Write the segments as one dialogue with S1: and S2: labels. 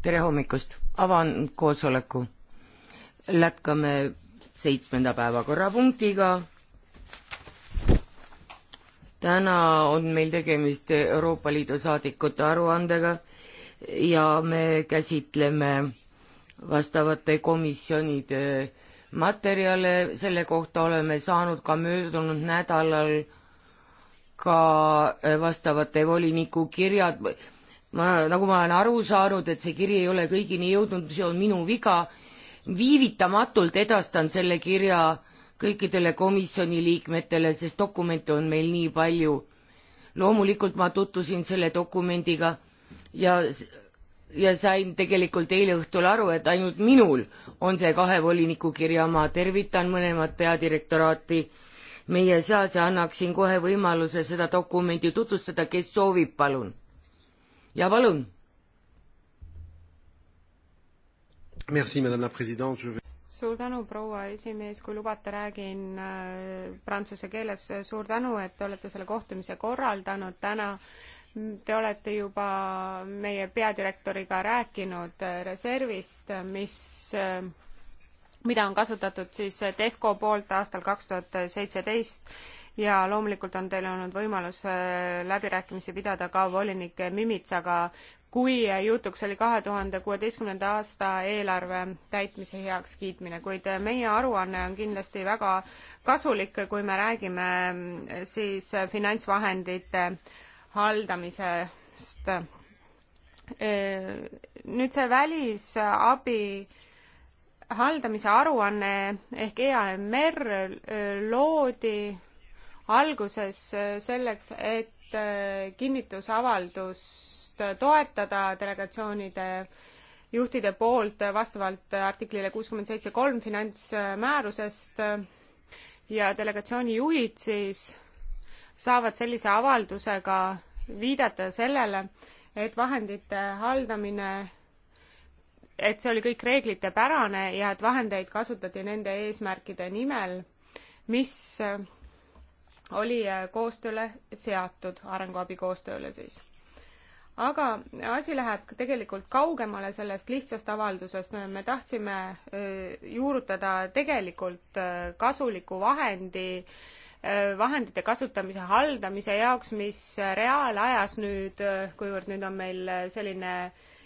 S1: tere hommikust, avan koosoleku. jätkame seitsmenda päevakorrapunktiga. täna on meil tegemist Euroopa Liidu saadikute aruandega ja me käsitleme vastavate komisjonide materjale, selle kohta oleme saanud ka möödunud nädalal ka vastavate voliniku kirjad ma, nagu ma olen aru saanud, et see kiri ei ole kõigini jõudnud, see on minu viga, viivitamatult edastan selle kirja kõikidele komisjoni liikmetele, sest dokumente on meil nii palju. loomulikult ma tutvusin selle dokumendiga ja, ja sain tegelikult eile õhtul aru, et ainult minul on see kahe voliniku kirja oma, tervitan mõlemat peadirektoraati meie seas ja annaksin kohe võimaluse seda dokumenti tutvustada, kes soovib, palun ja palun.
S2: suur tänu, proua esimees, kui lubate, räägin äh, prantsuse keeles. suur tänu, et te olete selle kohtumise korraldanud täna Te olete juba meie peadirektoriga rääkinud äh, reservist, mis, äh, mida on kasutatud siis TEFCO poolt aastal kaks tuhat seitseteist ja loomulikult on teil olnud võimalus äh, läbirääkimisi pidada ka volinik Mimitsaga, kui jutuks oli kahe tuhande kuueteistkümnenda aasta eelarve täitmise heakskiitmine, kuid meie aruanne on kindlasti väga kasulik, kui me räägime mm, siis finantsvahendite haldamisest. Äh, nüüd see välisabi haldamise aruanne ehk EAMR äh, loodi alguses äh, selleks, et äh, kinnitusavaldust äh, toetada delegatsioonide juhtide poolt vastavalt artiklile kuuskümmend seitse kolm finantsmäärusest ja delegatsiooni juhid siis saavad sellise avaldusega viidata sellele, et vahendite haldamine, et see oli kõik reeglitepärane ja et vahendeid kasutati nende eesmärkide nimel, mis oli äh, koostööle seatud, arenguabi koostööle siis. aga asi läheb tegelikult kaugemale sellest lihtsast avaldusest, me tahtsime äh, juurutada tegelikult äh, kasuliku vahendi vahendite kasutamise haldamise jaoks, mis reaalajas nüüd, kuivõrd nüüd on meil selline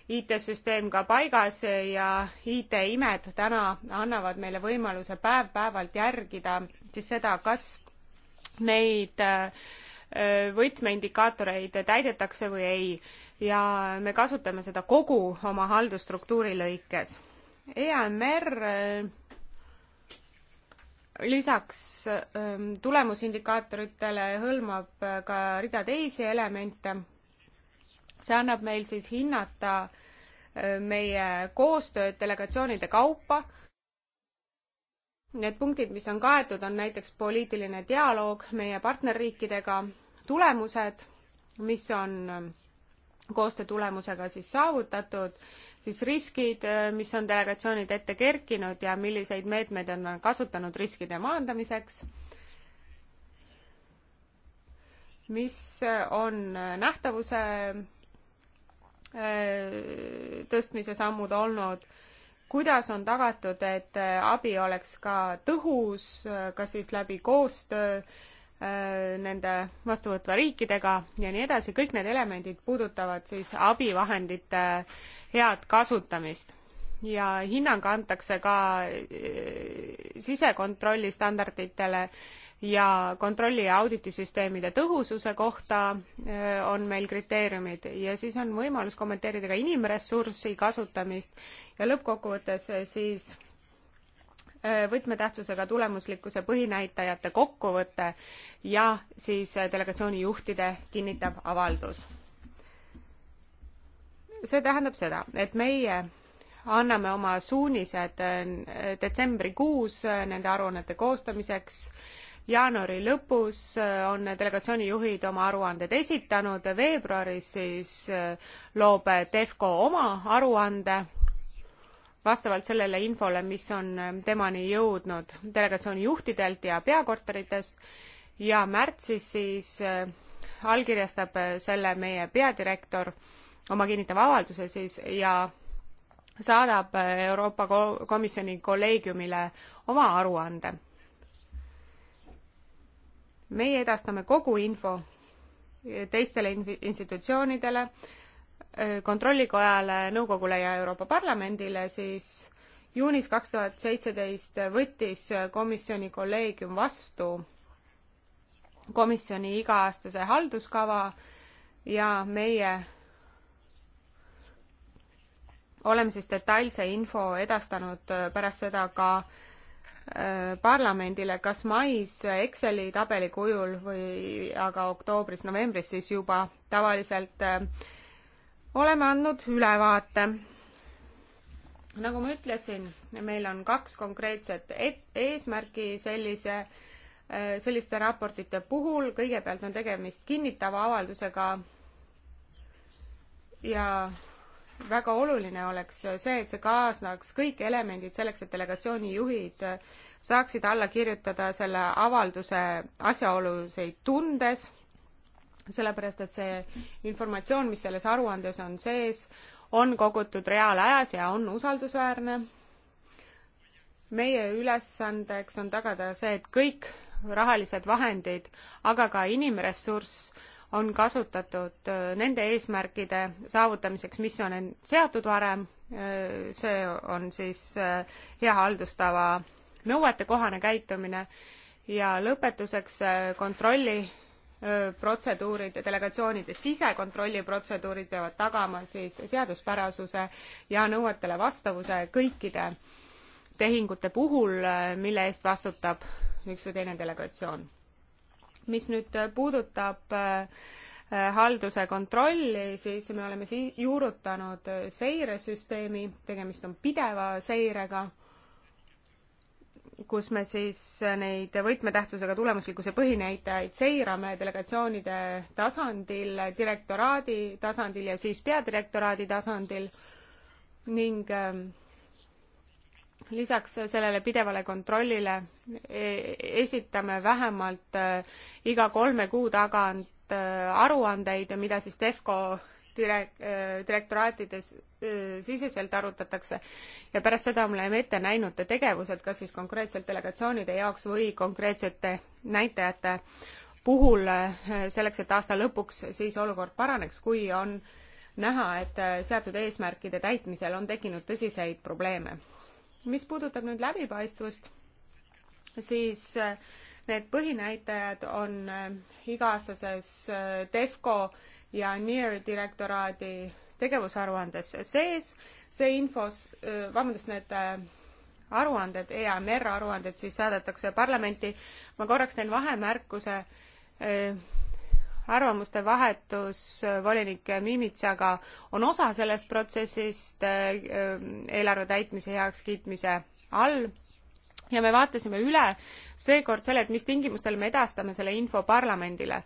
S2: IT-süsteem ka paigas ja IT-imed täna annavad meile võimaluse päev-päevalt järgida siis seda, kas neid äh, võtmeindikaatoreid täidetakse või ei ja me kasutame seda kogu oma haldusstruktuuri lõikes. EAMR äh, lisaks ähm, tulemusindikaatoritele hõlmab äh, ka rida teisi elemente. see annab meil siis hinnata meie koostööd delegatsioonide kaupa Need punktid, mis on kaetud, on näiteks poliitiline dialoog meie partnerriikidega, tulemused, mis on ähm, koostöö tulemusega siis saavutatud, siis riskid, äh, mis on delegatsioonid ette kerkinud ja milliseid meetmeid on kasutanud riskide maandamiseks, mis äh, on äh, nähtavuse tõstmise sammud olnud kuidas on tagatud, et äh, abi oleks ka tõhus, äh, kas siis läbi koostöö äh, nende vastuvõtva riikidega ja nii edasi, kõik need elemendid puudutavad siis abivahendite head kasutamist. ja hinnang antakse ka sisekontrolli standarditele ja kontrolli ja auditisüsteemide tõhususe kohta on meil kriteeriumid ja siis on võimalus kommenteerida ka inimressurssi kasutamist ja lõppkokkuvõttes siis võtmetähtsusega tulemuslikkuse põhinäitajate kokkuvõte ja siis delegatsiooni juhtide kinnitab avaldus. see tähendab seda, et meie anname oma suunised detsembrikuus nende aruannete koostamiseks äh, jaanuari lõpus äh, on delegatsiooni juhid oma aruanded esitanud, veebruaris siis äh, loob Defco oma aruande vastavalt sellele infole, mis on äh, temani jõudnud delegatsiooni juhtidelt ja peakorteritest ja märtsis siis allkirjastab selle meie peadirektor oma kinnitava avalduse siis ja saadab Euroopa Komisjoni kolleegiumile oma aruande meie edastame kogu info teistele institutsioonidele, kontrollikojale, nõukogule ja Euroopa Parlamendile, siis juunis kaks tuhat seitseteist võttis komisjoni kolleegium vastu komisjoni iga-aastase halduskava ja meie oleme siis detailse info edastanud pärast seda ka äh, Äh, parlamendile kas mais Exceli tabeli kujul või aga oktoobris-novembris siis juba tavaliselt äh, oleme andnud ülevaate. nagu ma ütlesin, meil on kaks konkreetset e-, eesmärki sellise, äh, selliste raportite puhul. kõigepealt on tegemist kinnitava avaldusega ja väga oluline oleks see, et see kaasnaks kõik elemendid selleks, et delegatsiooni juhid saaksid alla kirjutada selle avalduse asjaolusid tundes, sellepärast et see informatsioon, mis selles aruandes on sees, on kogutud reaalajas ja on usaldusväärne. meie ülesandeks on tagada see, et kõik rahalised vahendid, aga ka inimressurss on kasutatud äh, nende eesmärkide saavutamiseks, mis on end seatud varem, äh, see on siis äh, hea haldustava nõuetekohane käitumine ja lõpetuseks kontrolli protseduurid ja delegatsioonide sisekontrolli protseduurid peavad tagama siis seaduspärasuse ja nõuetele vastavuse kõikide tehingute puhul, mille eest vastutab üks või teine delegatsioon mis nüüd puudutab äh, äh, halduse kontrolli, siis me oleme si-, juurutanud äh, seiresüsteemi, tegemist on pideva seirega, kus me siis neid võtmetähtsusega tulemuslikkuse põhinäitajaid seirame delegatsioonide tasandil, direktoraadi tasandil ja siis peadirektoraadi tasandil ning ähm, lisaks sellele pidevale kontrollile e-, esitame vähemalt e, iga kolme kuu tagant e, aruandeid, mida siis Defco direk-, direktoraatides siseselt arutatakse ja pärast seda me oleme ette näinud tegevused, kas siis konkreetselt delegatsioonide jaoks või konkreetsete näitajate puhul selleks, et aasta lõpuks siis olukord paraneks, kui on näha, et seatud eesmärkide täitmisel on tekkinud tõsiseid probleeme mis puudutab nüüd läbipaistvust, siis äh, need põhinäitajad on äh, iga-aastases äh, DEFCO ja NIR direktoraadi tegevusaruandes sees, see infos, vabandust, need aruanded, EAMR aruanded siis saadetakse parlamenti. ma korraks teen vahemärkuse arvamuste vahetus äh, volinik Mimitsaga on osa sellest protsessist äh, eelarve täitmise heakskiitmise all ja me vaatasime üle seekord selle, et mis tingimustel me edastame selle info parlamendile.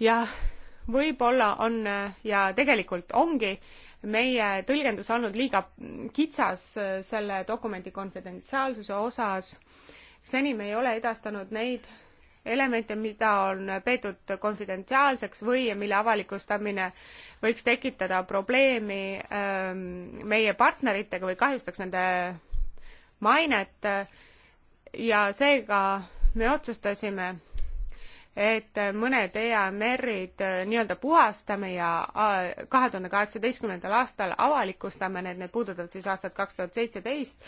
S2: ja võib-olla on äh, ja tegelikult ongi meie tõlgendus olnud liiga kitsas selle dokumendi konfidentsiaalsuse osas. seni me ei ole edastanud neid elemente, mida on peetud konfidentsiaalseks või mille avalikustamine võiks tekitada probleemi ähm, meie partneritega või kahjustaks nende mainet ja seega me otsustasime et mõned EAMR-id äh, nii-öelda puhastame ja äh, kahe tuhande kaheksateistkümnendal aastal avalikustame need, need puudutavad siis aastat kaks tuhat seitseteist,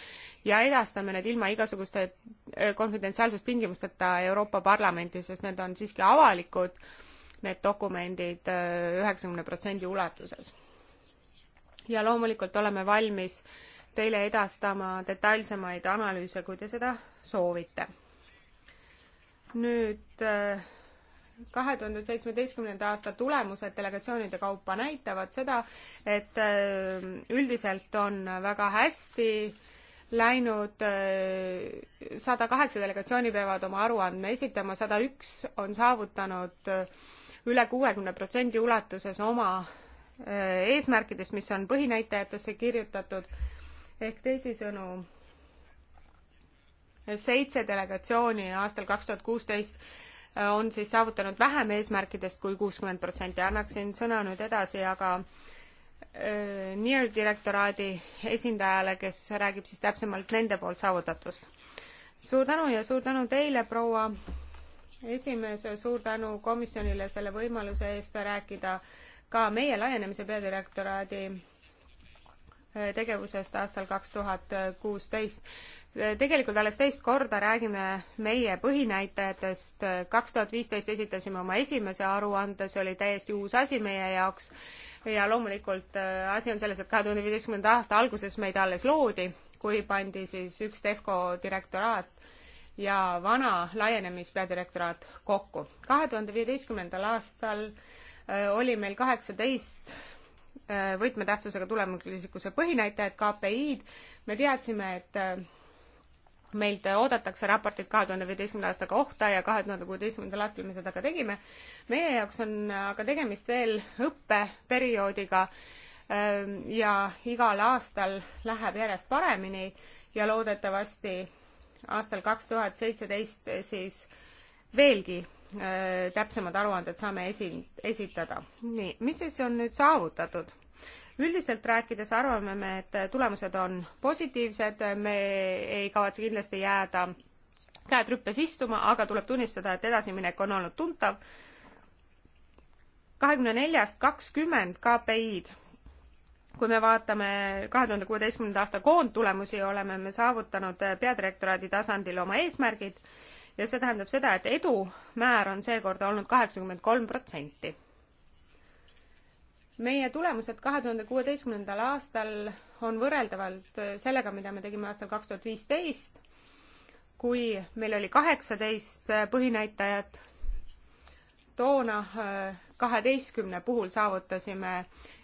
S2: ja edastame need ilma igasuguste äh, konfidentsiaalsustingimusteta Euroopa Parlamenti, sest need on siiski avalikud, need dokumendid üheksakümne protsendi ulatuses. ja loomulikult oleme valmis teile edastama detailsemaid analüüse, kui te seda soovite. nüüd äh, kahe tuhande seitsmeteistkümnenda aasta tulemused delegatsioonide kaupa näitavad seda, et äh, üldiselt on väga hästi läinud, äh, sada kaheksa delegatsiooni peavad oma aruandme esitama, sada üks on saavutanud äh, üle kuuekümne protsendi ulatuses oma eesmärkidest, mis on põhinäitajatesse kirjutatud, ehk teisisõnu, seitse delegatsiooni aastal kaks tuhat kuusteist on siis saavutanud vähem eesmärkidest kui kuuskümmend protsenti. annaksin sõna nüüd edasi aga äh, NIR direktoraadi esindajale, kes räägib siis täpsemalt nende poolt saavutatust. suur tänu ja suur tänu teile, proua esimees, suur tänu komisjonile selle võimaluse eest rääkida ka meie laienemise peadirektoraadi tegevusest aastal kaks tuhat kuusteist. tegelikult alles teist korda räägime meie põhinäitajatest, kaks tuhat viisteist esitasime oma esimese aruande, see oli täiesti uus asi meie jaoks ja loomulikult äh, asi on selles, et kahe tuhande viieteistkümnenda aasta alguses meid alles loodi, kui pandi siis üks Defco direktoraat ja vana laienemispeadirektoraat kokku. kahe tuhande viieteistkümnendal aastal äh, oli meil kaheksateist Äh, võtmetähtsusega tulemuslikkuse põhinäitajad, KPI-d, me teadsime, et äh, meilt oodatakse raportit kahe tuhande viieteistkümnenda aasta kohta ja kahe tuhande kuueteistkümnendal aastal me seda ka tegime. meie jaoks on aga tegemist veel õppeperioodiga ähm, ja igal aastal läheb järjest paremini ja loodetavasti aastal kaks tuhat seitseteist siis veelgi Äh, täpsemad aruanded saame esi-, esitada. nii, mis siis on nüüd saavutatud? üldiselt rääkides arvame me, et tulemused on positiivsed, me ei kavatse kindlasti jääda käed rüppes istuma, aga tuleb tunnistada, et edasiminek on olnud tuntav. kahekümne neljast kakskümmend KPI-d. kui me vaatame kahe tuhande kuueteistkümnenda aasta koondtulemusi, oleme me saavutanud peadirektoraadi tasandil oma eesmärgid ja see tähendab seda, et edumäär on seekord olnud kaheksakümmend kolm protsenti. meie tulemused kahe tuhande kuueteistkümnendal aastal on võrreldavalt sellega, mida me tegime aastal kaks tuhat viisteist, kui meil oli kaheksateist põhinäitajat, toona äh, kaheteistkümne puhul saavutasime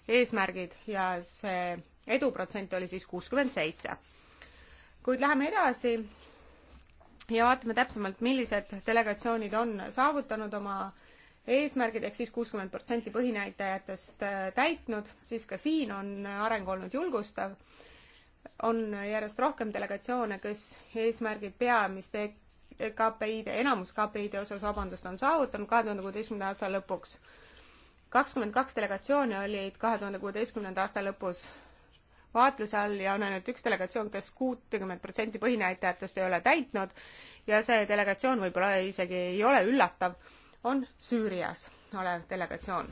S2: eesmärgid ja see eduprotsent oli siis kuuskümmend seitse. kuid läheme edasi ja vaatame täpsemalt, millised delegatsioonid on saavutanud oma eesmärgid ehk siis kuuskümmend protsenti põhinäitajatest äh, täitnud, siis ka siin on areng olnud julgustav. on järjest rohkem delegatsioone, kes eesmärgid peamiste KPI-de, enamus KPI-de osas, vabandust, on saavutanud kahe tuhande kuueteistkümnenda aasta lõpuks. kakskümmend kaks delegatsiooni olid kahe tuhande kuueteistkümnenda aasta lõpus vaatluse all ja on ainult üks delegatsioon kes, kes kuutekümmet protsenti põhinäitajatest ei ole täitnud ja see delegatsioon võib-olla isegi ei ole üllatav, on Süürias olev delegatsioon.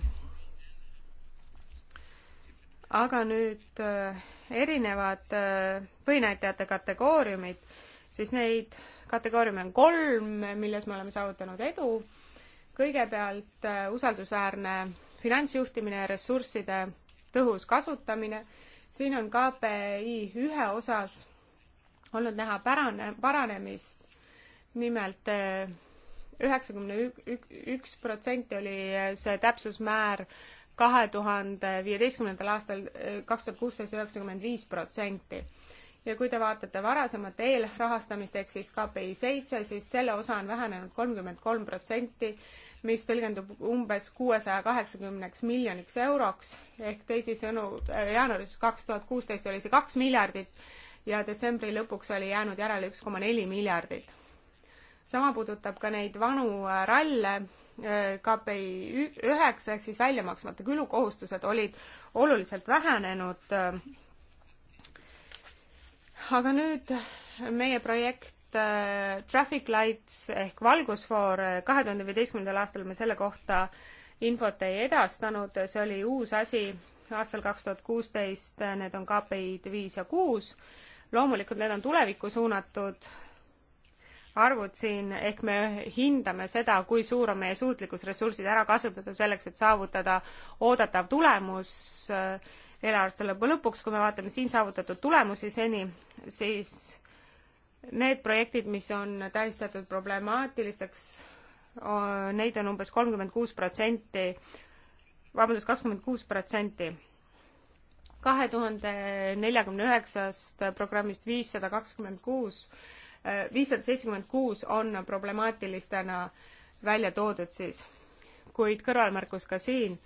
S2: aga nüüd äh, erinevad äh, põhinäitajate kategooriumid, siis neid kategooriume on kolm, milles me oleme saavutanud edu. kõigepealt äh, usaldusväärne finantsjuhtimine ja ressursside tõhus kasutamine siin on KPI ühe osas olnud näha pärane, paranemist. nimelt eh, üheksakümne üks protsenti oli eh, see täpsusmäär kahe tuhande viieteistkümnendal aastal eh, kaks tuhat kuusteist üheksakümmend viis protsenti ja kui te vaatate varasemat eelrahastamist ehk siis KPI seitse, siis selle osa on vähenenud kolmkümmend kolm protsenti, mis tõlgendub umbes kuuesaja kaheksakümneks miljoniks euroks ehk teisisõnu äh, jaanuaris kaks tuhat kuusteist oli see kaks miljardit ja detsembri lõpuks oli jäänud järele üks koma neli miljardit. sama puudutab ka neid vanu äh, ralle, äh, KPI üheksa ehk siis väljamaksmata külukohustused olid oluliselt vähenenud aga nüüd meie projekt äh, Traffic Lights ehk valgusfoor kahe tuhande viieteistkümnendal aastal me selle kohta infot ei edastanud, see oli uus asi aastal kaks tuhat kuusteist, need on KPI-d viis ja kuus. loomulikult need on tulevikku suunatud arvud siin, ehk me hindame seda, kui suur on meie suutlikkus ressursid ära kasutada selleks, et saavutada oodatav tulemus äh, eelarveste lõpu lõpuks, kui me vaatame siin saavutatud tulemusi seni, siis need projektid, mis on tähistatud problemaatilisteks, neid on umbes kolmkümmend kuus protsenti, vabandust, kakskümmend kuus protsenti. kahe tuhande neljakümne üheksast programmist viissada kakskümmend kuus, viissada seitsekümmend kuus on problemaatilistena välja toodud siis. kuid kõrvalmärkus ka siin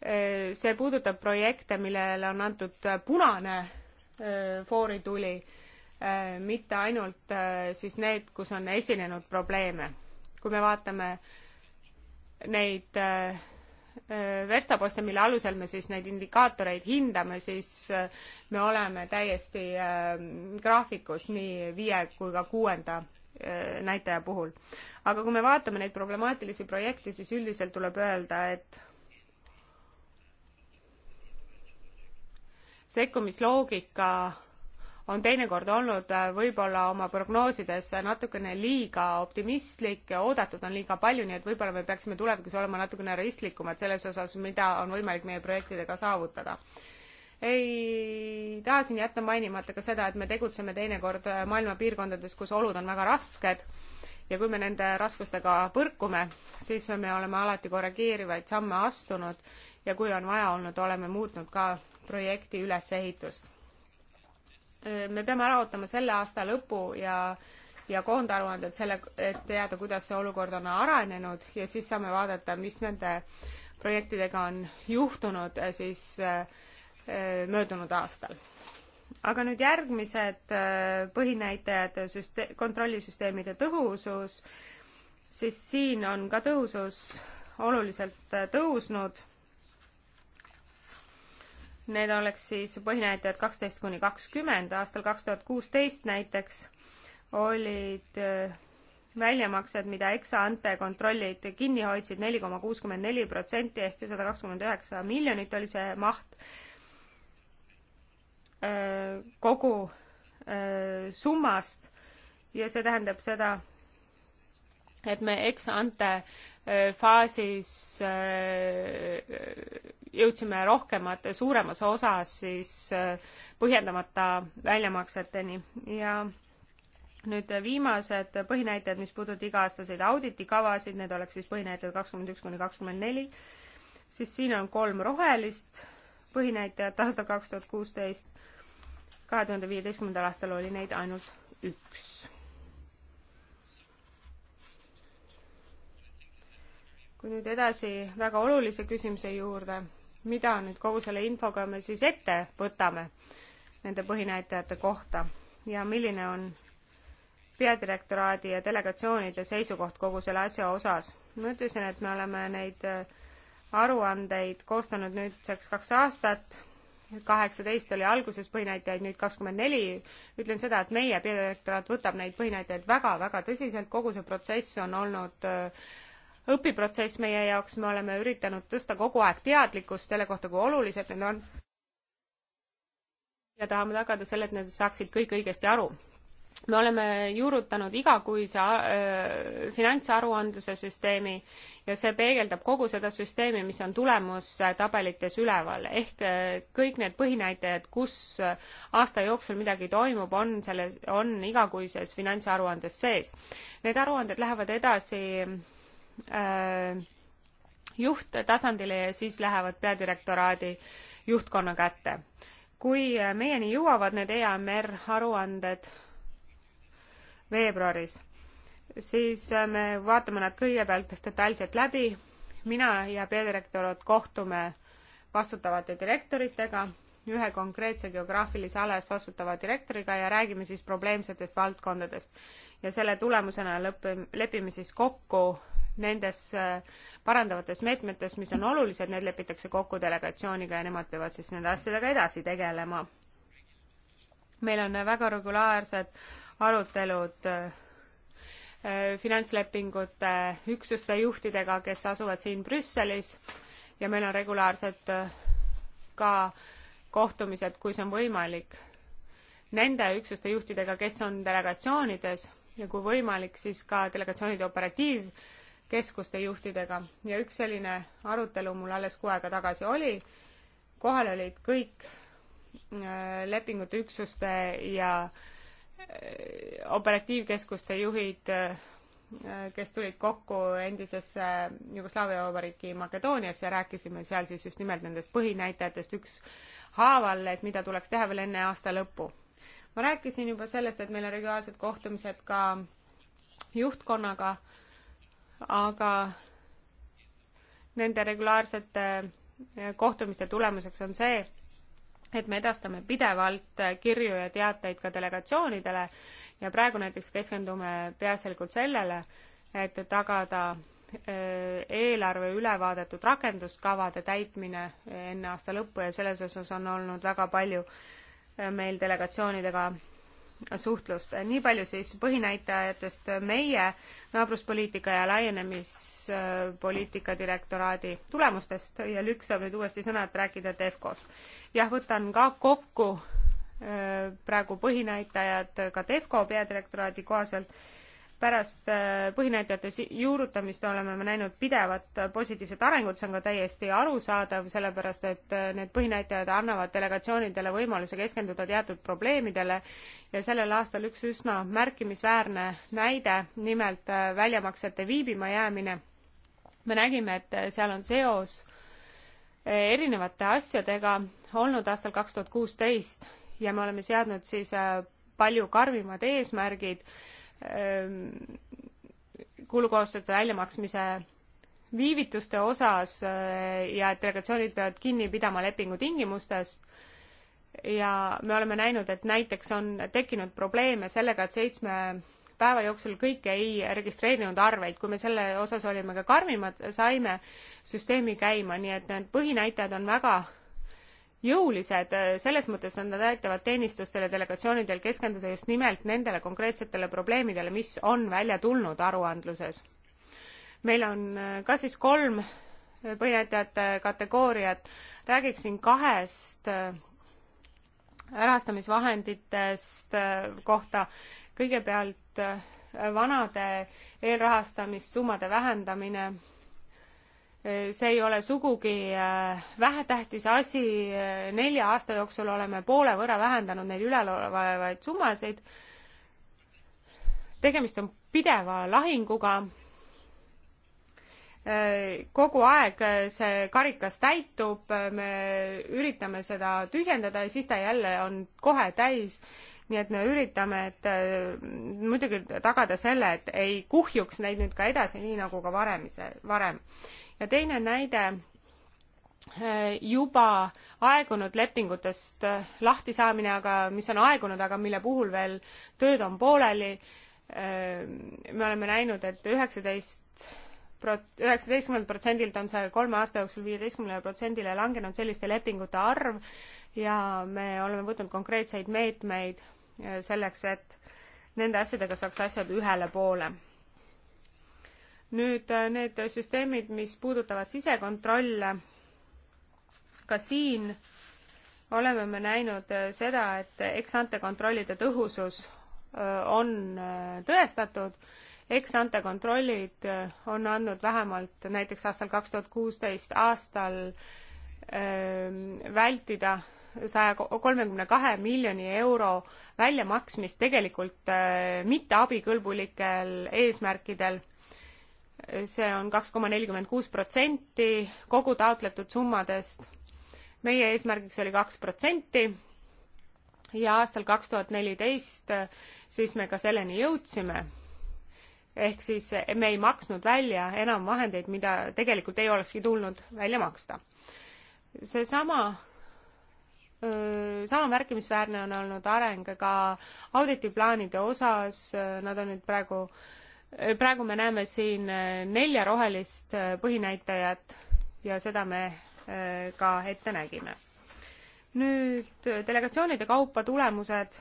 S2: see puudutab projekte, millele on antud punane äh, foorituli, äh, mitte ainult äh, siis need, kus on esinenud probleeme. kui me vaatame neid verstaposte, mille alusel me siis neid indikaatoreid hindame, siis me oleme täiesti graafikus nii viie kui ka kuuenda näitaja puhul. aga kui me vaatame neid problemaatilisi projekte, siis üldiselt tuleb öelda, et sekkumisloogika on teinekord olnud äh, võib-olla oma prognoosides natukene liiga optimistlik, oodatud on liiga palju, nii et võib-olla me peaksime tulevikus olema natukene realistlikumad selles osas, mida on võimalik meie projektidega saavutada. ei taha siin jätta mainimata ka seda, et me tegutseme teinekord äh, maailma piirkondades, kus olud on väga rasked ja kui me nende raskustega põrkume, siis me oleme alati korrigeerivaid samme astunud ja kui on vaja olnud, oleme muutnud ka projekti ülesehitust. me peame ära ootama selle aasta lõpu ja, ja koondaruanded selle, et teada, kuidas see olukord on arenenud ja siis saame vaadata, mis nende projektidega on juhtunud eh, siis eh, möödunud aastal. aga nüüd järgmised eh, põhinäitajad, süste-, kontrollisüsteemide tõhusus, siis siin on ka tõhusus oluliselt tõusnud Need oleks siis põhinäitajad kaksteist kuni kakskümmend, aastal kaks tuhat kuusteist näiteks olid äh, väljamaksed, mida ex-ante kontrollid kinni hoidsid, neli koma kuuskümmend neli protsenti ehk sada kakskümmend üheksa miljonit oli see maht äh, kogu äh, summast ja see tähendab seda, et me ex ante äh, faasis äh, jõudsime rohkemate, suuremas osas siis äh, põhjendamata väljamakseteni ja nüüd viimased põhinäitajad, mis puudutavad iga-aastaseid auditikavasid, need oleks siis põhinäitajad kakskümmend üks kuni kakskümmend neli, siis siin on kolm rohelist põhinäitajat aastal kaks tuhat kuusteist, kahe tuhande viieteistkümnendal aastal oli neid ainult üks kui nüüd edasi väga olulise küsimuse juurde, mida nüüd kogu selle infoga me siis ette võtame nende põhinäitajate kohta ja milline on peadirektoraadi ja delegatsioonide seisukoht kogu selle asja osas. ma ütlesin, et me oleme neid äh, aruandeid koostanud nüüdseks kaks aastat, kaheksateist oli alguses põhinäitajaid, nüüd kakskümmend neli. ütlen seda, et meie peadirektoraat võtab neid põhinäitajaid väga-väga tõsiselt, kogu see protsess on olnud äh, õpiprotsess meie jaoks, me oleme üritanud tõsta kogu aeg teadlikkust selle kohta, kui olulised need on. ja tahame tagada selle, et nad saaksid kõik õigesti aru. me oleme juurutanud igakuise äh, finantsaruandluse süsteemi ja see peegeldab kogu seda süsteemi, mis on tulemustabelites üleval, ehk äh, kõik need põhinäitajad, kus äh, aasta jooksul midagi toimub, on selles, on igakuises finantsaruandes sees. Need aruanded lähevad edasi äh, Äh, juhttasandile ja siis lähevad peadirektoraadi juhtkonna kätte. kui meieni jõuavad need EAMR aruanded veebruaris, siis me vaatame nad kõigepealt detailselt läbi. mina ja peadirektor kohtume vastutavate direktoritega, ühe konkreetse geograafilise ala eest vastutava direktoriga ja räägime siis probleemsetest valdkondadest. ja selle tulemusena lõpp, lepime siis kokku nendes äh, parandavates meetmetes, mis on olulised, need lepitakse kokku delegatsiooniga ja nemad peavad siis nende asjadega edasi tegelema. meil on väga regulaarsed arutelud äh, finantslepingute üksuste juhtidega, kes asuvad siin Brüsselis ja meil on regulaarsed äh, ka kohtumised, kui see on võimalik, nende üksuste juhtidega, kes on delegatsioonides ja kui võimalik, siis ka delegatsioonide operatiiv keskuste juhtidega ja üks selline arutelu mul alles kuu aega tagasi oli. kohal olid kõik äh, lepingute üksuste ja äh, operatiivkeskuste juhid, äh, kes tulid kokku endisesse Jugoslaavia Vabariiki Makedooniasse ja rääkisime seal siis just nimelt nendest põhinäitajatest ükshaaval, et mida tuleks teha veel enne aasta lõppu. ma rääkisin juba sellest, et meil on regionaalsed kohtumised ka juhtkonnaga äh, aga nende regulaarsete eh, kohtumiste tulemuseks on see, et me edastame pidevalt eh, kirju ja teateid ka delegatsioonidele ja praegu näiteks keskendume peaasjalikult sellele, et tagada eh, eelarve ülevaadetud rakenduskavade täitmine enne aasta lõppu ja selles osas on olnud väga palju meil delegatsioonidega suhtlust. nii palju siis põhinäitajatest meie naabruspoliitika ja laienemispoliitika direktoraadi tulemustest ja Lüks saab nüüd uuesti sõna, et rääkida TEFCO-st. jah, võtan ka kokku äh, praegu põhinäitajad ka TEFCO peadirektoraadi kohaselt pärast äh, põhinäitajate juurutamist oleme me näinud pidevat äh, positiivset arengut, see on ka täiesti arusaadav, sellepärast et äh, need põhinäitajad annavad delegatsioonidele võimaluse keskenduda teatud probleemidele ja sellel aastal üks üsna märkimisväärne näide, nimelt väljamaksete viibimajäämine. me nägime, et seal on seos erinevate asjadega olnud aastal kaks tuhat kuusteist ja me oleme seadnud siis palju karmimad eesmärgid Ehm, kulukohustuste väljamaksmise viivituste osas eh, ja et delegatsioonid peavad kinni pidama lepingu tingimustest ja me oleme näinud, et näiteks on tekkinud probleeme sellega, et seitsme päeva jooksul kõik ei registreerinud arveid, kui me selle osas olime ka karmimad, saime süsteemi käima, nii et need põhinäitajad on väga jõulised, selles mõttes on nad aitavad teenistustel ja delegatsioonidel keskenduda just nimelt nendele konkreetsetele probleemidele, mis on välja tulnud aruandluses. meil on äh, ka siis kolm äh, põhinäitajate kategooriat, räägiksin kahest äh, rahastamisvahenditest kohta, kõigepealt vanade eelrahastamissummade vähendamine see ei ole sugugi äh, vähetähtis asi, nelja aasta jooksul oleme poole võrra vähendanud neid üleolevaid summasid. tegemist on pideva lahinguga. Äh, kogu aeg see karikas täitub, me üritame seda tühjendada ja siis ta jälle on kohe täis nii et me üritame, et äh, muidugi tagada selle, et ei kuhjuks neid nüüd ka edasi, nii nagu ka varem ise, varem ja teine näide äh, juba aegunud lepingutest äh, lahtisaamine, aga mis on aegunud, aga mille puhul veel tööd on pooleli. Äh, me oleme näinud et 19,, et üheksateist prot-, üheksateistkümnelt protsendilt on see kolme aasta jooksul viieteistkümnele protsendile langenud selliste lepingute arv ja me oleme võtnud konkreetseid meetmeid selleks, et nende asjadega saaks asjad ühele poole nüüd äh, need süsteemid, mis puudutavad sisekontrolle, ka siin oleme me näinud äh, seda, et eksante kontrollide tõhusus äh, on tõestatud, eksante kontrollid on andnud vähemalt näiteks aastal kaks tuhat kuusteist aastal ähm, vältida saja kolmekümne kahe miljoni euro väljamaksmist tegelikult mitte abikõlbulikel eesmärkidel see on kaks koma nelikümmend kuus protsenti kogu taotletud summadest. meie eesmärgiks oli kaks protsenti ja aastal kaks tuhat neliteist siis me ka selleni jõudsime. ehk siis me ei maksnud välja enam vahendeid, mida tegelikult ei olekski tulnud välja maksta. seesama sama märkimisväärne on olnud areng ka auditiplaanide osas, nad on nüüd praegu öö, praegu me näeme siin eh, nelja rohelist eh, põhinäitajat ja seda me eh, ka ette nägime. nüüd delegatsioonide kaupa tulemused.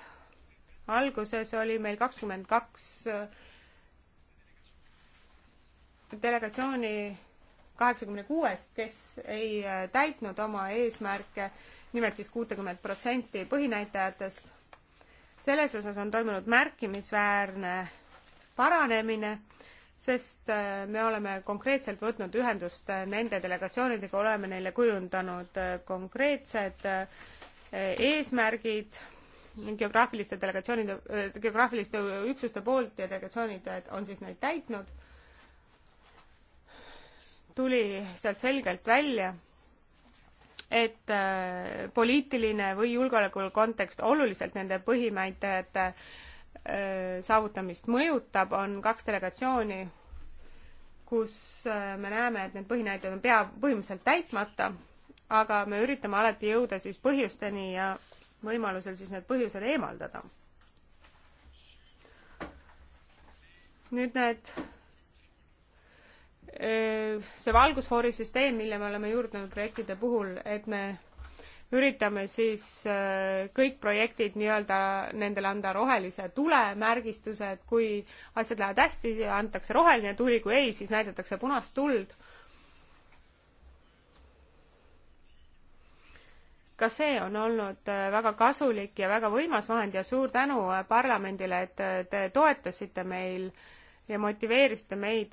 S2: alguses oli meil kakskümmend kaks delegatsiooni kaheksakümne kuuest, kes ei täitnud oma eesmärke, nimelt siis kuutekümmet protsenti põhinäitajatest. selles osas on toimunud märkimisväärne paranemine, sest äh, me oleme konkreetselt võtnud ühendust äh, nende delegatsioonidega, oleme neile kujundanud äh, konkreetsed eesmärgid geograafiliste delegatsioonide, geograafiliste üksuste poolt ja delegatsioonid on siis neid täitnud. tuli sealt selgelt välja, et poliitiline või julgeoleku kontekst oluliselt nende põhimäitajate Äh, saavutamist mõjutab, on kaks delegatsiooni, kus äh, me näeme, et need põhinäitajad on pea, põhimõtteliselt täitmata, aga me üritame alati jõuda siis põhjusteni ja võimalusel siis need põhjused eemaldada. nüüd need, äh, see valgusfoorisüsteem, mille me oleme juurdunud projektide puhul, et me üritame siis äh, kõik projektid nii-öelda nendele anda rohelise tule, märgistuse, et kui asjad lähevad hästi, antakse roheline tuli, kui ei, siis näidatakse punast tuld. ka see on olnud äh, väga kasulik ja väga võimas vahend ja suur tänu äh, parlamendile, et te toetasite meil ja motiveerisite meid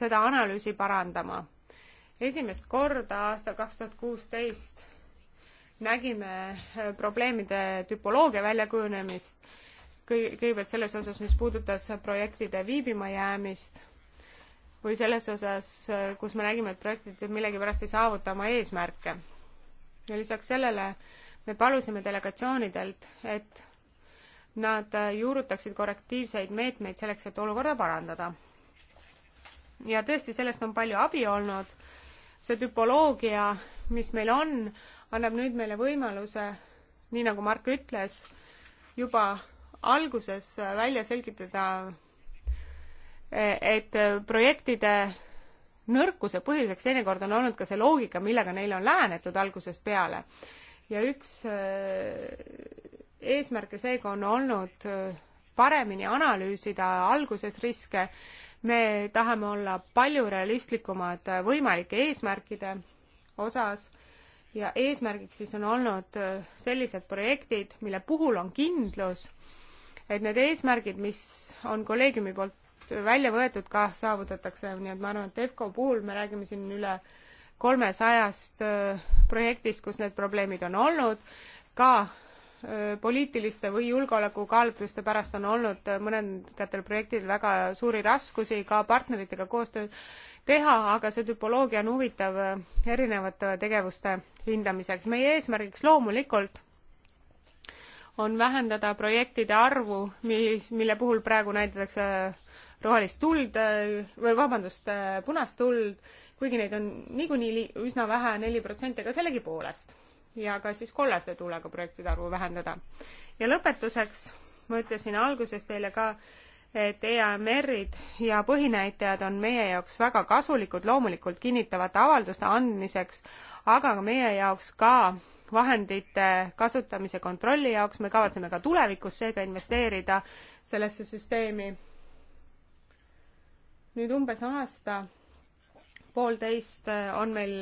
S2: seda analüüsi parandama. esimest korda aastal kaks tuhat kuusteist nägime äh, probleemide tüpoloogia väljakujunemist, kõigepealt selles osas, mis puudutas projektide viibimajäämist või selles osas, äh, kus me nägime, et projektid millegipärast ei saavuta oma eesmärke. ja lisaks sellele me palusime delegatsioonidelt, et nad äh, juurutaksid korrektiivseid meetmeid selleks, et olukorda parandada. ja tõesti, sellest on palju abi olnud. see tüpoloogia, mis meil on, annab nüüd meile võimaluse, nii nagu Mark ütles, juba alguses välja selgitada, et projektide nõrkuse põhjuseks teinekord on olnud ka see loogika, millega neile on lähenetud algusest peale. ja üks äh, eesmärke seega on olnud äh, paremini analüüsida alguses riske, me tahame olla palju realistlikumad äh, võimalike eesmärkide osas ja eesmärgiks siis on olnud äh, sellised projektid, mille puhul on kindlus, et need eesmärgid, mis on kolleegiumi poolt välja võetud, ka saavutatakse, nii et ma arvan, et EFCO puhul me räägime siin üle kolmesajast äh, projektist, kus need probleemid on olnud, ka Äh, poliitiliste või julgeolekukaalutluste pärast on olnud äh, mõningatel projektidel väga suuri raskusi ka partneritega koostööd teha, aga see tüpoloogia on huvitav äh, erinevate tegevuste hindamiseks. meie eesmärgiks loomulikult on vähendada projektide arvu, mis, mille puhul praegu näidatakse rohelist tuld või vabandust, punast tuld, kuigi neid on niikuinii üsna vähe, neli protsenti, aga sellegipoolest ja ka siis kollase tuulega projektide arvu vähendada. ja lõpetuseks ma ütlesin alguses teile ka, et EAMR-id ja põhinäitajad on meie jaoks väga kasulikud loomulikult kinnitavate avalduste andmiseks, aga ka meie jaoks ka vahendite kasutamise kontrolli jaoks, me kavatseme ka tulevikus seega investeerida sellesse süsteemi. nüüd umbes aasta, poolteist on meil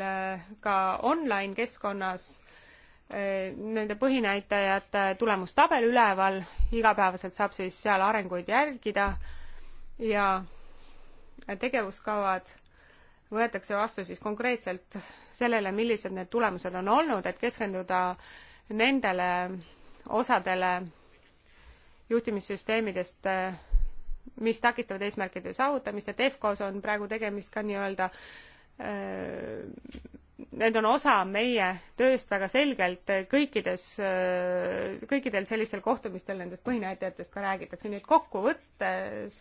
S2: ka online keskkonnas Eh, nende põhinäitajate tulemustabel üleval, igapäevaselt saab siis seal arenguid jälgida ja tegevuskavad võetakse vastu siis konkreetselt sellele, millised need tulemused on olnud, et keskenduda nendele osadele juhtimissüsteemidest, eh, mis takistavad eesmärkide saavutamist, et EFKOs on praegu tegemist ka nii-öelda eh, need on osa meie tööst väga selgelt, kõikides, kõikidel sellistel kohtumistel nendest põhinäitajatest ka räägitakse, nii et kokkuvõttes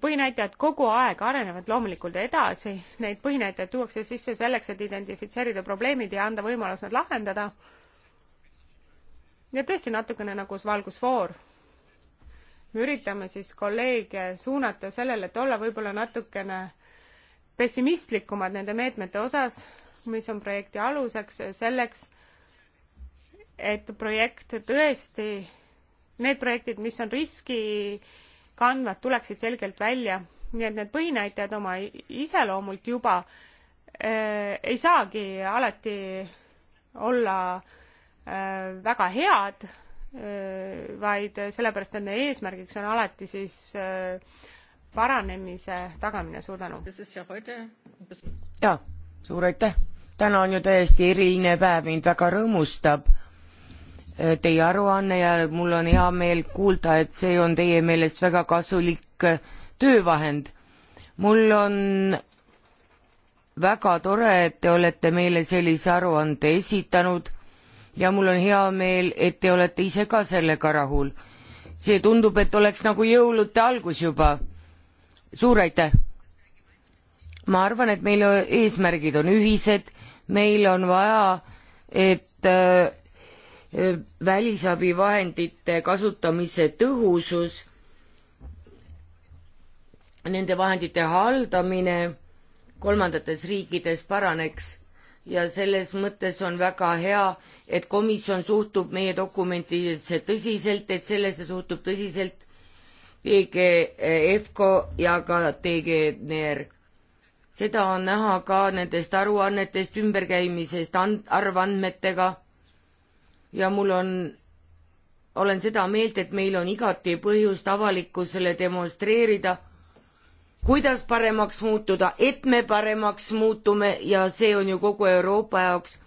S2: põhinäitajad kogu aeg arenevad loomulikult edasi, neid põhinäitajaid tuuakse sisse selleks, et identifitseerida probleemid ja anda võimalus nad lahendada. ja tõesti natukene nagu valgusfoor. me üritame siis kolleege suunata sellele, et olla võib-olla natukene pessimistlikumad nende meetmete osas, mis on projekti aluseks, selleks, et projekt tõesti, need projektid, mis on riskikandvad, tuleksid selgelt välja. nii et need põhinäitajad oma iseloomult juba äh, ei saagi alati olla äh, väga head äh,, vaid sellepärast, et nende eesmärgiks on alati siis äh, paranemise tagamine, suur tänu!
S1: jaa, suur aitäh! täna on ju täiesti eriline päev, mind väga rõõmustab äh, teie aruanne ja mul on hea meel kuulda, et see on teie meelest väga kasulik äh, töövahend. mul on väga tore, et te olete meile sellise aruande esitanud ja mul on hea meel, et te olete ise ka sellega rahul. see tundub, et oleks nagu jõulude algus juba suur aitäh! ma arvan, et meil eesmärgid on ühised, meil on vaja, et äh, välisabivahendite kasutamise tõhusus, nende vahendite haldamine kolmandates riikides paraneks ja selles mõttes on väga hea, et komisjon suhtub meie dokumentidesse tõsiselt, et sellesse suhtub tõsiselt DG EFCO eh, ja ka DG NER. seda on näha ka nendest aruannetest ümberkäimisest and-, arvandmetega ja mul on, olen seda meelt, et meil on igati põhjust avalikkusele demonstreerida, kuidas paremaks muutuda, et me paremaks muutume ja see on ju kogu Euroopa jaoks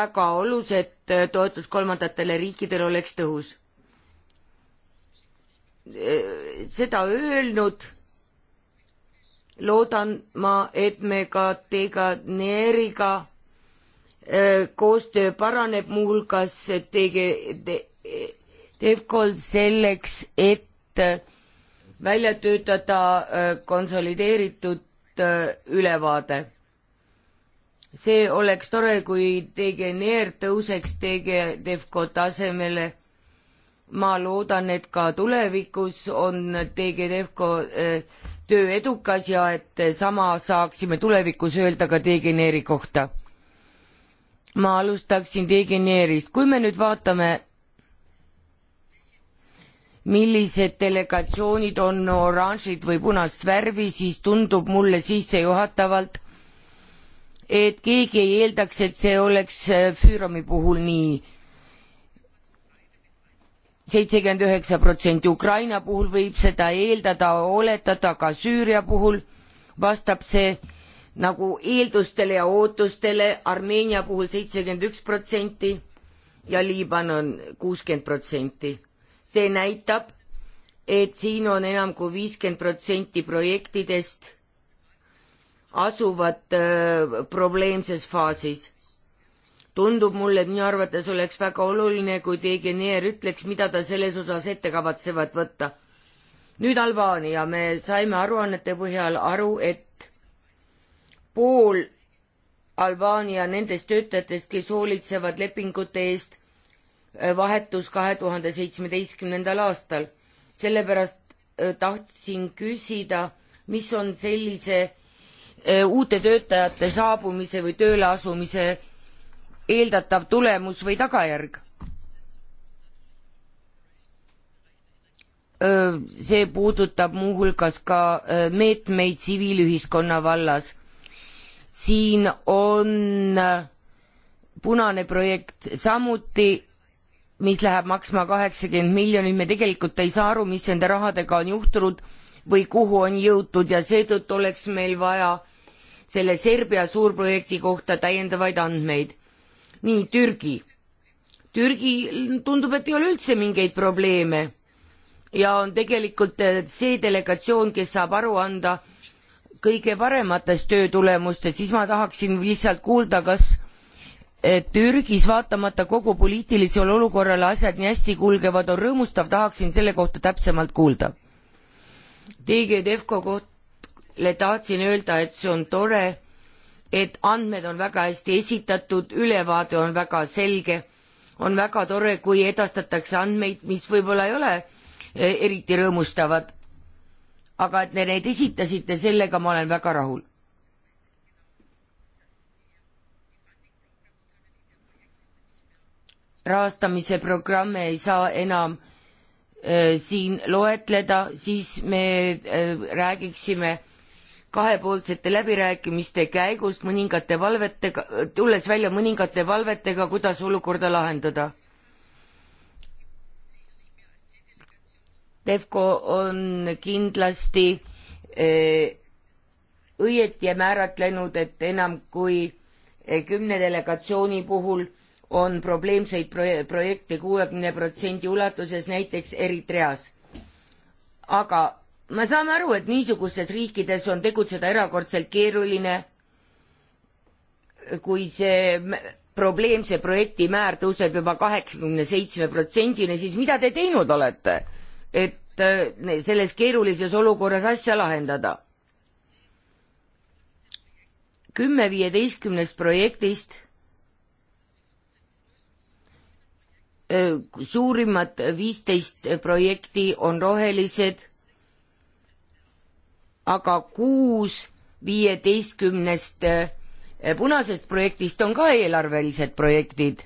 S1: väga olus, et eh, toetus kolmandatele riikidele oleks tõhus Eh, seda öelnud, loodan ma, et me ka teiega, Neeriga eh, koostöö paraneb, muuhulgas tege- te,, Devcol selleks, et eh, välja töötada konsolideeritud ülevaade see oleks tore, kui DGNR tõuseks DG Defco tasemele ma loodan, et ka tulevikus on TGNEFCO äh, töö edukas ja et sama saaksime tulevikus öelda ka DGNR-i e kohta. ma alustaksin DGNR-ist, e kui me nüüd vaatame, millised delegatsioonid on oranžit või punast värvi, siis tundub mulle sissejuhatavalt, et keegi ei eeldaks, et see oleks äh, Füürami puhul nii seitsekümmend üheksa protsenti, Ukraina puhul võib seda eeldada, oletada, ka Süüria puhul vastab see nagu eeldustele ja ootustele, Armeenia puhul seitsekümmend üks protsenti ja Liibanon kuuskümmend protsenti. see näitab, et siin on enam kui viiskümmend protsenti projektidest asuvad öö, äh, probleemses faasis tundub mulle, et minu arvates oleks väga oluline, kui Degeneer ütleks, mida ta selles osas ette kavatsevad võtta. nüüd Albaania, me saime aruannete põhjal aru, et pool Albaania nendest töötajatest, kes hoolitsevad lepingute eest, vahetus kahe tuhande seitsmeteistkümnendal aastal. sellepärast tahtsin küsida, mis on sellise uute töötajate saabumise või tööle asumise eeldatav tulemus või tagajärg. see puudutab muuhulgas ka meetmeid tsiviilühiskonna vallas. siin on punane projekt samuti, mis läheb maksma kaheksakümmend miljonit, me tegelikult ei saa aru, mis nende rahadega on juhtunud või kuhu on jõutud ja seetõttu oleks meil vaja selle Serbia suurprojekti kohta täiendavaid andmeid nii Türgi. Türgi tundub, et ei ole üldse mingeid probleeme ja on tegelikult eh, see delegatsioon, kes saab aru anda kõige parematest töötulemustest, siis ma tahaksin lihtsalt kuulda, kas eh, Türgis vaatamata kogu poliitilisele olukorrale asjad nii hästi kulgevad, on rõõmustav, tahaksin selle kohta täpsemalt kuulda. TG Defco kohta tahtsin öelda, et see on tore, et andmed on väga hästi esitatud, ülevaade on väga selge. on väga tore, kui edastatakse andmeid, mis võib-olla ei ole e, eriti rõõmustavad. aga et te need esitasite, sellega ma olen väga rahul. rahastamise programme ei saa enam äh, siin loetleda, siis me äh, räägiksime kahepoolsete läbirääkimiste käigus mõningate valvetega, tulles välja mõningate valvetega, kuidas olukorda lahendada. Defco on kindlasti eh, õieti määratlenud, et enam kui eh, kümne delegatsiooni puhul on probleemseid proje projekte kuuekümne protsendi ulatuses, näiteks Eritreas. aga ma saan aru, et niisugustes riikides on tegutseda erakordselt keeruline, kui see probleemse projekti määr tõuseb juba kaheksakümne seitsme protsendini, siis mida te teinud olete, et äh, selles keerulises olukorras asja lahendada? kümme viieteistkümnest projektist äh, suurimad viisteist projekti on rohelised aga kuus viieteistkümnest eh, punasest projektist on ka eelarvelised projektid.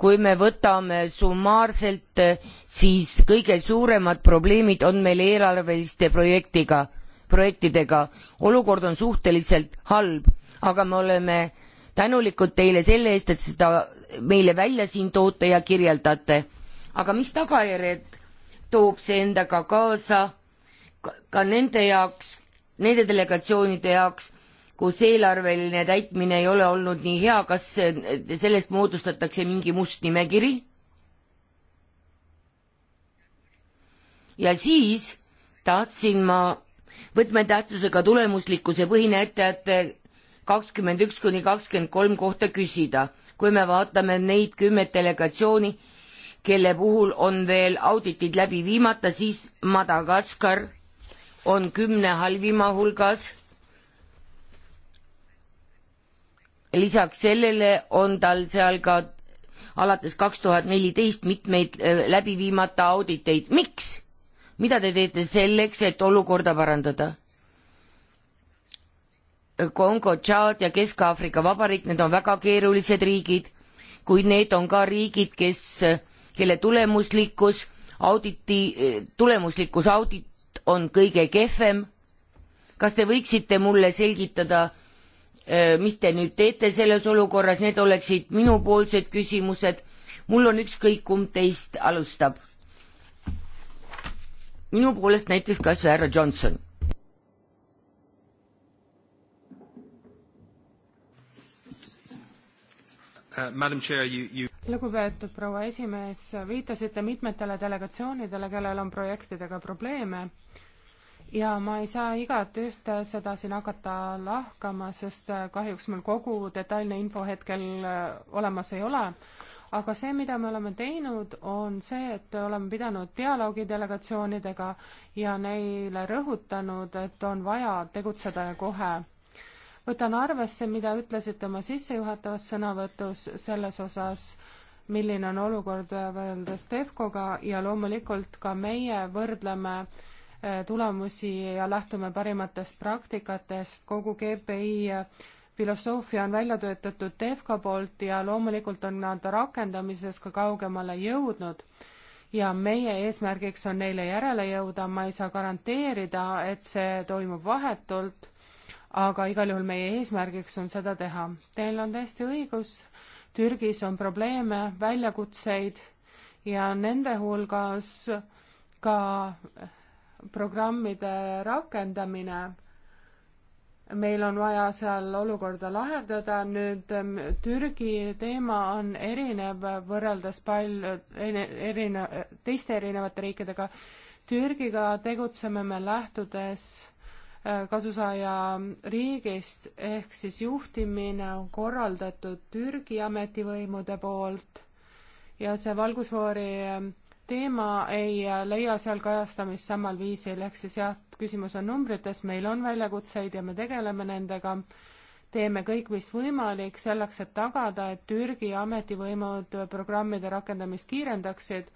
S1: kui me võtame summaarselt, siis kõige suuremad probleemid on meil eelarveliste projektiga, projektidega. olukord on suhteliselt halb, aga me oleme tänulikud teile selle eest, et seda meile välja siin toote ja kirjeldate aga mis tagajärjed toob see endaga kaasa ka, ka nende jaoks, nende delegatsioonide jaoks, kus eelarveline täitmine ei ole olnud nii hea, kas sellest moodustatakse mingi must nimekiri? ja siis tahtsin ma võtmetähtsusega tulemuslikkuse põhinäitajate kakskümmend üks kuni kakskümmend kolm kohta küsida, kui me vaatame neid kümmet delegatsiooni, kelle puhul on veel auditid läbi viimata, siis Madagaskar on kümne halvima hulgas. lisaks sellele on tal seal ka alates kaks tuhat neliteist mitmeid äh, läbi viimata auditeid, miks? mida te teete selleks, et olukorda parandada? Kongo, Tšaad ja Kesk-Aafrika Vabariik, need on väga keerulised riigid, kuid need on ka riigid, kes kelle tulemuslikkus auditi, tulemuslikkus audit on kõige kehvem. kas te võiksite mulle selgitada, äh, mis te nüüd teete selles olukorras, need oleksid minupoolsed küsimused. mul on ükskõik, kumb teist alustab. minu poolest näiteks kas või härra Johnson
S3: Uh, lugupeetud proua esimees, viitasite mitmetele delegatsioonidele, kellel on projektidega probleeme ja ma ei saa igat ühte seda siin hakata lahkama, sest äh, kahjuks mul kogu detailne info hetkel äh, olemas ei ole. aga see, mida me oleme teinud, on see, et oleme pidanud dialoogi delegatsioonidega ja neile rõhutanud, et on vaja tegutseda kohe võtan arvesse, mida ütlesite oma sissejuhatavas sõnavõtus selles osas, milline on olukord võrreldes Defcoga ja loomulikult ka meie võrdleme eh, tulemusi ja lähtume parimatest praktikatest, kogu GPI eh, filosoofia on välja töötatud Defco poolt ja loomulikult on nad rakendamises ka kaugemale jõudnud. ja meie eesmärgiks on neile järele jõuda, ma ei saa garanteerida, et see toimub vahetult, aga igal juhul meie eesmärgiks on seda teha. Teil on täiesti õigus, Türgis on probleeme, väljakutseid ja nende hulgas ka programmide rakendamine meil on vaja seal olukorda lahendada, nüüd ähm, Türgi teema on erinev võrreldes palju, erine-, teiste erinevate riikidega. Türgiga tegutseme me lähtudes kasusaaja riigist, ehk siis juhtimine on korraldatud Türgi ametivõimude poolt ja see valgusfoori teema ei leia seal kajastamist samal viisil, ehk siis jah, küsimus on numbrites, meil on väljakutseid ja me tegeleme nendega, teeme kõik, mis võimalik selleks, et tagada, et Türgi ametivõimud programmide rakendamist kiirendaksid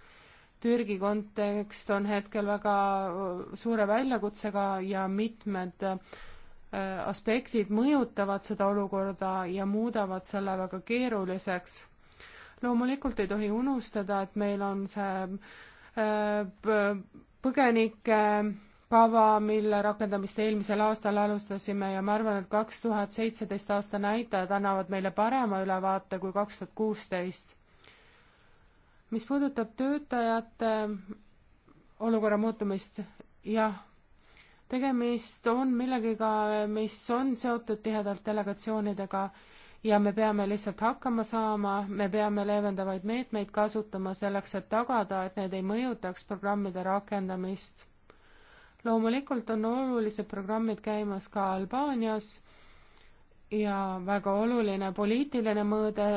S3: Türgi kontekst on hetkel väga äh, suure väljakutsega ja mitmed äh, aspektid mõjutavad seda olukorda ja muudavad selle väga keeruliseks. loomulikult ei tohi unustada, et meil on see äh, põgenike kava, mille rakendamist eelmisel aastal alustasime ja ma arvan, et kaks tuhat seitseteist aasta näitajad annavad meile parema ülevaate kui kaks tuhat kuusteist mis puudutab töötajate olukorra muutumist, jah, tegemist on millegiga, mis on seotud tihedalt delegatsioonidega ja me peame lihtsalt hakkama saama, me peame leevendavaid meetmeid kasutama selleks, et tagada, et need ei mõjutaks programmide rakendamist. loomulikult on olulised programmid käimas ka Albaanias ja väga oluline poliitiline mõõde,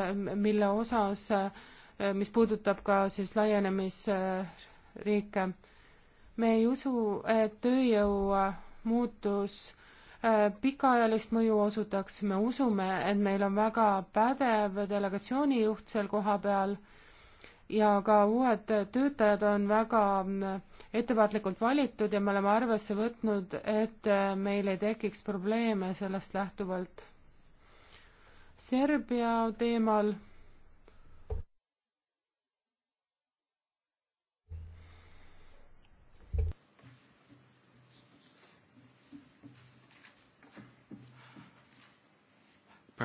S3: mille osas äh, Äh, mis puudutab ka siis laienemisriike. me ei usu, et tööjõu äh, muutus äh, pikaajalist mõju osutaks, me usume, et meil on väga pädev delegatsioonijuht seal kohapeal ja ka uued töötajad on väga ettevaatlikult valitud ja me oleme arvesse võtnud, et meil ei tekiks probleeme sellest lähtuvalt. Serbia teemal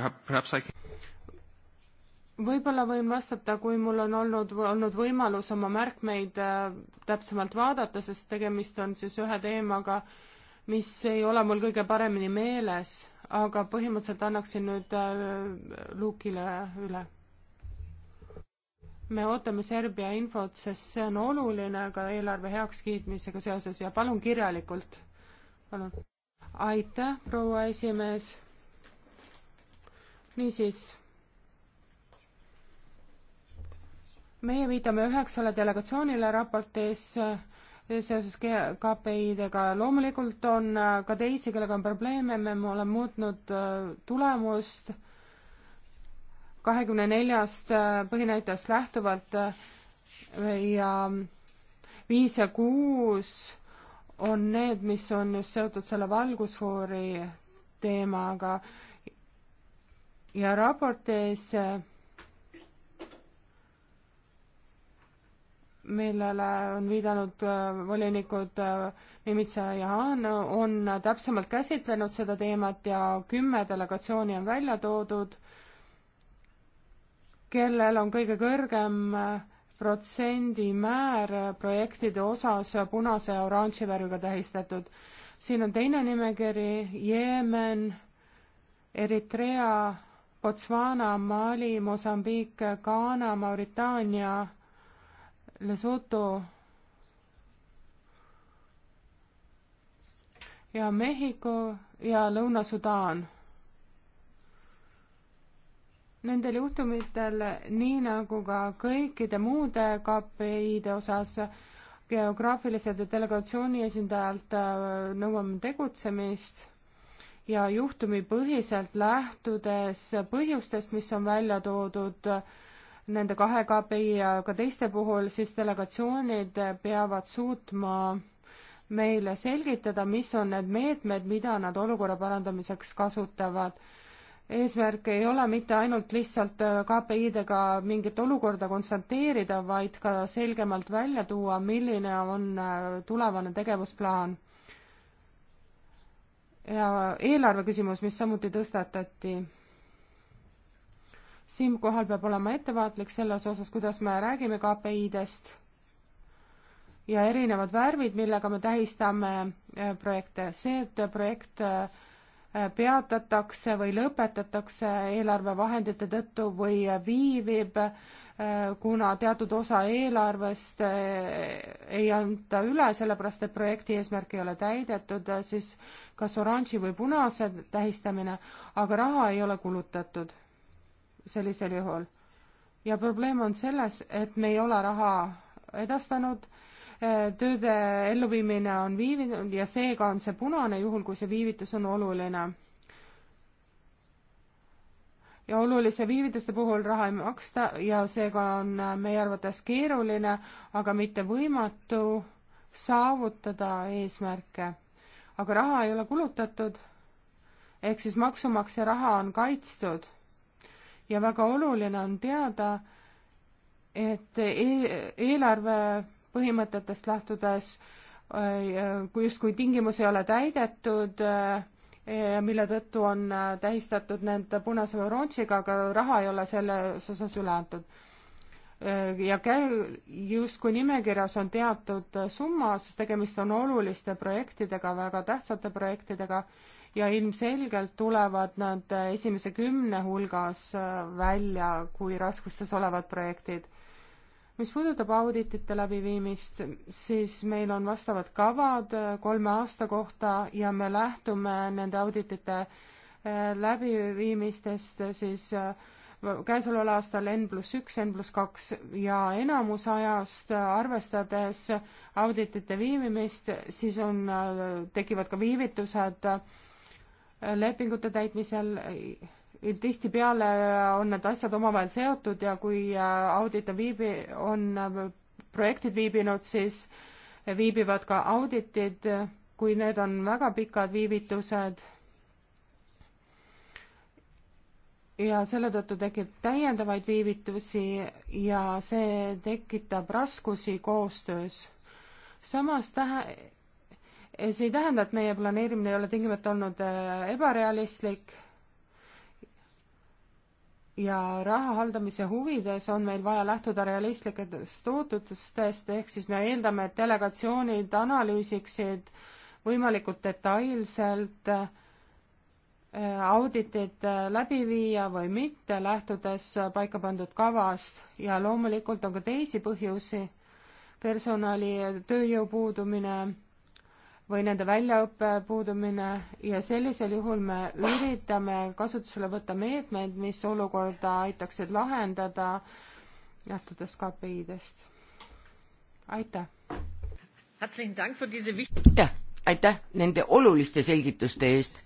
S3: Perhaps I can võib-olla võin vastata, kui mul on olnud, olnud võimalus oma märkmeid äh, täpsemalt vaadata, sest tegemist on siis ühe teemaga, mis ei ole mul kõige paremini meeles, aga põhimõtteliselt annaksin nüüd äh, Lukile üle. me ootame Serbia infot, sest see on oluline ka eelarve heakskiitmisega seoses ja palun kirjalikult. palun. aitäh, proua esimees niisiis, meie viitame üheksale delegatsioonile raportis eh, seoses KPI-dega, loomulikult on eh, ka teisi, kellega on probleeme, me oleme muutnud eh, tulemust kahekümne neljast põhinäitajast lähtuvalt ja viis ja kuus on need, mis on just seotud selle valgusfoori teemaga ja raportis, millele on viidanud äh, volinikud äh, Mimitsa ja Haan, on täpsemalt käsitlenud seda teemat ja kümme delegatsiooni on välja toodud, kellel on kõige kõrgem äh, protsendimäär projektide osas punase ja oranži värviga tähistatud. siin on teine nimekiri, Jeemen, Eritrea, Botswana, Mali, Mosambiik, Ghana, Mauritaania, Lesoto ja Mehhiko ja Lõuna-Sudaan. Nendel juhtumitel, nii nagu ka kõikide muude KPI-de osas, geograafiliselt ja delegatsiooni esindajalt äh, nõuame tegutsemist ja juhtumipõhiselt lähtudes põhjustest, mis on välja toodud nende kahe KPI ja ka teiste puhul, siis delegatsioonid peavad suutma meile selgitada, mis on need meetmed, mida nad olukorra parandamiseks kasutavad. eesmärk ei ole mitte ainult lihtsalt KPI-dega mingit olukorda konstateerida, vaid ka selgemalt välja tuua, milline on tulevane tegevusplaan ja eelarve küsimus, mis samuti tõstatati. siinkohal peab olema ettevaatlik selles osas, kuidas me räägime KPI-dest ja erinevad värvid, millega me tähistame äh, projekte. see, et projekt äh, peatatakse või lõpetatakse eelarvevahendite tõttu või viivib, äh, kuna teatud osa eelarvest ei anta üle, sellepärast et projekti eesmärk ei ole täidetud, siis kas oranži või punase tähistamine, aga raha ei ole kulutatud sellisel juhul. ja probleem on selles, et me ei ole raha edastanud, e, tööde elluviimine on viivinud ja seega on see punane, juhul kui see viivitus on oluline. ja olulise viivituste puhul raha ei maksta ja seega on e, meie arvates keeruline, aga mitte võimatu saavutada eesmärke aga raha ei ole kulutatud, ehk siis maksumaksja raha on kaitstud. ja väga oluline on teada, et e eelarve põhimõtetest lähtudes äh, kui justkui tingimus ei ole täidetud, äh, mille tõttu on äh, tähistatud need punase või oranžiga, aga raha ei ole selles osas üle antud ja käi-, justkui nimekirjas on teatud summa, sest tegemist on oluliste projektidega, väga tähtsate projektidega, ja ilmselgelt tulevad nad esimese kümne hulgas välja kui raskustes olevad projektid. mis puudutab auditite läbiviimist, siis meil on vastavad kavad kolme aasta kohta ja me lähtume nende auditite eh, läbiviimistest siis äh, käesoleval aastal N pluss üks, N pluss kaks ja enamus ajast arvestades auditite viibimist, siis on, tekivad ka viivitused äh, lepingute täitmisel. tihtipeale on need asjad omavahel seotud ja kui äh, audit on viibi, on äh, projektid viibinud, siis viibivad ka auditid, kui need on väga pikad viivitused ja selle tõttu tekib täiendavaid viivitusi ja see tekitab raskusi koostöös. samas tähe-, see ei tähenda, et meie planeerimine ei ole tingimata olnud äh, ebarealistlik ja raha haldamise huvides on meil vaja lähtuda realistlikest ootustest, ehk siis me eeldame, et delegatsioonid analüüsiksid võimalikult detailselt äh, auditit äh, läbi viia või mitte, lähtudes äh, paika pandud kavast ja loomulikult on ka teisi põhjusi, personali tööjõu puudumine või nende väljaõppe puudumine ja sellisel juhul me üritame kasutusele võtta meetmeid, mis olukorda aitaksid lahendada, lähtudes KPI-dest. aitäh!
S1: jah, aitäh nende oluliste selgituste eest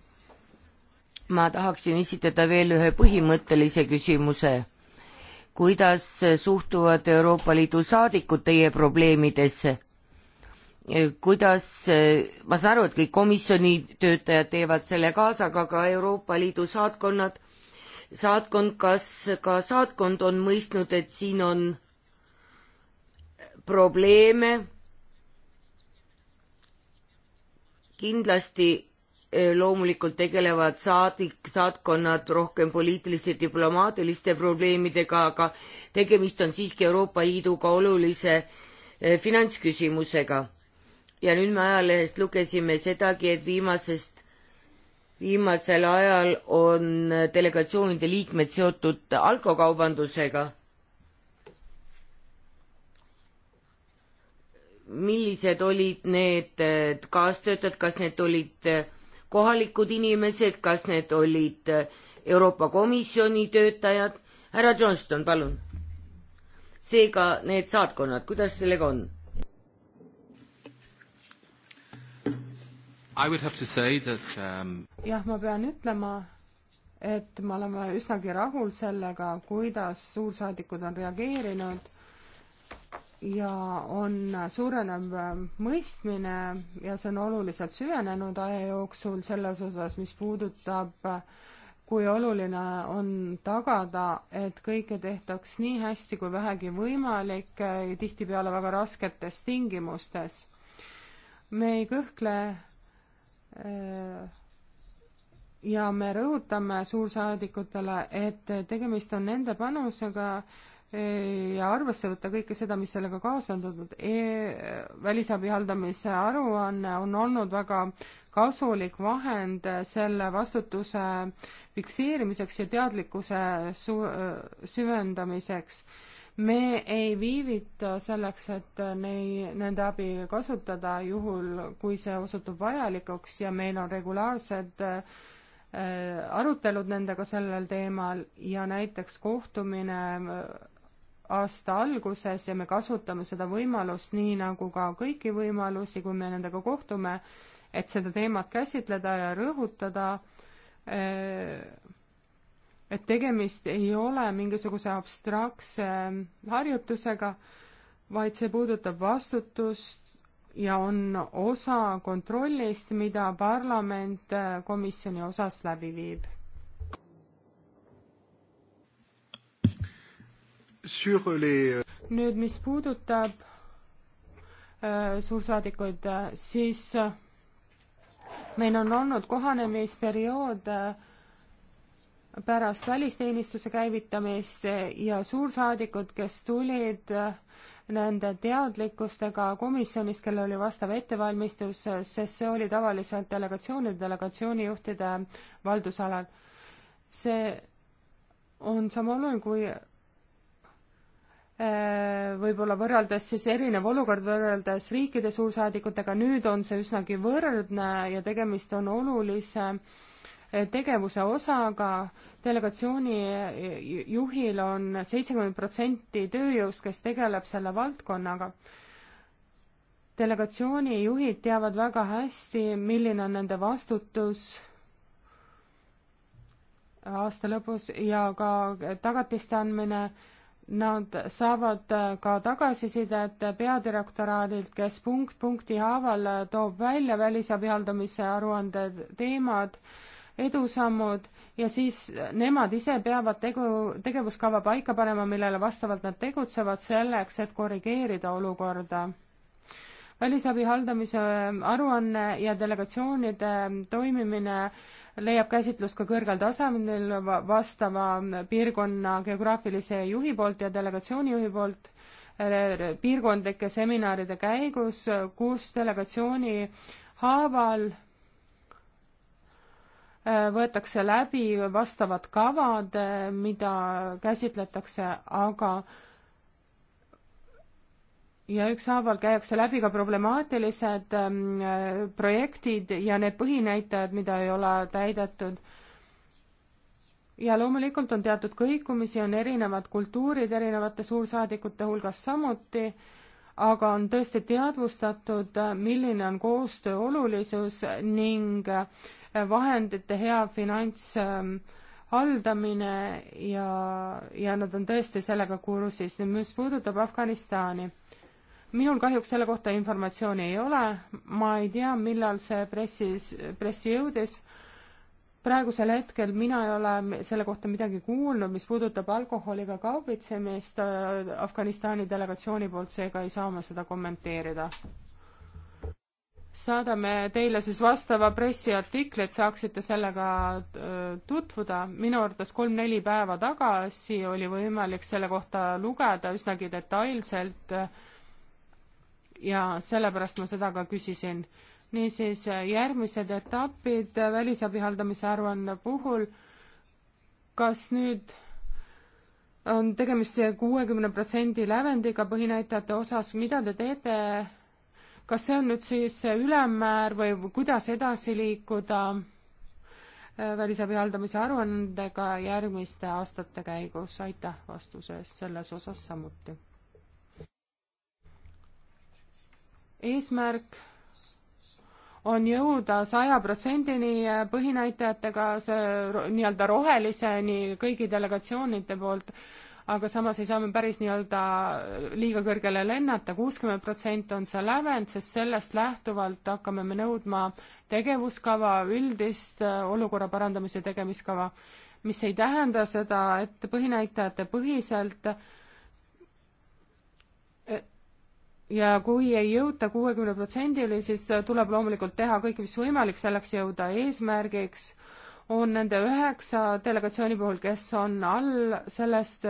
S1: ma tahaksin esitada veel ühe põhimõttelise küsimuse. kuidas suhtuvad Euroopa Liidu saadikud teie probleemidesse? kuidas, ma saan aru, et kõik komisjoni töötajad teevad selle kaasa, aga ka Euroopa Liidu saatkonnad, saatkond, kas ka saatkond on mõistnud, et siin on probleeme kindlasti loomulikult tegelevad saadik, saatkonnad rohkem poliitiliste, diplomaatiliste probleemidega, aga tegemist on siiski Euroopa Liiduga olulise finantsküsimusega. ja nüüd me ajalehest lugesime sedagi, et viimasest, viimasel ajal on delegatsioonide liikmed seotud alkokaubandusega. millised olid need kaastöötajad, kas need olid kohalikud inimesed, kas need olid äh, Euroopa Komisjoni töötajad? härra Johnston, palun. seega need saatkonnad, kuidas sellega on? Um...
S3: jah, ma pean ütlema, et me oleme üsnagi rahul sellega, kuidas suursaadikud on reageerinud ja on suurenev äh, mõistmine ja see on oluliselt süvenenud aja jooksul selles osas, mis puudutab, äh, kui oluline on tagada, et kõike tehtaks nii hästi kui vähegi võimalik, äh, tihtipeale väga rasketes tingimustes. me ei kõhkle ja me rõhutame suursaadikutele, et tegemist on nende panusega, ja arvesse võtta kõike seda, mis sellega kaasa on tulnud e. välisabi haldamise aruanne on olnud väga kasulik vahend selle vastutuse fikseerimiseks ja teadlikkuse su-, süvendamiseks. me ei viivita selleks, et nei-, nende abi kasutada, juhul kui see osutub vajalikuks ja meil on regulaarsed äh, arutelud nendega sellel teemal ja näiteks kohtumine aasta alguses ja me kasutame seda võimalust, nii nagu ka kõiki võimalusi, kui me nendega kohtume, et seda teemat käsitleda ja rõhutada, eh, et tegemist ei ole mingisuguse abstraktse harjutusega, vaid see puudutab vastutust ja on osa kontrollist, mida parlament eh, komisjoni osas läbi viib
S2: nüüd,
S3: mis puudutab äh, suursaadikuid, äh, siis äh, meil on olnud kohanemisperiood pärast välisteenistuse käivitamist ja suursaadikud, kes tulid nende teadlikkustega komisjonis, kellel oli vastav ettevalmistus, sest see oli tavaliselt delegatsioonide, delegatsioonijuhtide valdusalal. see on sama oluline kui Äh, võib-olla võrreldes siis erinev olukord võrreldes riikide suursaadikutega, nüüd on see üsnagi võrdne ja tegemist on olulise äh, tegevuse osaga, delegatsiooni äh, juhil on seitsekümmend protsenti tööjõust, kes tegeleb selle valdkonnaga. delegatsiooni juhid teavad väga hästi, milline on nende vastutus aasta lõpus ja ka tagatiste andmine Nad saavad äh, ka tagasisidet peadirektoraadilt, kes punkt punkti haaval äh, toob välja välisabi haldamise aruande teemad, edusammud ja siis äh, nemad ise peavad tegu, tegevuskava paika panema, millele vastavalt nad tegutsevad selleks, et korrigeerida olukorda. välisabi haldamise aruanne ja delegatsioonide toimimine leiab käsitlust ka kõrgel tasemel vastava piirkonna geograafilise juhi poolt ja delegatsiooni juhi poolt piirkondlike seminaride käigus, kus delegatsiooni haaval äh, võetakse läbi vastavad kavad, äh, mida käsitletakse, aga ja ükshaaval käiakse läbi ka problemaatilised ähm, projektid ja need põhinäitajad, mida ei ole täidetud. ja loomulikult on teatud kõikumisi, on erinevad kultuurid erinevate suursaadikute hulgas samuti, aga on tõesti teadvustatud, milline on koostöö olulisus ning äh, vahendite hea finants ähm, haldamine ja, ja nad on tõesti sellega kursis. mis puudutab Afganistani minul kahjuks selle kohta informatsiooni ei ole, ma ei tea, millal see pressis, pressi jõudis. praegusel hetkel mina ei ole selle kohta midagi kuulnud, mis puudutab alkoholiga kaubitsemist Afganistani delegatsiooni poolt, seega ei saa ma seda kommenteerida. saadame teile siis vastava pressiartikli, et saaksite sellega äh, tutvuda. minu arvates kolm-neli päeva tagasi oli võimalik selle kohta lugeda üsnagi detailselt äh, ja sellepärast ma seda ka küsisin. niisiis, järgmised etapid välisabi haldamise aruande puhul, kas nüüd on tegemist kuuekümne protsendi lävendiga põhinäitajate osas, mida te teete, kas see on nüüd siis ülemmäär või kuidas edasi liikuda äh, välisabi haldamise aruandega järgmiste aastate käigus, aitäh vastuse eest selles osas samuti eesmärk on jõuda saja protsendini põhinäitajatega, see nii-öelda roheliseni nii kõigi delegatsioonide poolt, aga samas ei saa me päris nii-öelda liiga kõrgele lennata, kuuskümmend protsenti on see lävend, sest sellest lähtuvalt hakkame me nõudma tegevuskava, üldist äh, olukorra parandamise tegemiskava, mis ei tähenda seda, et põhinäitajate põhiselt äh, ja kui ei jõuta kuuekümne protsendini, siis tuleb loomulikult teha kõik, mis võimalik selleks jõuda eesmärgiks, on nende üheksa delegatsiooni puhul, kes on all sellest,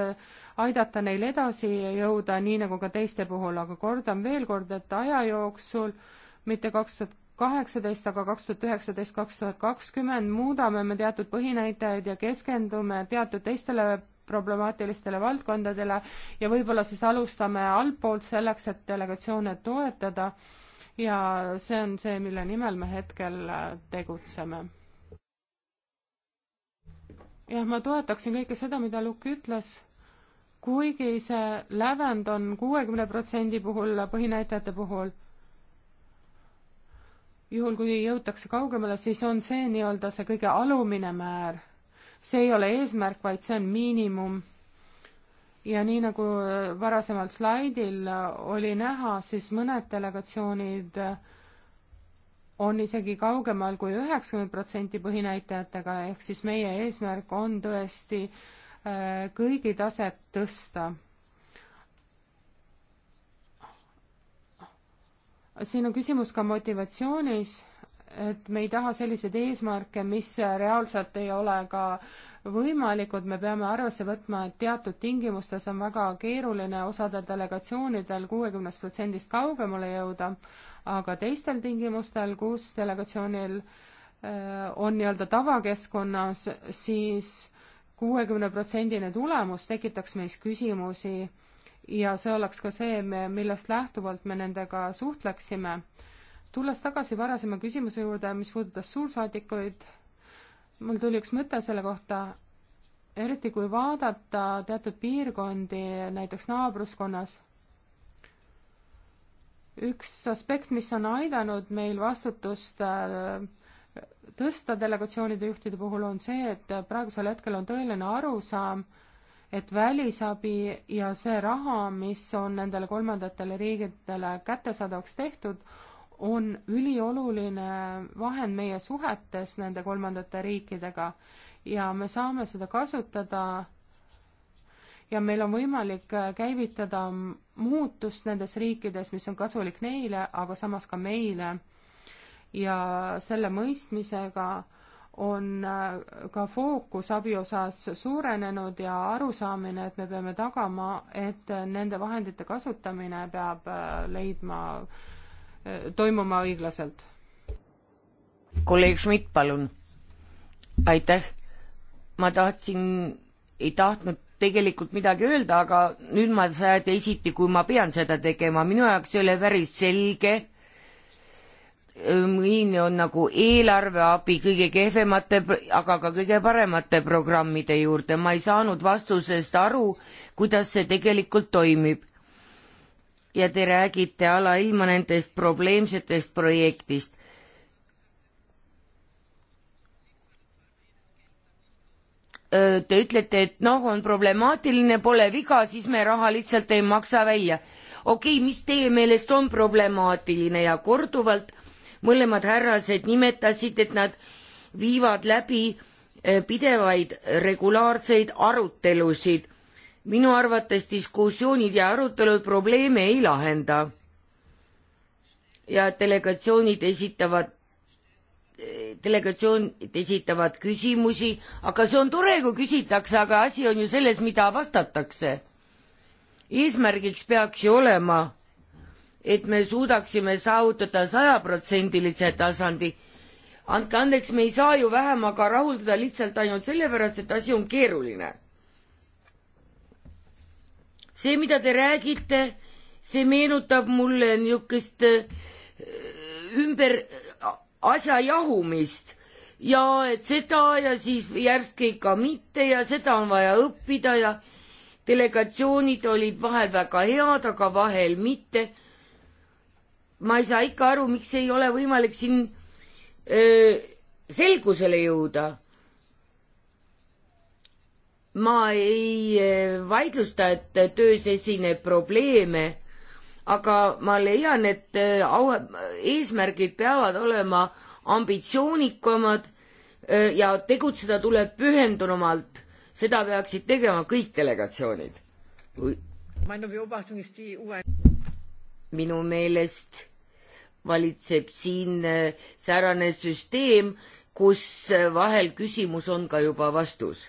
S3: aidata neil edasi jõuda, nii nagu ka teiste puhul, aga kordan veel kord, et aja jooksul mitte kaks tuhat kaheksateist, aga kaks tuhat üheksateist, kaks tuhat kakskümmend muudame me teatud põhinäitajaid ja keskendume teatud teistele problemaatilistele valdkondadele ja võib-olla siis alustame altpoolt selleks, et delegatsioone toetada ja see on see, mille nimel me hetkel äh, tegutseme. jah, ma toetaksin kõike seda, mida Lukk ütles, kuigi see lävend on kuuekümne protsendi puhul põhinäitajate puhul juhul, kui jõutakse kaugemale, siis on see nii-öelda see kõige alumine määr see ei ole eesmärk, vaid see on miinimum. ja nii nagu varasemalt slaidil oli näha, siis mõned delegatsioonid on isegi kaugemal kui üheksakümmend protsenti põhinäitajatega, ehk siis meie eesmärk on tõesti äh, kõigi taset tõsta siin on küsimus ka motivatsioonis et me ei taha selliseid eesmärke, mis reaalselt ei ole ka võimalikud, me peame arvesse võtma, et teatud tingimustes on väga keeruline osadel delegatsioonidel kuuekümnest protsendist kaugemale jõuda, aga teistel tingimustel, kus delegatsioonil äh, on nii-öelda tavakeskkonnas siis, siis kuuekümneprotsendine tulemus tekitaks meis küsimusi ja see oleks ka see, millest lähtuvalt me nendega suhtleksime tulles tagasi varasema küsimuse juurde, mis puudutas suursaadikuid, mul tuli üks mõte selle kohta, eriti kui vaadata teatud piirkondi näiteks naabruskonnas, üks aspekt, mis on aidanud meil vastutust äh, tõsta delegatsioonide juhtide puhul, on see, et praegusel hetkel on tõeline arusaam, et välisabi ja see raha, mis on nendele kolmandatele riikidele kättesaadavaks tehtud, on ülioluline vahend meie suhetes nende kolmandate riikidega ja me saame seda kasutada ja meil on võimalik äh, käivitada muutust nendes riikides, mis on kasulik neile, aga samas ka meile. ja selle mõistmisega on äh, ka fookus abi osas suurenenud ja arusaamine, et me peame tagama, et äh, nende vahendite kasutamine peab leidma äh, toimuma õiglaselt.
S1: kolleeg Schmidt, palun. aitäh. ma tahtsin, ei tahtnud tegelikult midagi öelda, aga nüüd ma sain teisiti, kui ma pean seda tegema, minu jaoks ei ole päris selge, milline on nagu eelarveabi kõige kehvemate, aga ka kõige paremate programmide juurde, ma ei saanud vastusest aru, kuidas see tegelikult toimib ja te räägite alailma nendest probleemsetest projektist. Te ütlete, et noh, on problemaatiline, pole viga, siis me raha lihtsalt ei maksa välja. okei okay,, mis teie meelest on problemaatiline ja korduvalt mõlemad härrased nimetasid, et nad viivad läbi pidevaid regulaarseid arutelusid minu arvates diskussioonid ja arutelud probleeme ei lahenda. ja delegatsioonid esitavad, delegatsioonid esitavad küsimusi, aga see on tore, kui küsitakse, aga asi on ju selles, mida vastatakse. eesmärgiks peaks ju olema, et me suudaksime saavutada sajaprotsendilise tasandi. andke andeks, me ei saa ju vähemaga rahuldada lihtsalt ainult sellepärast, et asi on keeruline see, mida te räägite, see meenutab mulle niisugust äh, ümber äh, asja jahumist ja et seda ja siis järsku ikka mitte ja seda on vaja õppida ja delegatsioonid olid vahel väga head, aga vahel mitte. ma ei saa ikka aru, miks ei ole võimalik siin öö, äh, selgusele jõuda ma ei eh, vaidlusta, et töös esineb probleeme, aga ma leian, et eh, au-, eesmärgid peavad olema ambitsioonikamad eh, ja tegutseda tuleb pühendunumalt. seda peaksid tegema kõik delegatsioonid. minu meelest valitseb siin säärane süsteem, kus vahel küsimus on ka juba vastus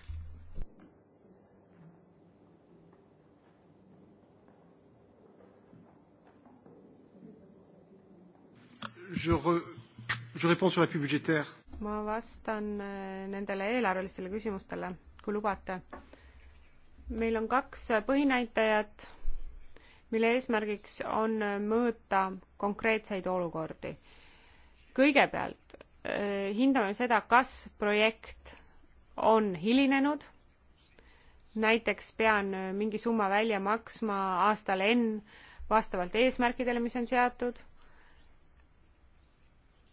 S2: Je, re, je réponds sur l'appui budgétaire. ma vastan äh, nendele eelarvelistele küsimustele, kui lubate. meil on kaks põhinäitajat, mille eesmärgiks on äh, mõõta konkreetseid olukordi. kõigepealt äh, hindame seda, kas projekt on hilinenud, näiteks pean mingi summa välja maksma aastal N vastavalt eesmärkidele, mis on seatud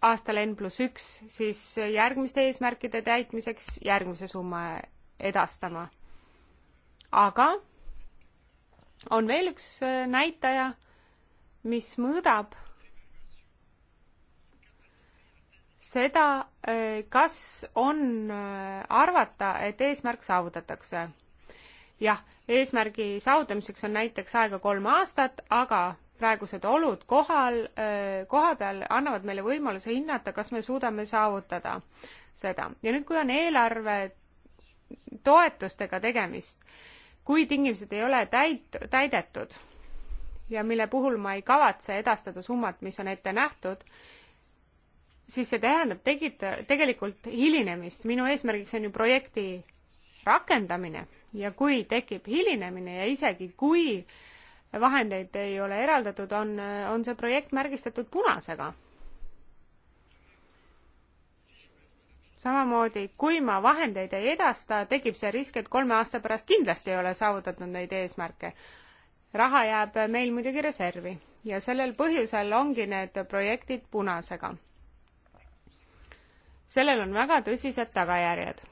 S2: aastal N pluss üks siis järgmiste eesmärkide täitmiseks järgmise summa edastama. aga on veel üks äh, näitaja, mis mõõdab seda, äh, kas on äh, arvata, et eesmärk saavutatakse. jah, eesmärgi saavutamiseks on näiteks aega kolm aastat, aga praegused olud kohal, kohapeal annavad meile võimaluse hinnata, kas me suudame saavutada seda. ja nüüd, kui on eelarve toetustega tegemist, kui tingimused ei ole täit-, täidetud ja mille puhul ma ei kavatse edastada summat, mis on ette nähtud, siis see tähendab tegita-, tegelikult hilinemist. minu eesmärgiks on ju projekti rakendamine ja kui tekib hilinemine ja isegi kui äh, vahendeid ei ole eraldatud, on, on see projekt märgistatud punasega. samamoodi, kui ma vahendeid ei edasta, tekib see risk, et kolme aasta pärast kindlasti ei ole saavutatud neid eesmärke. raha jääb meil muidugi reservi ja sellel põhjusel ongi need projektid punasega. sellel on väga tõsised tagajärjed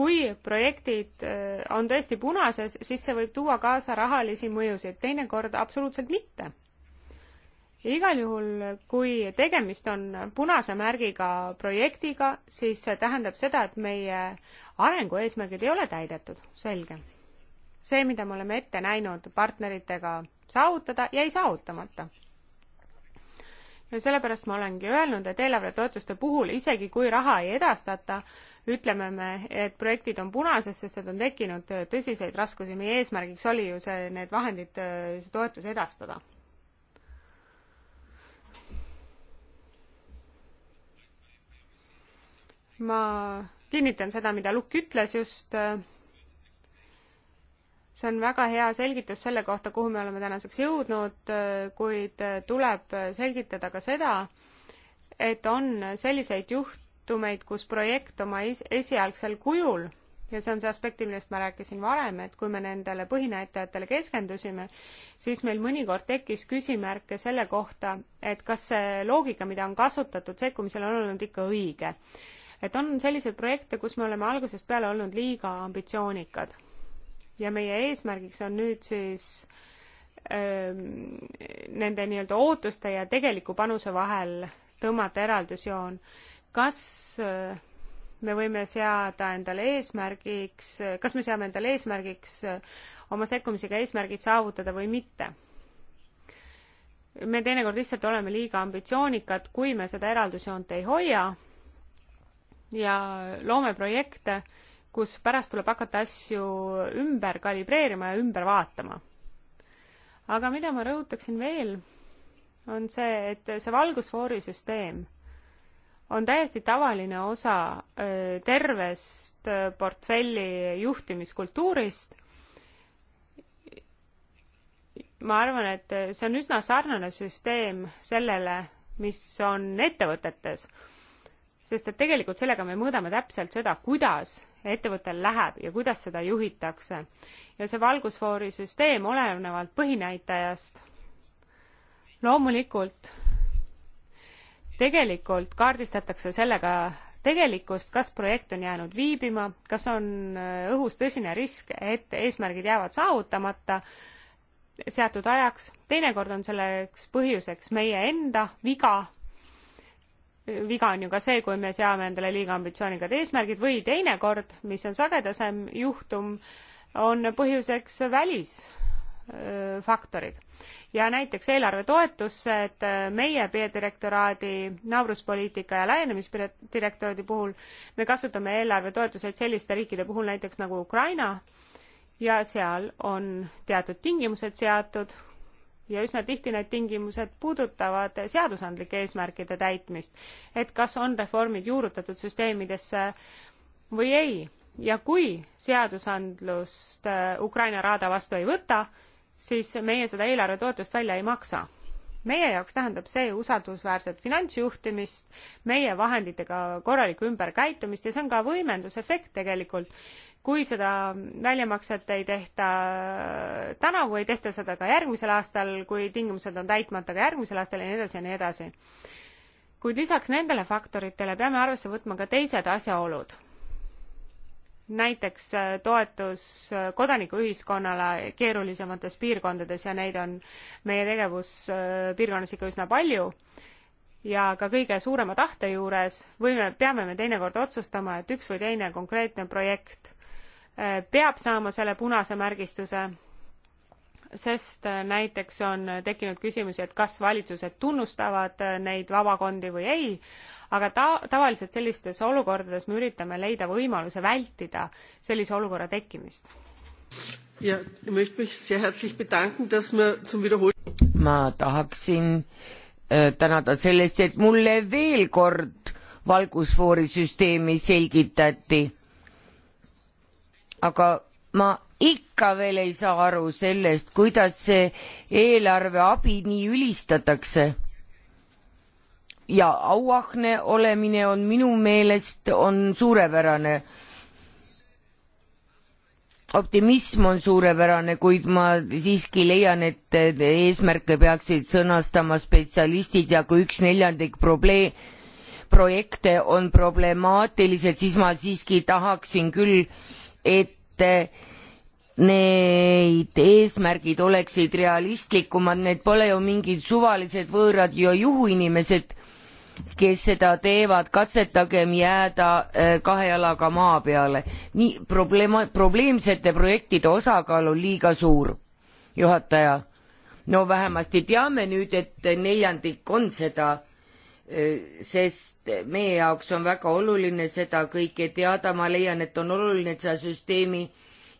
S2: kui projektid äh, on tõesti punases, siis see võib tuua kaasa rahalisi mõjusid, teinekord absoluutselt mitte. igal juhul, kui tegemist on punase märgiga projektiga, siis see tähendab seda, et meie arengueesmärgid ei ole täidetud, selge. see, mida me oleme ette näinud partneritega saavutada, jäi saavutamata ja sellepärast ma olengi öelnud, et eelarvetoetuste puhul, isegi kui raha ei edastata, ütleme me, et projektid on punases, sest et on tekkinud äh, tõsiseid raskusi. meie eesmärgiks oli ju see, need vahendid, äh, see toetus edastada. ma kinnitan seda, mida Lukk ütles just äh, see on väga hea selgitus selle kohta, kuhu me oleme tänaseks jõudnud, kuid tuleb selgitada ka seda, et on selliseid juht-, juhtumeid, kus projekt oma es esialgsel kujul ja see on see aspekt, millest ma rääkisin varem, et kui me nendele põhinäitajatele keskendusime, siis meil mõnikord tekkis küsimärke selle kohta, et kas see loogika, mida on kasutatud sekkumisel, on olnud ikka õige. et on selliseid projekte, kus me oleme algusest peale olnud liiga ambitsioonikad. ja meie eesmärgiks on nüüd siis öö, ähm, nende nii-öelda ootuste ja tegeliku panuse vahel tõmmata eraldusjoon kas äh, me võime seada endale eesmärgiks, äh, kas me seame endale eesmärgiks äh, oma sekkumisega eesmärgid saavutada või mitte. me teinekord lihtsalt oleme liiga ambitsioonikad, kui me seda eraldusjoont ei hoia ja loome projekte, kus pärast tuleb hakata asju ümber kalibreerima ja ümber vaatama. aga mida ma rõhutaksin veel, on see, et see valgusfoorisüsteem on täiesti tavaline osa tervest portfelli juhtimiskultuurist. ma arvan, et see on üsna sarnane süsteem sellele, mis on ettevõtetes, sest et tegelikult sellega me mõõdame täpselt seda, kuidas ettevõttel läheb ja kuidas seda juhitakse. ja see valgusfoorisüsteem olenevalt põhinäitajast loomulikult tegelikult kaardistatakse sellega tegelikkust, kas projekt on jäänud viibima, kas on äh, õhus tõsine risk, et eesmärgid jäävad saavutamata seatud ajaks, teinekord on selleks põhjuseks meie enda viga, viga on ju ka see, kui me seame endale liiga ambitsioonikad eesmärgid või teinekord, mis on sagedasem juhtum, on põhjuseks välis Äh, faktorid. ja näiteks eelarvetoetusse, et äh, meie peadirektoraadi naabruspoliitika ja laienemisdirektoraadi puhul me kasutame eelarvetoetuseid selliste riikide puhul näiteks nagu Ukraina ja seal on teatud tingimused seatud ja üsna tihti need tingimused puudutavad seadusandlike eesmärkide täitmist, et kas on reformid juurutatud süsteemidesse või ei ja kui seadusandlust äh, Ukraina raada vastu ei võta, siis meie seda eelarvetoetust välja ei maksa. meie jaoks tähendab see usaldusväärset finantsjuhtimist, meie vahenditega korralikku ümberkäitumist ja see on ka võimendusefekt tegelikult. kui seda väljamakset ei tehta tänavu, ei tehta seda ka järgmisel aastal, kui tingimused on täitmata ka järgmisel aastal ja nii edasi ja nii edasi. kuid lisaks nendele faktoritele peame arvesse võtma ka teised asjaolud näiteks äh, toetus äh, kodanikuühiskonnale keerulisemates piirkondades ja neid on meie tegevuspiirkonnas äh, ikka üsna palju ja ka kõige suurema tahte juures võime, peame me teinekord otsustama, et üks või teine konkreetne projekt peab saama selle punase märgistuse sest äh, näiteks on äh, tekkinud küsimusi, et kas valitsused tunnustavad äh, neid vabakondi või ei, aga ta-, tavaliselt sellistes olukordades me üritame leida võimaluse vältida sellise olukorra tekkimist.
S1: ma tahaksin tänada selle eest, et mulle veel kord valgusfoorisüsteemi selgitati. aga ma ikka veel ei saa aru sellest, kuidas see eelarveabi nii ülistatakse. ja auahne olemine on minu meelest, on suurepärane. optimism on suurepärane, kuid ma siiski leian, et eesmärke peaksid sõnastama spetsialistid ja kui üks neljandik probleem, projekte on problemaatilised, siis ma siiski tahaksin küll, et need eesmärgid oleksid realistlikumad, need pole ju mingid suvalised võõrad ja juhuinimesed, kes seda teevad, katsetagem jääda äh, kahe jalaga maa peale. nii probleema, probleemsete projektide osakaal on liiga suur, juhataja. no vähemasti teame nüüd, et neljandik on seda, äh, sest meie jaoks on väga oluline seda kõike teada, ma leian, et on oluline, et seda süsteemi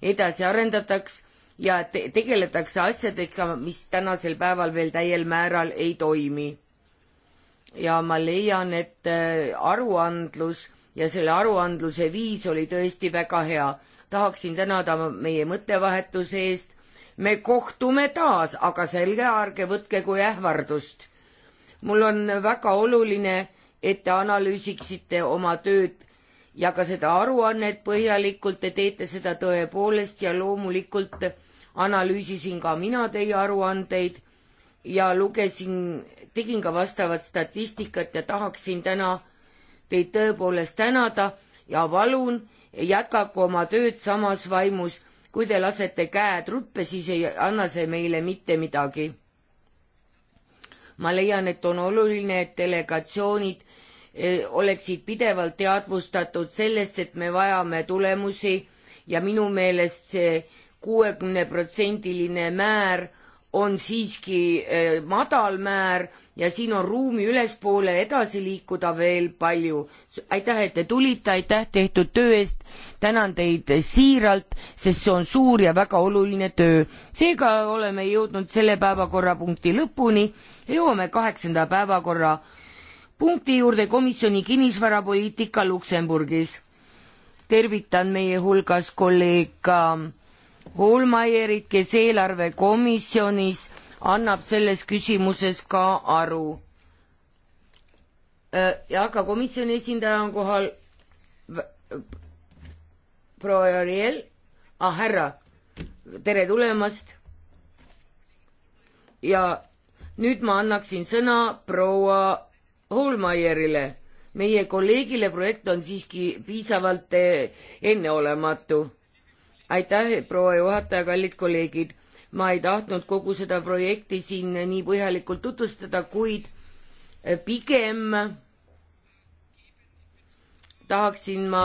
S1: edasi arendataks ja te tegeletakse asjadega, mis tänasel päeval veel täiel määral ei toimi. ja ma leian, et äh, aruandlus ja selle aruandluse viis oli tõesti väga hea. tahaksin tänada meie mõttevahetuse eest. me kohtume taas, aga selge, ärge võtke kui ähvardust. mul on väga oluline, et te analüüsiksite oma tööd ja ka seda aruannet põhjalikult, te teete seda tõepoolest ja loomulikult analüüsisin ka mina teie aruandeid ja lugesin, tegin ka vastavat statistikat ja tahaksin täna teid tõepoolest tänada ja palun jätkaku oma tööd samas vaimus. kui te lasete käed ruppe, siis ei anna see meile mitte midagi. ma leian, et on oluline, et delegatsioonid Eh, oleksid pidevalt teadvustatud sellest, et me vajame tulemusi ja minu meelest see kuuekümneprotsendiline määr on siiski eh, madal määr ja siin on ruumi ülespoole edasi liikuda veel palju. aitäh, et te tulite, aitäh tehtud töö eest, tänan teid siiralt, sest see on suur ja väga oluline töö. seega oleme jõudnud selle päevakorrapunkti lõpuni, jõuame kaheksanda päevakorra punkti juurde komisjoni kinnisvarapoliitika Luksemburgis. tervitan meie hulgas kolleeg ka Holmeierit, kes eelarvekomisjonis annab selles küsimuses ka aru. Äh, ja ka komisjoni esindaja on kohal proua Ariel, ah härra, tere tulemast. ja nüüd ma annaksin sõna proua Holmeierile, meie kolleegile projekt on siiski piisavalt eh, enneolematu. aitäh, proua juhataja, kallid kolleegid. ma ei tahtnud kogu seda projekti siin nii põhjalikult tutvustada, kuid eh, pigem tahaksin ma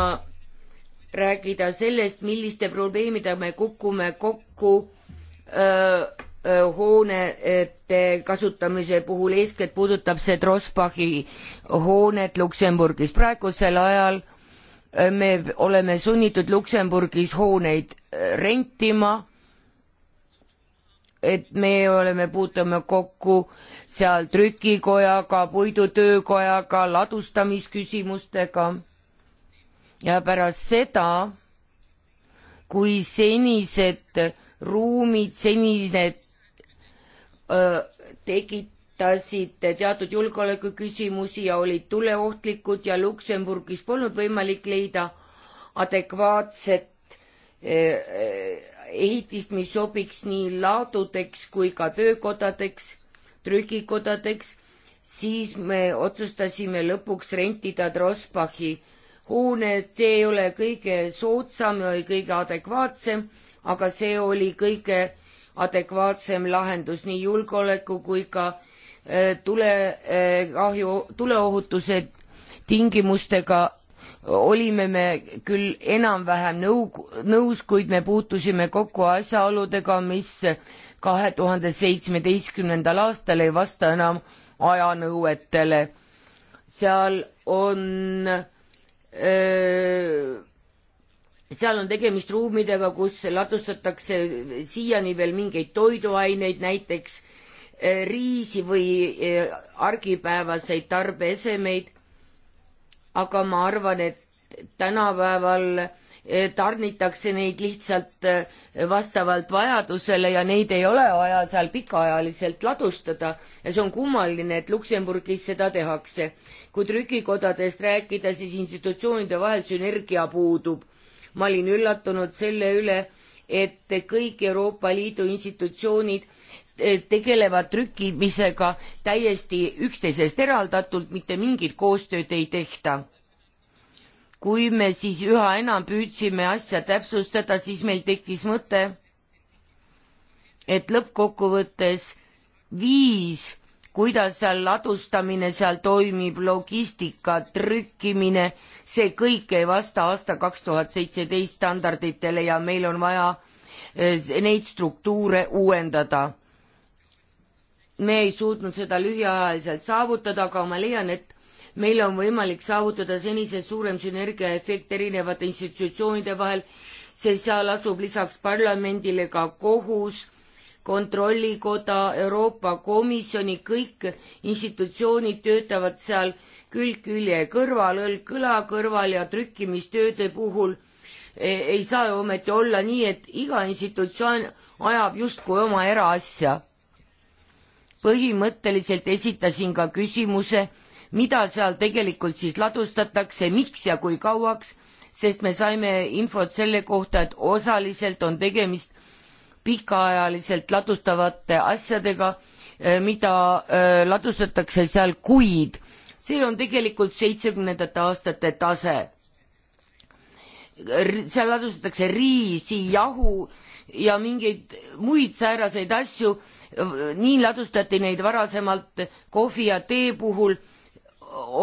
S1: rääkida sellest, milliste probleemidega me kukume kokku öö, eh, hoonete kasutamise puhul, eeskätt puudutab see Trosbachi hoonet Luksemburgis. praegusel ajal äh, me oleme sunnitud Luksemburgis hooneid äh, rentima, et me oleme, puutume kokku seal trükikojaga, puidutöökojaga, ladustamisküsimustega ja pärast seda, kui senised ruumid, senised tekitasid teatud julgeolekuküsimusi ja olid tuleohtlikud ja Luksemburgis polnud võimalik leida adekvaatset ehitist, mis sobiks nii laadudeks kui ka töökodadeks, trükikodadeks, siis me otsustasime lõpuks rentida Drosbachi hoone, see ei ole kõige soodsam ja kõige adekvaatsem, aga see oli kõige adekvaatsem lahendus nii julgeoleku kui ka äh, tule kahju, äh, tuleohutuse tingimustega olime me küll enam-vähem nõu-, nõus, kuid me puutusime kokku asjaoludega, mis kahe tuhande seitsmeteistkümnendal aastal ei vasta enam ajanõuetele. seal on öö, äh, seal on tegemist ruumidega, kus ladustatakse siiani veel mingeid toiduaineid, näiteks eh, riisi või eh, argipäevaseid tarbeesemeid. aga ma arvan, et tänapäeval eh, tarnitakse neid lihtsalt vastavalt vajadusele ja neid ei ole vaja seal pikaajaliselt ladustada ja see on kummaline, et Luksemburgis seda tehakse. kui trükikodadest rääkida, siis institutsioonide vahel sünergia puudub ma olin üllatunud selle üle, et kõik Euroopa Liidu institutsioonid e, tegelevad trükimisega täiesti üksteisest eraldatult, mitte mingit koostööd ei tehta. kui me siis üha enam püüdsime asja täpsustada, siis meil tekkis mõte, et lõppkokkuvõttes viis kuidas seal ladustamine seal toimib, logistika, trükkimine, see kõik ei vasta aasta kaks tuhat seitseteist standarditele ja meil on vaja eh, neid struktuure uuendada. me ei suutnud seda lühiajaliselt saavutada, aga ma leian, et meil on võimalik saavutada senisest suurem sünergiaefekt erinevate institutsioonide vahel, sest seal asub lisaks parlamendile ka kohus kontrollikoda, Euroopa Komisjoni, kõik institutsioonid töötavad seal külg külje kõrval, õlg kõla kõrval ja trükkimistööde puhul e, ei saa ju ometi olla nii, et iga institutsioon ajab justkui oma eraasja. põhimõtteliselt esitasin ka küsimuse, mida seal tegelikult siis ladustatakse, miks ja kui kauaks, sest me saime infot selle kohta, et osaliselt on tegemist pikaajaliselt ladustavate asjadega, eh, mida eh, ladustatakse seal kuid. see on tegelikult seitsmekümnendate aastate tase. seal ladustatakse riisi, jahu ja mingeid muid sääraseid asju. nii ladustati neid varasemalt kohvi ja tee puhul.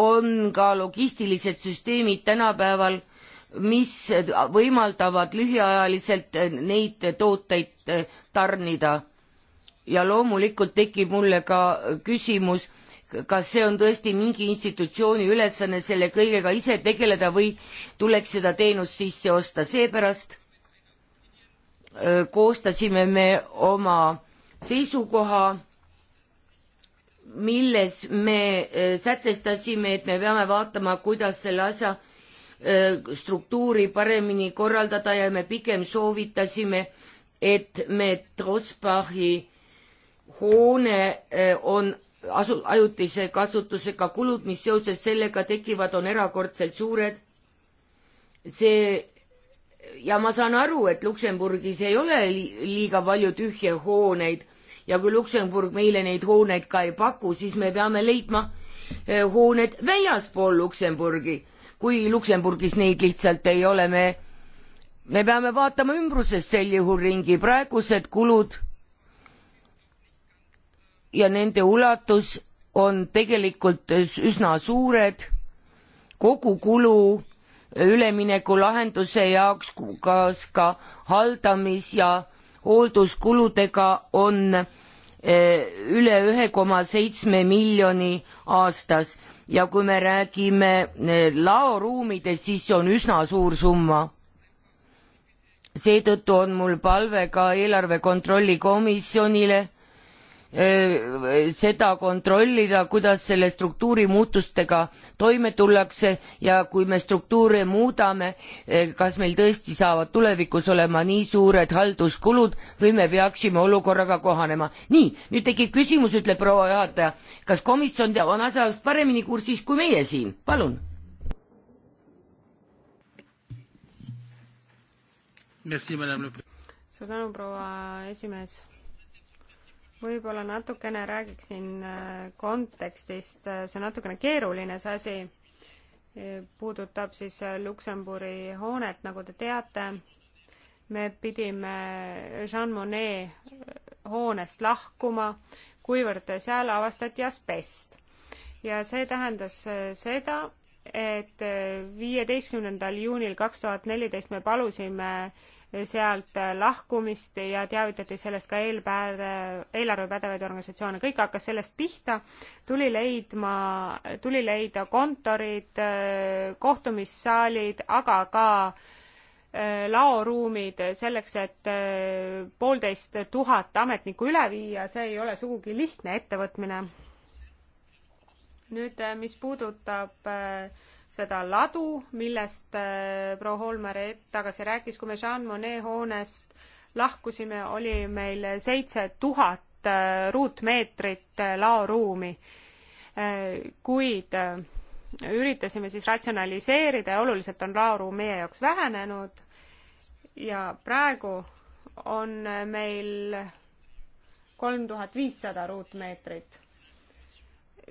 S1: on ka logistilised süsteemid tänapäeval mis võimaldavad lühiajaliselt neid tooteid tarnida. ja loomulikult tekib mulle ka küsimus, kas see on tõesti mingi institutsiooni ülesanne selle kõigega ise tegeleda või tuleks seda teenust sisse osta, seepärast äh, koostasime me oma seisukoha, milles me äh, sätestasime, et me peame vaatama, kuidas selle asja Äh, struktuuri paremini korraldada ja me pigem soovitasime, et me Trosbachi hoone äh, on asu-, ajutise kasutusega kulud, mis seoses sellega tekivad, on erakordselt suured. see ja ma saan aru, et Luksemburgis ei ole liiga palju tühje hooneid ja kui Luksemburg meile neid hooneid ka ei paku, siis me peame leidma äh, hooned väljaspool Luksemburgi kui Luksemburgis neid lihtsalt ei ole, me, me peame vaatama ümbruses sel juhul ringi, praegused kulud ja nende ulatus on tegelikult üsna suured, kogukulu üleminekulahenduse jaoks, kas ka haldamis- ja hoolduskuludega on eh, üle ühe koma seitsme miljoni aastas ja kui me räägime eh, laoruumidest, siis on üsna suur summa. seetõttu on mul palve ka eelarve kontrolli komisjonile, Äh, seda kontrollida, kuidas selle struktuuri muutustega toime tullakse ja kui me struktuure muudame, äh, kas meil tõesti saavad tulevikus olema nii suured halduskulud või me peaksime olukorraga kohanema. nii, nüüd tekib küsimus, ütleb proua juhataja, kas komisjon on asjast paremini kursis kui meie siin, palun?
S2: suur tänu, proua esimees võib-olla natukene räägiksin äh, kontekstist, see on natukene keeruline, see asi äh, puudutab siis äh, Luksemburi hoonet, nagu te teate, me pidime Jean Monnet hoonest lahkuma, kuivõrd seal avastati asbest. ja see tähendas seda, et viieteistkümnendal juunil kaks tuhat neliteist me palusime äh, sealt lahkumist ja teavitati sellest ka eelpäev, eelarvepädevaid organisatsioone, kõik hakkas sellest pihta, tuli leidma, tuli leida kontorid, kohtumissaalid, aga ka äh, laoruumid selleks, et äh, poolteist tuhat ametnikku üle viia, see ei ole sugugi lihtne ettevõtmine. nüüd, äh, mis puudutab äh, seda ladu, millest äh, proua Holmer hetk tagasi rääkis, kui me Jean Monnet hoonest lahkusime, oli meil seitse tuhat äh, ruutmeetrit äh, laoruumi. kuid üritasime siis ratsionaliseerida ja oluliselt on laoruum meie jaoks vähenenud ja praegu on meil kolm tuhat viissada ruutmeetrit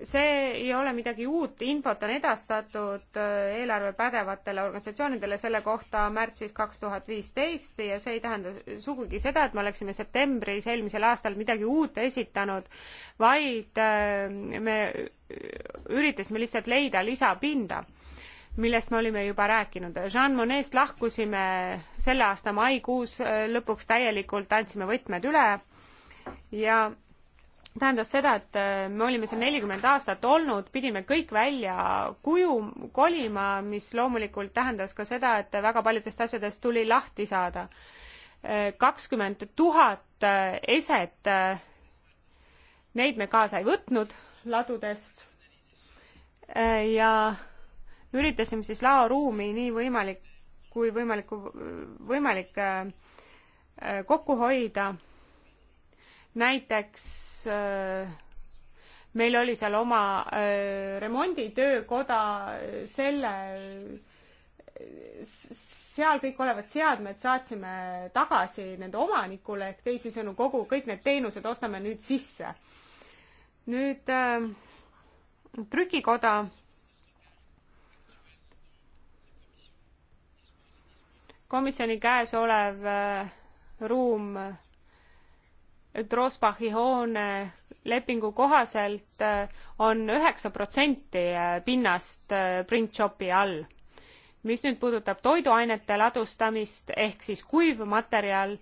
S2: see ei ole midagi uut, infot on edastatud äh, eelarve pädevatele organisatsioonidele selle kohta märtsis kaks tuhat viisteist ja see ei tähenda sugugi seda, et me oleksime septembris eelmisel aastal midagi uut esitanud, vaid äh, me üritasime lihtsalt leida lisapinda millest me olime juba rääkinud. Jean Monnet'st lahkusime selle aasta maikuus äh, lõpuks täielikult, andsime võtmed üle ja tähendas seda, et äh, me olime seal nelikümmend aastat olnud, pidime kõik välja kuju kolima, mis loomulikult tähendas ka seda, et väga paljudest asjadest tuli lahti saada. Äh, kakskümmend tuhat äh, eset, neid me kaasa ei võtnud ladudest ja üritasime siis laoruumi nii võimalik, kui võimaliku, võimalik kokku hoida näiteks äh, meil oli seal oma äh, remonditöökoda, äh, selle, seal kõik olevad seadmed saatsime tagasi nende omanikule ehk teisisõnu kogu, kõik need teenused ostame nüüd sisse. nüüd äh, trükikoda komisjoni käes olev ruum Drosbachi hoone lepingu kohaselt äh, on üheksa protsenti äh, pinnast äh, printšopi all. mis nüüd puudutab toiduainete ladustamist ehk siis kuivmaterjal,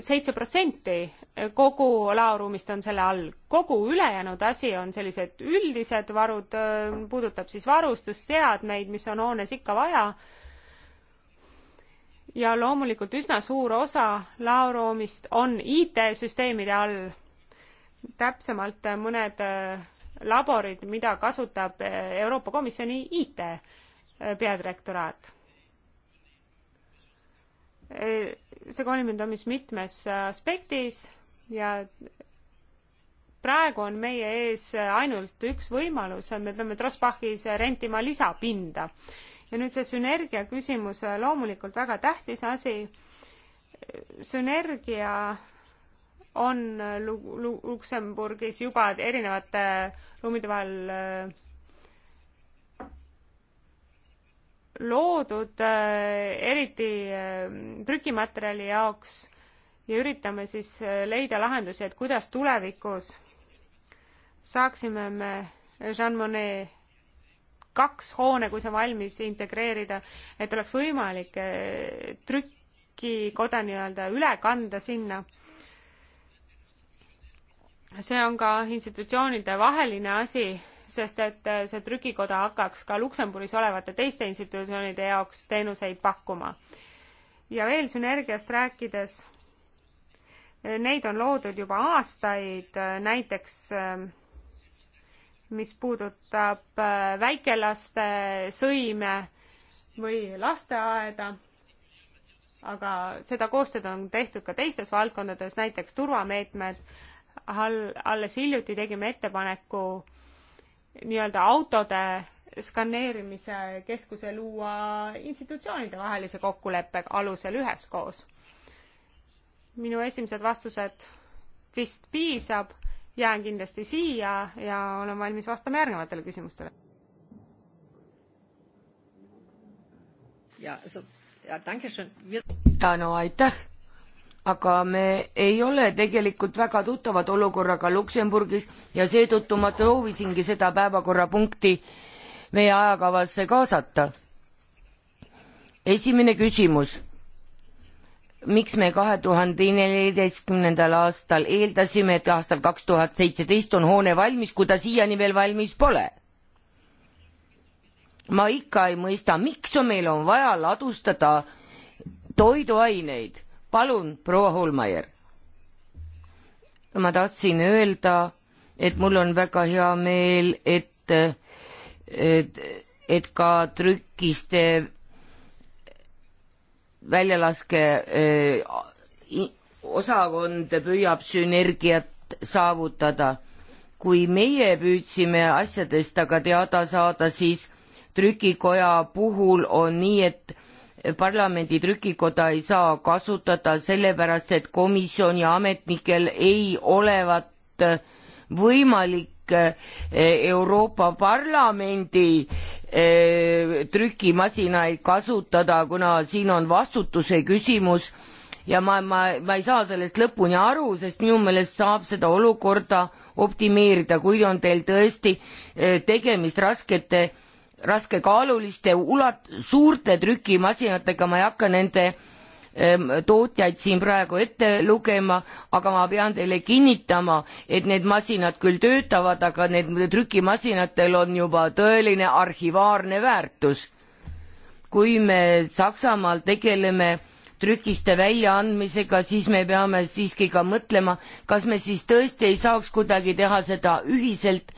S2: seitse protsenti kogu laoruumist on selle all. kogu ülejäänud asi on sellised üldised varud, puudutab siis varustust, seadmeid, mis on hoones ikka vaja ja loomulikult üsna suur osa laoruumist on IT-süsteemide all, täpsemalt mõned äh, laborid, mida kasutab äh, Euroopa Komisjoni IT äh, peadirektoraat. see kolimine toimus mitmes aspektis ja praegu on meie ees ainult üks võimalus, me peame Trosbachis rentima lisapinda ja nüüd see sünergia küsimus, äh, loomulikult väga tähtis asi. sünergia on äh, Luksemburgis juba erinevate äh, ruumide vahel loodud eriti trükimaterjali jaoks ja üritame siis leida lahendusi, et kuidas tulevikus saaksime me Jean Monnet kaks hoone, kui see on valmis, integreerida, et oleks võimalik eh, trükikoda nii-öelda üle kanda sinna. see on ka institutsioonide vaheline asi, sest et eh, see trükikoda hakkaks ka Luksemburgis olevate teiste institutsioonide jaoks teenuseid pakkuma. ja veel sünergiast rääkides eh, neid on loodud juba aastaid, näiteks mis puudutab äh, väikelaste sõime või lasteaeda, aga seda koostööd on tehtud ka teistes valdkondades, näiteks turvameetmed. alles hiljuti tegime ettepaneku nii-öelda autode skaneerimise keskuse luua institutsioonide vahelise kokkuleppe alusel üheskoos. minu esimesed vastused vist piisab jään kindlasti siia ja olen valmis vastama järgnevatele küsimustele.
S1: ja, ja no aitäh, aga me ei ole tegelikult väga tuttavad olukorraga Luksemburgis ja seetõttu ma soovisingi seda päevakorrapunkti meie ajakavasse kaasata. esimene küsimus miks me kahe tuhande neljateistkümnendal aastal eeldasime, et aastal kaks tuhat seitseteist on hoone valmis, kui ta siiani veel valmis pole? ma ikka ei mõista, miks on meil on vaja ladustada toiduaineid. palun, proua Holmaier. ma tahtsin öelda, et mul on väga hea meel, et, et, et ka trükiste väljalaske eh, osakond püüab sünergiat saavutada. kui meie püüdsime asjadest aga teada saada, siis trükikoja puhul on nii, et parlamendi trükikoda ei saa kasutada sellepärast, et komisjoni ametnikel ei olevat võimalik Eh, Euroopa Parlamendi eh, trükimasinaid kasutada, kuna siin on vastutuse küsimus ja ma, ma, ma ei saa sellest lõpuni aru, sest minu meelest saab seda olukorda optimeerida, kui on teil tõesti eh, tegemist raskete, raskekaaluliste ulat-, suurte trükimasinatega, ma ei hakka nende äh, Ähm, tootjaid siin praegu ette lugema, aga ma pean teile kinnitama, et need masinad küll töötavad, aga need trükimasinatel on juba tõeline arhivaarne väärtus. kui me Saksamaal tegeleme trükiste väljaandmisega, siis me peame siiski ka mõtlema, kas me siis tõesti ei saaks kuidagi teha seda ühiselt,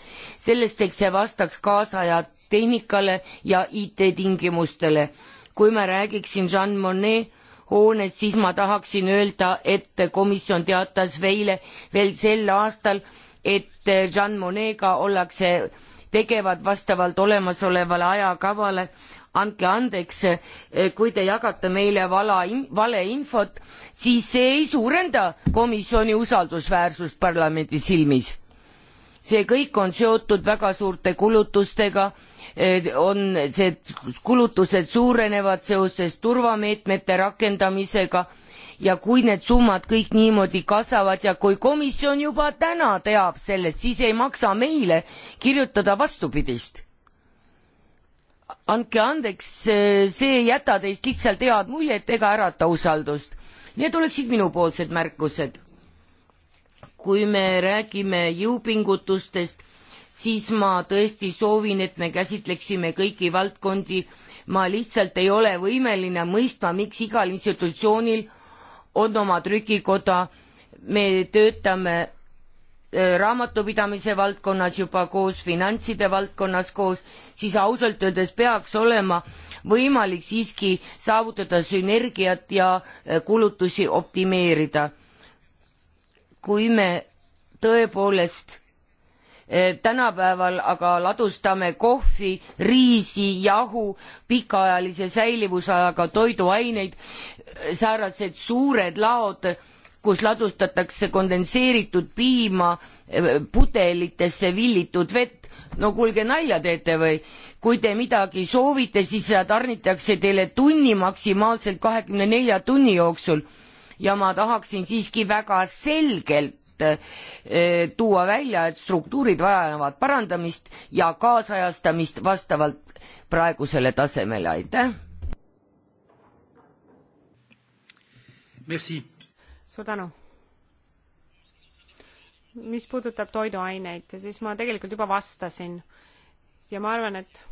S1: sellest, et see vastaks kaasaja tehnikale ja IT tingimustele. kui me räägiksime Jean Monnet hoonet, siis ma tahaksin öelda, et komisjon teatas veile, veel sel aastal, et Jean Monnet'ga ollakse tegevad vastavalt olemasolevale ajakavale. andke andeks, kui te jagate meile vala, valeinfot, siis see ei suurenda komisjoni usaldusväärsust parlamendi silmis. see kõik on seotud väga suurte kulutustega Äh, on see, kulutused suurenevad seoses turvameetmete rakendamisega ja kui need summad kõik niimoodi kasvavad ja kui komisjon juba täna teab sellest, siis ei maksa meile kirjutada vastupidist. andke andeks, äh, see ei jäta teist lihtsalt head muljet ega ärata usaldust. Need oleksid minupoolsed märkused. kui me räägime jõupingutustest siis ma tõesti soovin, et me käsitleksime kõiki valdkondi. ma lihtsalt ei ole võimeline mõistma, miks igal institutsioonil on oma trükikoda. me töötame äh, raamatupidamise valdkonnas juba koos, finantside valdkonnas koos, siis ausalt öeldes peaks olema võimalik siiski saavutada sünergiat ja äh, kulutusi optimeerida. kui me tõepoolest Eh, tänapäeval aga ladustame kohvi, riisi, jahu, pikaajalise säilivusajaga toiduaineid, säärased suured laod, kus ladustatakse kondenseeritud piima, eh, pudelitesse villitud vett. no kuulge, nalja teete või? kui te midagi soovite, siis seda tarnitakse teile tunni maksimaalselt kahekümne nelja tunni jooksul ja ma tahaksin siiski väga selgelt selgelt eh, tuua välja, et struktuurid vajavad parandamist ja kaasajastamist vastavalt praegusele tasemele, aitäh.
S2: suur tänu mis puudutab toiduaineid, siis ma tegelikult juba vastasin ja ma arvan, et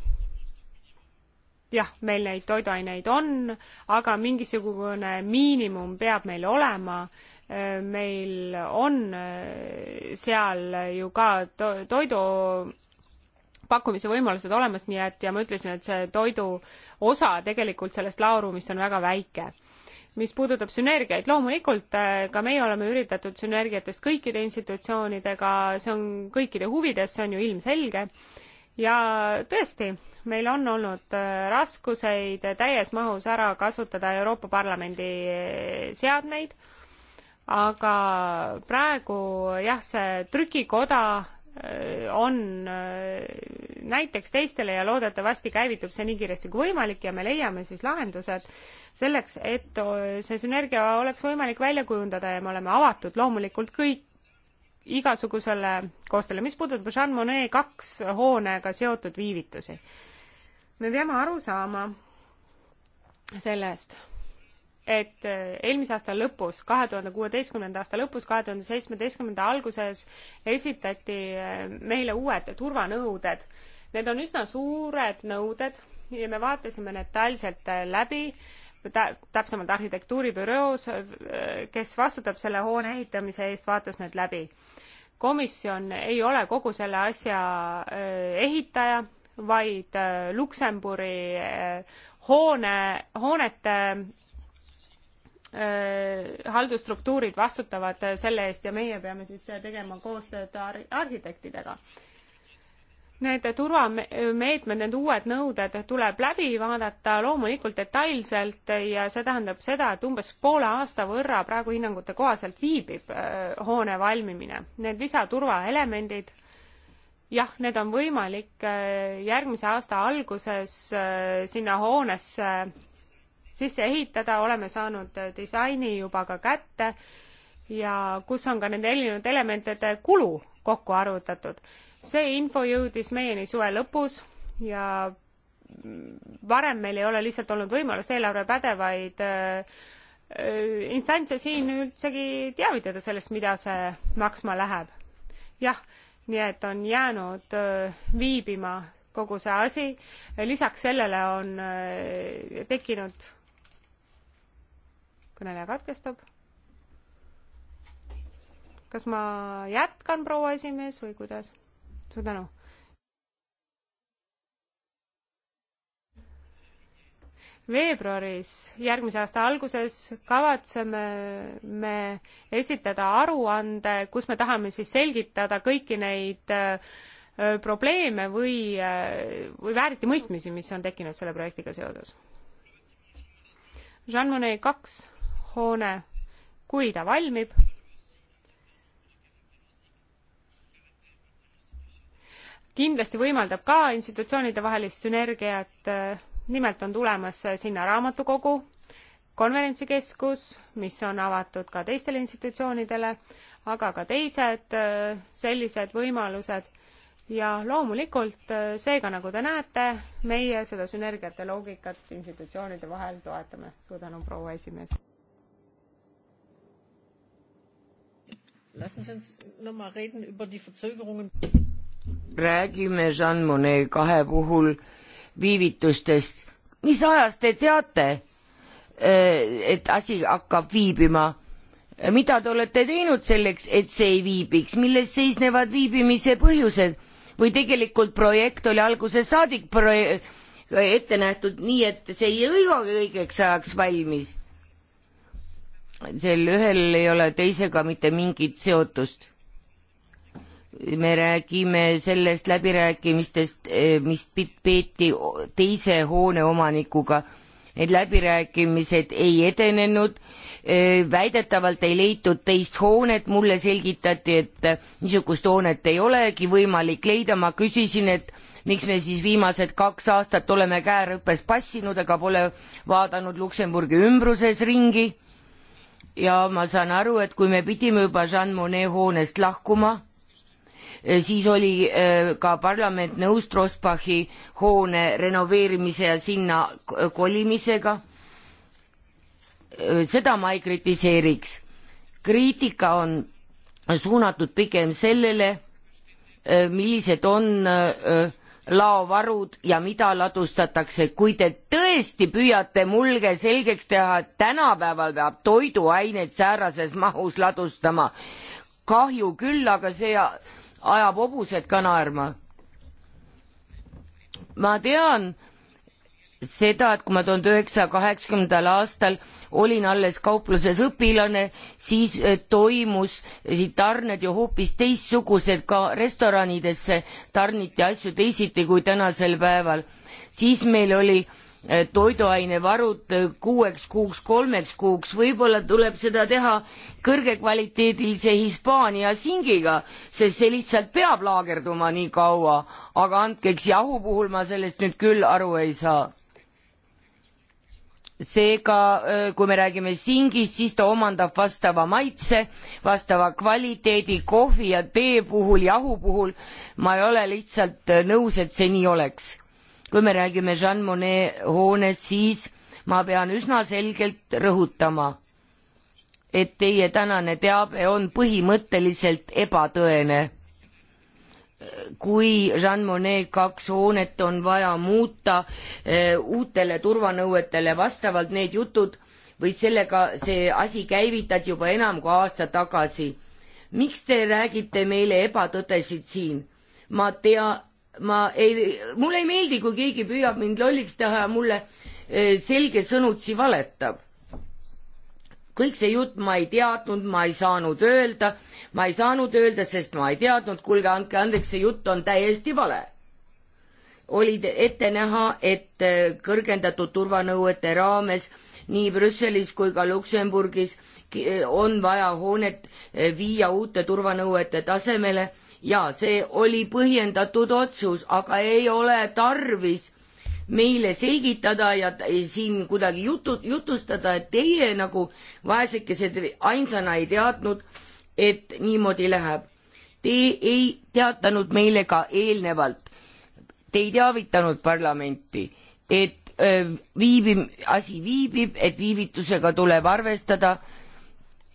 S2: jah, meil neid toiduaineid on, aga mingisugune miinimum peab meil olema, meil on äh, seal ju ka to-, toidu pakkumise võimalused olemas, nii et ja ma ütlesin, et see toidu osa tegelikult sellest laoruumist on väga väike mis puudutab sünergiaid, loomulikult äh, ka meie oleme üritatud sünergiatest kõikide institutsioonidega, see on kõikide huvides, see on ju ilmselge ja tõesti, meil on olnud äh, raskuseid täies mahus ära kasutada Euroopa Parlamendi äh, seadmeid, aga praegu jah, see trükikoda äh, on näiteks teistele ja loodetavasti käivitub see nii kiiresti kui võimalik ja me leiame siis lahendused selleks, et see sünergia oleks võimalik välja kujundada ja me oleme avatud loomulikult kõik igasugusele koostööle. mis puudutab Jean Monnet kaks hoonega seotud viivitusi, me peame aru saama sellest, et eh, eelmise aasta lõpus, kahe tuhande kuueteistkümnenda aasta lõpus, kahe tuhande seitsmeteistkümnenda alguses esitati eh, meile uued turvanõuded. Need on üsna suured nõuded ja me vaatasime detailselt eh, läbi täpsemalt arhitektuuribüroos, kes vastutab selle hoone ehitamise eest, vaatas need läbi. komisjon ei ole kogu selle asja äh, ehitaja, vaid äh, Luksemburi äh, hoone, hoonete haldusstruktuurid vastutavad selle eest ja meie peame siis tegema koostööd arhitektidega Need turvameetmed, need uued nõuded tuleb läbi vaadata loomulikult detailselt ja see tähendab seda, et umbes poole aasta võrra praegu hinnangute kohaselt viibib äh, hoone valmimine. Need lisaturvaelemendid, jah, need on võimalik äh, järgmise aasta alguses äh, sinna hoonesse sisse ehitada, oleme saanud disaini juba ka kätte ja kus on ka nende erinevad elementide kulu kokku arvutatud see info jõudis meieni suve lõpus ja varem meil ei ole lihtsalt olnud võimalust eelarvepädevaid äh, instantse siin üldsegi teavitada sellest, mida see maksma läheb. jah, nii et on jäänud äh, viibima kogu see asi, lisaks sellele on äh, tekkinud, kõneleja katkestab. kas ma jätkan, proua esimees, või kuidas? suur tänu. veebruaris, järgmise aasta alguses kavatseme me esitada aruande, kus me tahame siis selgitada kõiki neid äh, probleeme või, äh, või vääritimõistmisi, mis on tekkinud selle projektiga seoses. Jean Monnet kaks hoone, kui ta valmib kindlasti võimaldab ka institutsioonide vahelist sünergiat. Äh, nimelt on tulemas äh, sinna raamatukogu, konverentsikeskus, mis on avatud ka teistele institutsioonidele, aga ka teised äh, sellised võimalused ja loomulikult seega, nagu te näete, meie seda sünergiate loogikat institutsioonide vahel toetame. suur tänu, proua esimees.
S3: Lassen Sie uns nochmal reden über die Verzögerungen
S1: räägime Jean Monnet kahe puhul viivitustest. mis ajast te teate, eh, et asi hakkab viibima? mida te olete teinud selleks, et see ei viibiks, milles seisnevad viibimise põhjused või tegelikult projekt oli algusest saadik proje-, ette nähtud nii, et see ei jõua õigeks ajaks valmis? sel ühel ei ole teisega mitte mingit seotust me räägime sellest läbirääkimistest, eh, mis peeti teise hoone omanikuga. Need läbirääkimised ei edenenud, eh, väidetavalt ei leitud teist hoonet, mulle selgitati, et niisugust hoonet ei olegi võimalik leida, ma küsisin, et miks me siis viimased kaks aastat oleme käärõppes passinud, aga pole vaadanud Luksemburgi ümbruses ringi. ja ma saan aru, et kui me pidime juba Jean Monnet hoonest lahkuma Äh, siis oli äh, ka parlament nõus Trosbachi hoone renoveerimise ja sinna kolimisega. Äh, seda ma ei kritiseeriks. kriitika on suunatud pigem sellele, millised on laovarud ja mida ladustatakse. kui te tõesti püüate mulge selgeks teha, et tänapäeval peab toiduained säärases mahus ladustama, kahju küll, aga see ajab hobused ka naerma. ma tean seda, et kui ma tuhande üheksasaja kaheksakümnendal aastal olin alles kaupluses õpilane, siis eh, toimus siit tarned ju hoopis teistsugused, ka restoranidesse tarniti asju teisiti kui tänasel päeval. siis meil oli äh, Äh, toiduainevarud äh, kuueks kuuks, kolmeks kuuks, võib-olla tuleb seda teha kõrgekvaliteedilise Hispaania singiga, sest see lihtsalt peab laagerduma nii kaua, aga andkeks, jahu puhul ma sellest nüüd küll aru ei saa. seega, äh, kui me räägime singist, siis ta omandab vastava maitse, vastava kvaliteedi kohvi ja tee puhul, jahu puhul, ma ei ole lihtsalt nõus, et see nii oleks kui me räägime Jean Monnet hoonest, siis ma pean üsna selgelt rõhutama, et teie tänane teave on põhimõtteliselt ebatõene. kui Jean Monnet kaks hoonet on vaja muuta eh, uutele turvanõuetele vastavalt, need jutud või sellega see asi käivitati juba enam kui aasta tagasi. miks te räägite meile ebatõdesid siin? ma tea, ma ei, mulle ei meeldi, kui keegi püüab mind lolliks teha ja mulle eh, selge sõnutsi valetab. kõik see jutt ma ei teadnud, ma ei saanud öelda, ma ei saanud öelda, sest ma ei teadnud, kuulge, andke andeks, see jutt on täiesti vale. oli ette näha, et eh, kõrgendatud turvanõuete raames nii Brüsselis kui ka Luksemburgis on vaja hoonet eh, viia uute turvanõuete tasemele ja see oli põhjendatud otsus, aga ei ole tarvis meile selgitada ja siin kuidagi jutu, jutustada, et teie nagu vaesekesed ainsana ei teadnud, et niimoodi läheb. Te ei teatanud meile ka eelnevalt, te ei teavitanud parlamenti, et öö, viibib, asi viibib, et viivitusega tuleb arvestada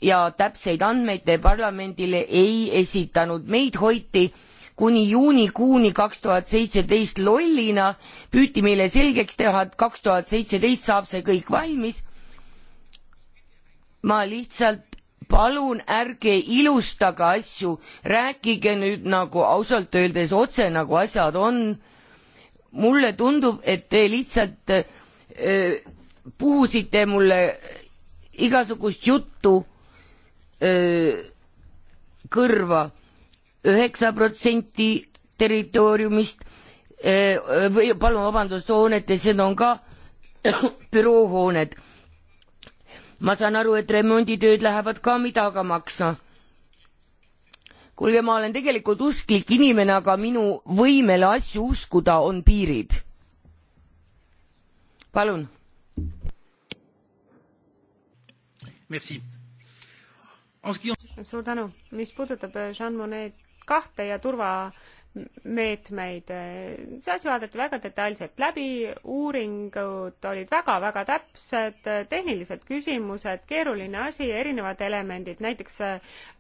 S1: ja täpseid andmeid te parlamendile ei esitanud. meid hoiti kuni juunikuuni kaks tuhat seitseteist lollina, püüti meile selgeks teha, et kaks tuhat seitseteist saab see kõik valmis. ma lihtsalt palun ärge ilustage asju, rääkige nüüd nagu ausalt öeldes otse, nagu asjad on. mulle tundub, et te lihtsalt öö, äh, puhusite mulle igasugust juttu kõrva üheksa protsenti territooriumist või palun vabandust, hoonetes, need on ka büroohooned. ma saan aru, et remonditööd lähevad ka midagi maksma. kuulge, ma olen tegelikult usklik inimene, aga minu võimele asju uskuda on piirid. palun. Merci
S2: suur tänu. mis puudutab äh, Jean Monnet kahte ja turvameetmeid, äh, see asi vaadati väga detailselt läbi, uuringud olid väga-väga täpsed, äh, tehnilised küsimused, keeruline asi, erinevad elemendid, näiteks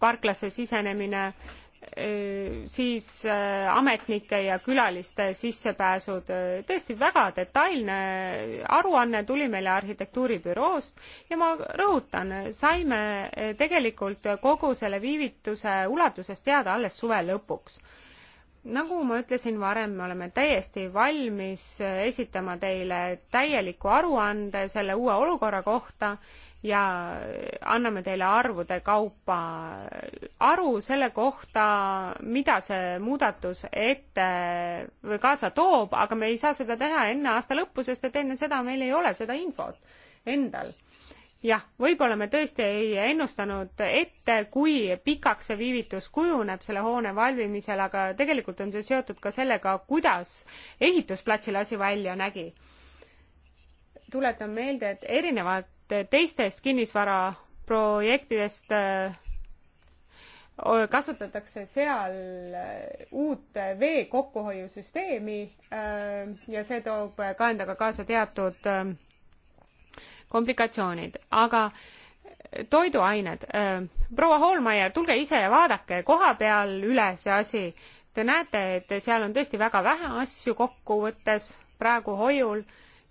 S2: parklasse sisenemine äh,, Äh, siis äh, ametnike ja külaliste sissepääsud, äh, tõesti väga detailne aruanne tuli meile arhitektuuribüroost ja ma rõhutan, saime tegelikult kogu selle viivituse ulatusest teada alles suve lõpuks. nagu ma ütlesin varem, me oleme täiesti valmis esitama teile täieliku aruande selle uue olukorra kohta ja anname teile arvude kaupa aru selle kohta, mida see muudatus ette või kaasa toob, aga me ei saa seda teha enne aasta lõppu, sest et enne seda meil ei ole seda infot endal jah, võib-olla me tõesti ei ennustanud ette, kui pikaks see viivitus kujuneb selle hoone valmimisel, aga tegelikult on see seotud ka sellega, kuidas ehitusplatsil asi välja nägi. tuletan meelde, et erinevad teistest kinnisvaraprojektidest äh, kasutatakse seal äh, uut vee kokkuhoiusüsteemi äh, ja see toob ka endaga kaasa teatud komplikatsioonid, aga toiduained. proua Hoolmeier, tulge ise ja vaadake koha peal üle see asi. Te näete, et seal on tõesti väga vähe asju kokkuvõttes praegu hoiul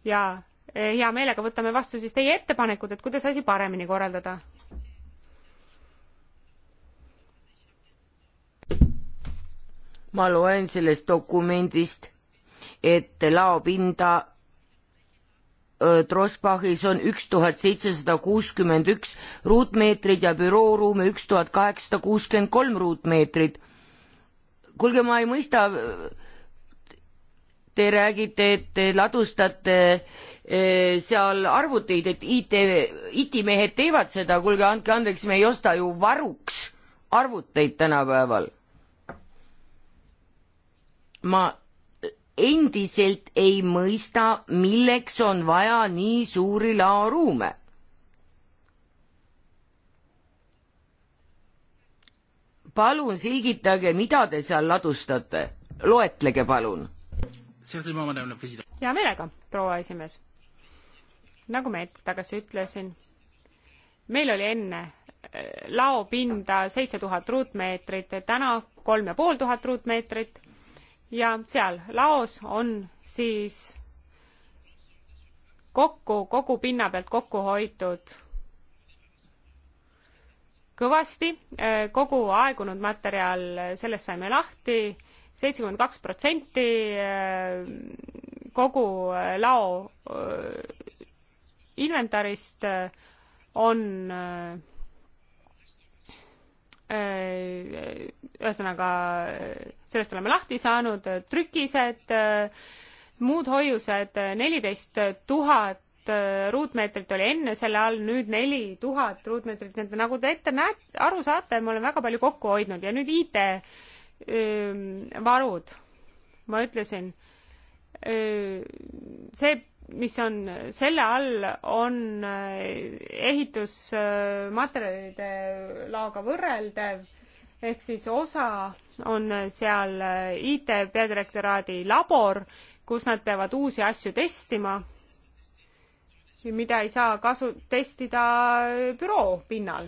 S2: ja Eh, hea meelega võtame vastu siis teie ettepanekud, et kuidas asi paremini korraldada.
S1: ma loen sellest dokumendist, et laopinda Trosbachis on üks tuhat seitsesada kuuskümmend üks ruutmeetrit ja bürooruume üks tuhat kaheksasada kuuskümmend kolm ruutmeetrit. kuulge, ma ei mõista Te räägite, et te ladustate eh, seal arvuteid, et IT, IT-mehed teevad seda, kuulge, andke andeks, me ei osta ju varuks arvuteid tänapäeval. ma endiselt ei mõista, milleks on vaja nii suuri laoruume. palun selgitage, mida te seal ladustate, loetlege palun
S2: hea meelega, proua esimees. nagu ma hetk tagasi ütlesin, meil oli enne äh, laopinda seitse tuhat ruutmeetrit, täna kolm ja pool tuhat ruutmeetrit ja seal laos on siis kokku kogu pinna pealt kokku hoitud kõvasti äh, kogu aegunud materjal sellest saime lahti seitsekümmend kaks protsenti äh, kogu äh, lao äh, inventarist on ühesõnaga, sellest oleme lahti saanud, trükised, muud hoiused, neliteist tuhat ruutmeetrit oli enne selle all, nüüd neli tuhat ruutmeetrit, nii et nagu te ette näete, aru saate, me oleme väga palju kokku hoidnud ja nüüd IT varud. ma ütlesin, see, mis on selle all, on ehitusmaterjalide laoga võrreldev ehk siis osa on seal IT peadirektoraadi labor, kus nad peavad uusi asju testima, mida ei saa kasu-, testida büroo pinnal.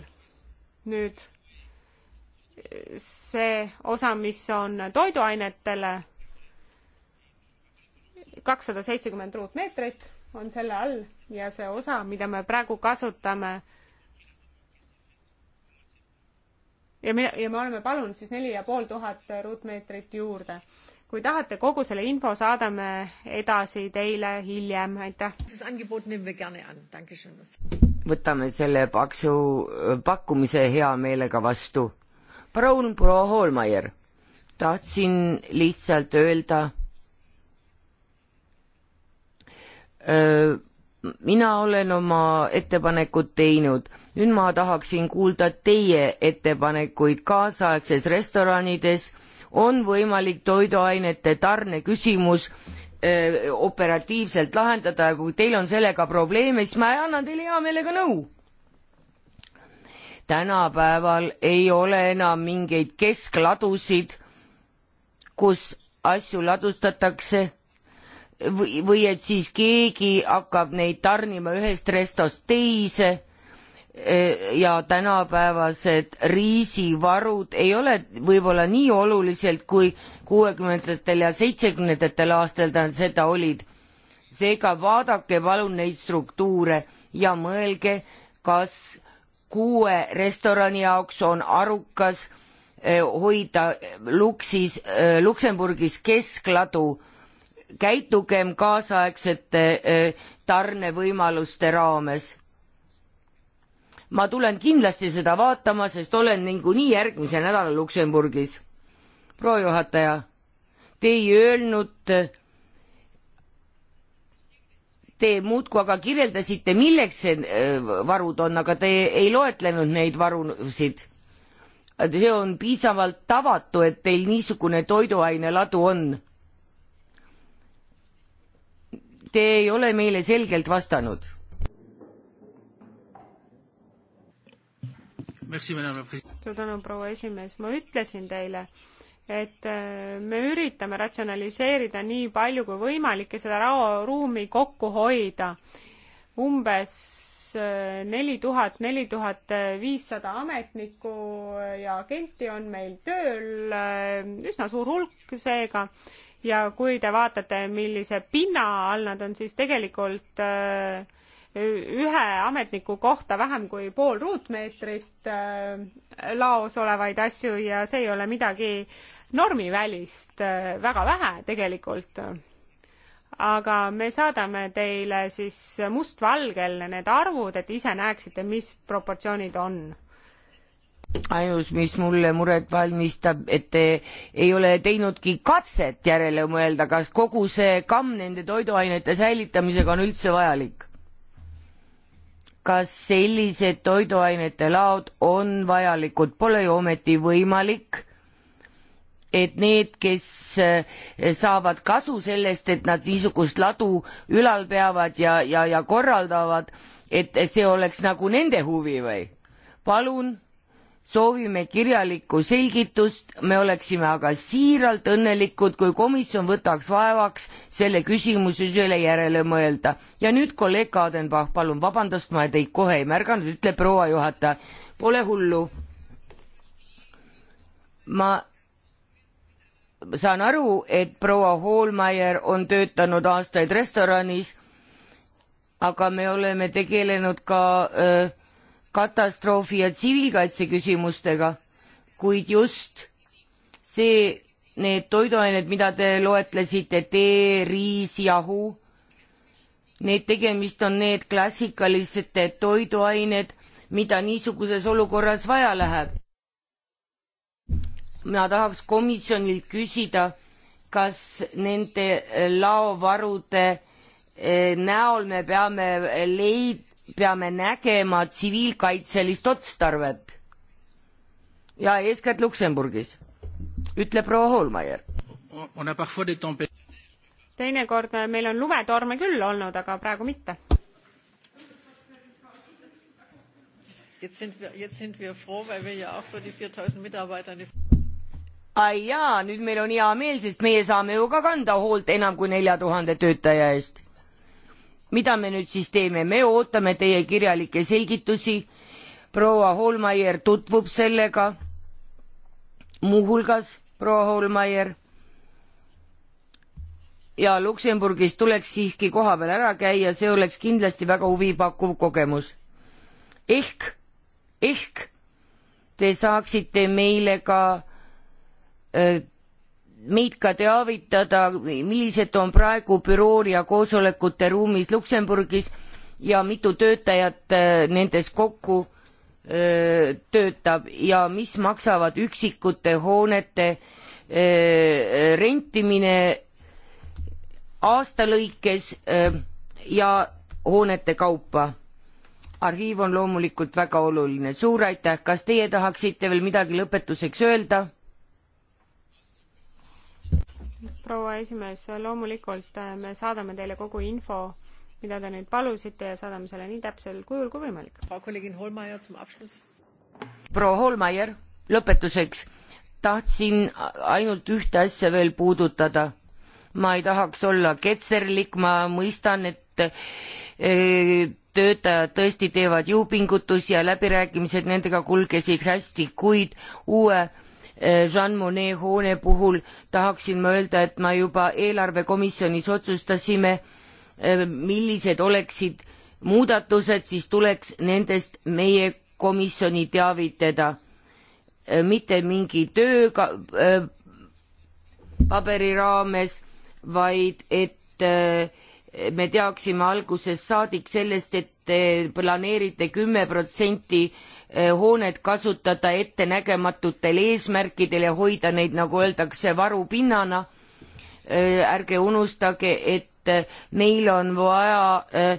S2: nüüd see osa, mis on toiduainetele, kakssada seitsekümmend ruutmeetrit on selle all ja see osa, mida me praegu kasutame ja me, ja me oleme palunud siis neli ja pool tuhat ruutmeetrit juurde. kui tahate, kogu selle info saadame edasi teile hiljem, aitäh.
S1: võtame selle paksu pakkumise hea meelega vastu Brown proua Hoolmeier, tahtsin lihtsalt öelda öö, mina olen oma ettepanekud teinud, nüüd ma tahaksin kuulda teie ettepanekuid kaasaegses restoranides on võimalik toiduainete tarne küsimus öö, operatiivselt lahendada ja kui teil on sellega probleeme, siis ma annan teile hea meelega nõu tänapäeval ei ole enam mingeid keskladusid, kus asju ladustatakse või, või et siis keegi hakkab neid tarnima ühest restost teise ja tänapäevased riisivarud ei ole võib-olla nii oluliselt, kui kuuekümnendatel ja seitsmekümnendatel aastatel seda olid. seega vaadake palun neid struktuure ja mõelge, kas kuue restorani jaoks on arukas eh, hoida Luksis, eh, Luksemburgis keskladu. käitugem kaasaegsete eh, tarnevõimaluste raames. ma tulen kindlasti seda vaatama, sest olen niikuinii järgmise nädala Luksemburgis. proua juhataja, te ei öelnud Te muudkui aga kirjeldasite, milleks see äh, varud on, aga te ei loetlenud neid varusid. see on piisavalt tavatu, et teil niisugune toiduaineladu on. Te ei ole meile selgelt vastanud. suur
S2: tänu, proua esimees, ma ütlesin teile et äh, me üritame ratsionaliseerida nii palju kui võimalik ja seda raoruumi kokku hoida. umbes äh, neli tuhat, neli tuhat äh, viissada ametnikku ja agenti on meil tööl, üsna suur hulk seega, ja kui te vaatate, millise pinna all nad on, siis tegelikult ühe ametniku kohta vähem kui pool ruutmeetrit laos olevaid asju ja see ei ole midagi äh, normivälist äh, väga vähe tegelikult. aga me saadame teile siis mustvalgel need arvud, et ise näeksite, mis proportsioonid on
S1: ainus, mis mulle muret valmistab, et te ei ole teinudki katset järele mõelda, kas kogu see kamm nende toiduainete säilitamisega on üldse vajalik. kas sellised toiduainete laod on vajalikud, pole ju ometi võimalik et need, kes eh, saavad kasu sellest, et nad niisugust ladu ülal peavad ja, ja, ja korraldavad, et see oleks nagu nende huvi või? palun, soovime kirjalikku selgitust, me oleksime aga siiralt õnnelikud, kui komisjon võtaks vaevaks selle küsimuse üle järele mõelda. ja nüüd kolleeg Kadenbach, palun vabandust, ma teid kohe ei märganud, ütleb proua juhataja. Pole hullu. ma saan aru, et proua Hoolmeier on töötanud aastaid restoranis, aga me oleme tegelenud ka öö, äh, katastroofi ja tsiviilkaitse küsimustega, kuid just see, need toiduained, mida te loetlesite, tee, riis, jahu, need tegemist on need klassikalised toiduained, mida niisuguses olukorras vaja läheb ma tahaks komisjonilt küsida, kas nende eh, laovarude eh, näol me peame leid-, peame nägema tsiviilkaitselist otstarvet ja eeskätt Luksemburgis, ütleb proua Hoolmeier.
S2: teinekord meil on lumetorme küll olnud, aga praegu mitte
S1: jetzt
S3: sind wir froh weil wir ja auch für die viertausend mitarbeiter eine
S1: ai jaa, nüüd meil on hea meel, sest meie saame ju ka kanda hoolt enam kui nelja tuhande töötaja eest. mida me nüüd siis teeme, me ootame teie kirjalikke selgitusi, proua Holmeier tutvub sellega, muuhulgas proua Holmeier, ja Luksemburgis tuleks siiski kohapeal ära käia, see oleks kindlasti väga huvipakkuv kogemus. ehk, ehk te saaksite meile ka Äh, meid ka teavitada, millised on praegu büroo ja koosolekute ruumis Luksemburgis ja mitu töötajat äh, nendes kokku äh, töötab ja mis maksavad üksikute hoonete rentimine aasta lõikes ja hoonete kaupa. arhiiv on loomulikult väga oluline, suur aitäh, kas teie tahaksite veel midagi lõpetuseks öelda?
S2: proua esimees, loomulikult äh, me saadame teile kogu info, mida te nüüd palusite ja saadame selle nii täpsel kujul kui võimalik.
S1: proua Holmeier, lõpetuseks tahtsin ainult ühte asja veel puudutada. ma ei tahaks olla ketserlik, ma mõistan, et e, töötajad tõesti teevad jõupingutusi ja läbirääkimised nendega kulgesid hästi, kuid uue Eh, Jean Monnet hoone puhul tahaksin ma öelda, et ma juba eelarvekomisjonis otsustasime, eh, millised oleksid muudatused, siis tuleks nendest meie komisjoni teavitada. Eh, mitte mingi tööga äh, paberi raames, vaid et äh, me teaksime algusest saadik sellest et te planeerite kümme protsenti Eh, hoonet kasutada ettenägematutel eesmärkidel ja hoida neid, nagu öeldakse, varupinnana. Eh, ärge unustage, et eh, meil on vaja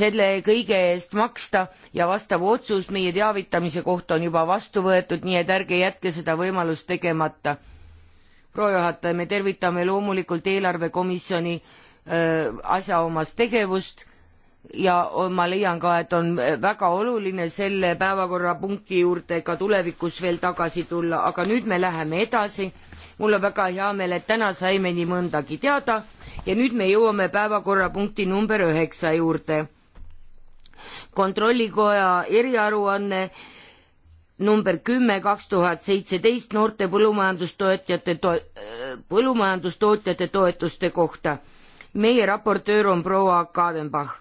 S1: selle kõige eest maksta ja vastav otsus meie teavitamise kohta on juba vastu võetud, nii et ärge jätke seda võimalust tegemata. proua juhataja, me tervitame loomulikult eelarvekomisjoni asjaomast tegevust ja ma leian ka, et on väga oluline selle päevakorrapunkti juurde ka tulevikus veel tagasi tulla, aga nüüd me läheme edasi. mul on väga hea meel, et täna saime nii mõndagi teada ja nüüd me jõuame päevakorrapunkti number üheksa juurde. kontrollikoja eriaruanne number kümme kaks tuhat seitseteist noorte põllumajandustootjate to-, põllumajandustootjate toetuste kohta. meie raportöör on proua Kadenbach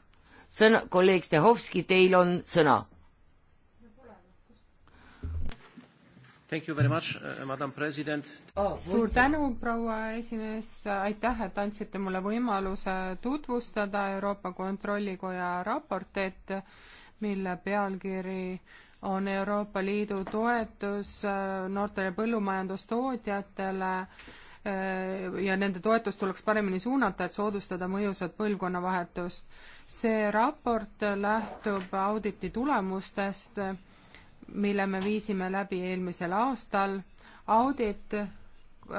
S1: sõna, kolleeg Stehovski, teil on sõna. Thank
S2: you very much uh,, madam president oh,.
S1: suur
S3: tänu, proua esimees, aitäh, et andsite mulle võimaluse tutvustada Euroopa Kontrollikoja raportit, mille pealkiri on Euroopa Liidu toetus uh, noortele põllumajandustootjatele Äh, ja nende toetust tuleks paremini suunata, et soodustada mõjusat põlvkonnavahetust. see raport lähtub auditi tulemustest, mille me viisime läbi eelmisel aastal. audit äh,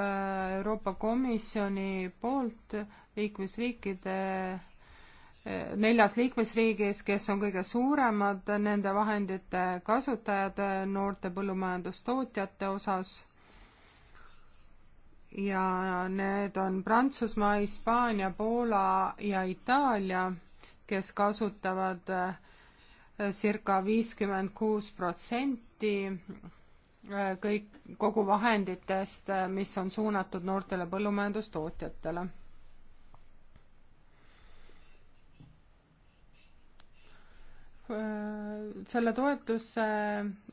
S3: Euroopa Komisjoni poolt liikmesriikide äh, neljas liikmesriigis, kes on kõige suuremad nende vahendite kasutajad noorte põllumajandustootjate osas ja need on Prantsusmaa, Hispaania, Poola ja Itaalia, kes kasutavad eh, circa viiskümmend kuus protsenti eh, kõik, kogu vahenditest, eh, mis on suunatud noortele põllumajandustootjatele Äh, selle toetusse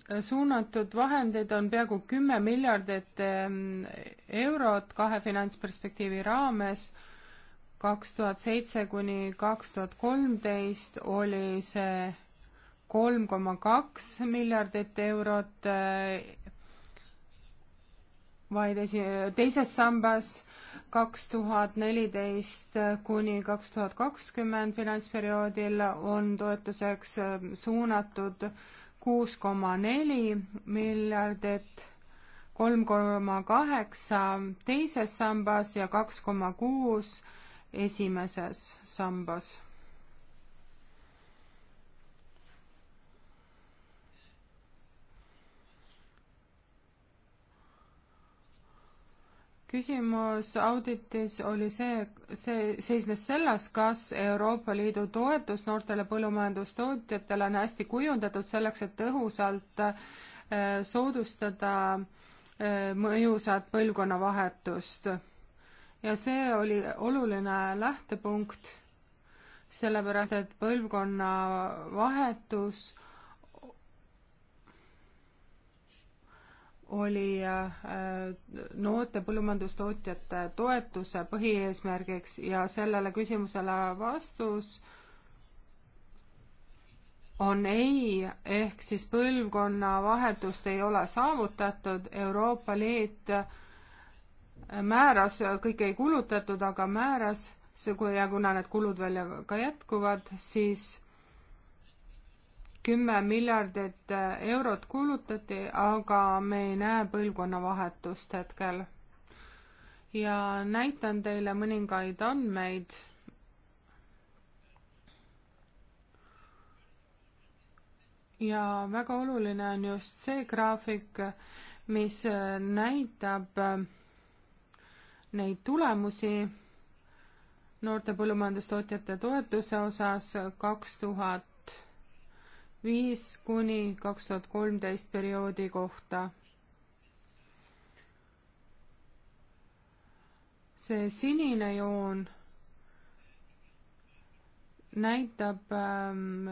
S3: äh, suunatud vahendeid on peaaegu kümme miljardit ähm, eurot kahe finantsperspektiivi raames. kaks tuhat seitse kuni kaks tuhat kolmteist oli see kolm koma kaks miljardit eurot äh, vaid esi-, teises sambas kaks tuhat neliteist kuni kaks tuhat kakskümmend finantsperioodil on toetuseks äh, suunatud kuus koma neli miljardit, kolm koma kaheksa teises sambas ja kaks koma kuus esimeses sambas küsimus auditis oli see, see seisnes selles, kas Euroopa Liidu toetus noortele põllumajandustootjatele on hästi kujundatud selleks, et tõhusalt äh, soodustada äh, mõjusat põlvkonnavahetust. ja see oli oluline lähtepunkt, sellepärast et põlvkonnavahetus oli äh, noorte põllumajandustootjate toetuse põhieesmärgiks ja sellele küsimusele vastus on ei, ehk siis põlvkonnavahetust ei ole saavutatud, Euroopa Liit äh, määras, kõike ei kulutatud, aga määras, see, kui ja kuna need kulud veel ka jätkuvad, siis kümme miljardit äh, eurot kulutati, aga me ei näe põlvkonnavahetust hetkel. ja näitan teile mõningaid andmeid. ja väga oluline on just see graafik, mis äh, näitab äh, neid tulemusi noorte põllumajandustootjate toetuse osas kaks tuhat viis kuni kaks tuhat kolmteist perioodi kohta. see sinine joon näitab ähm,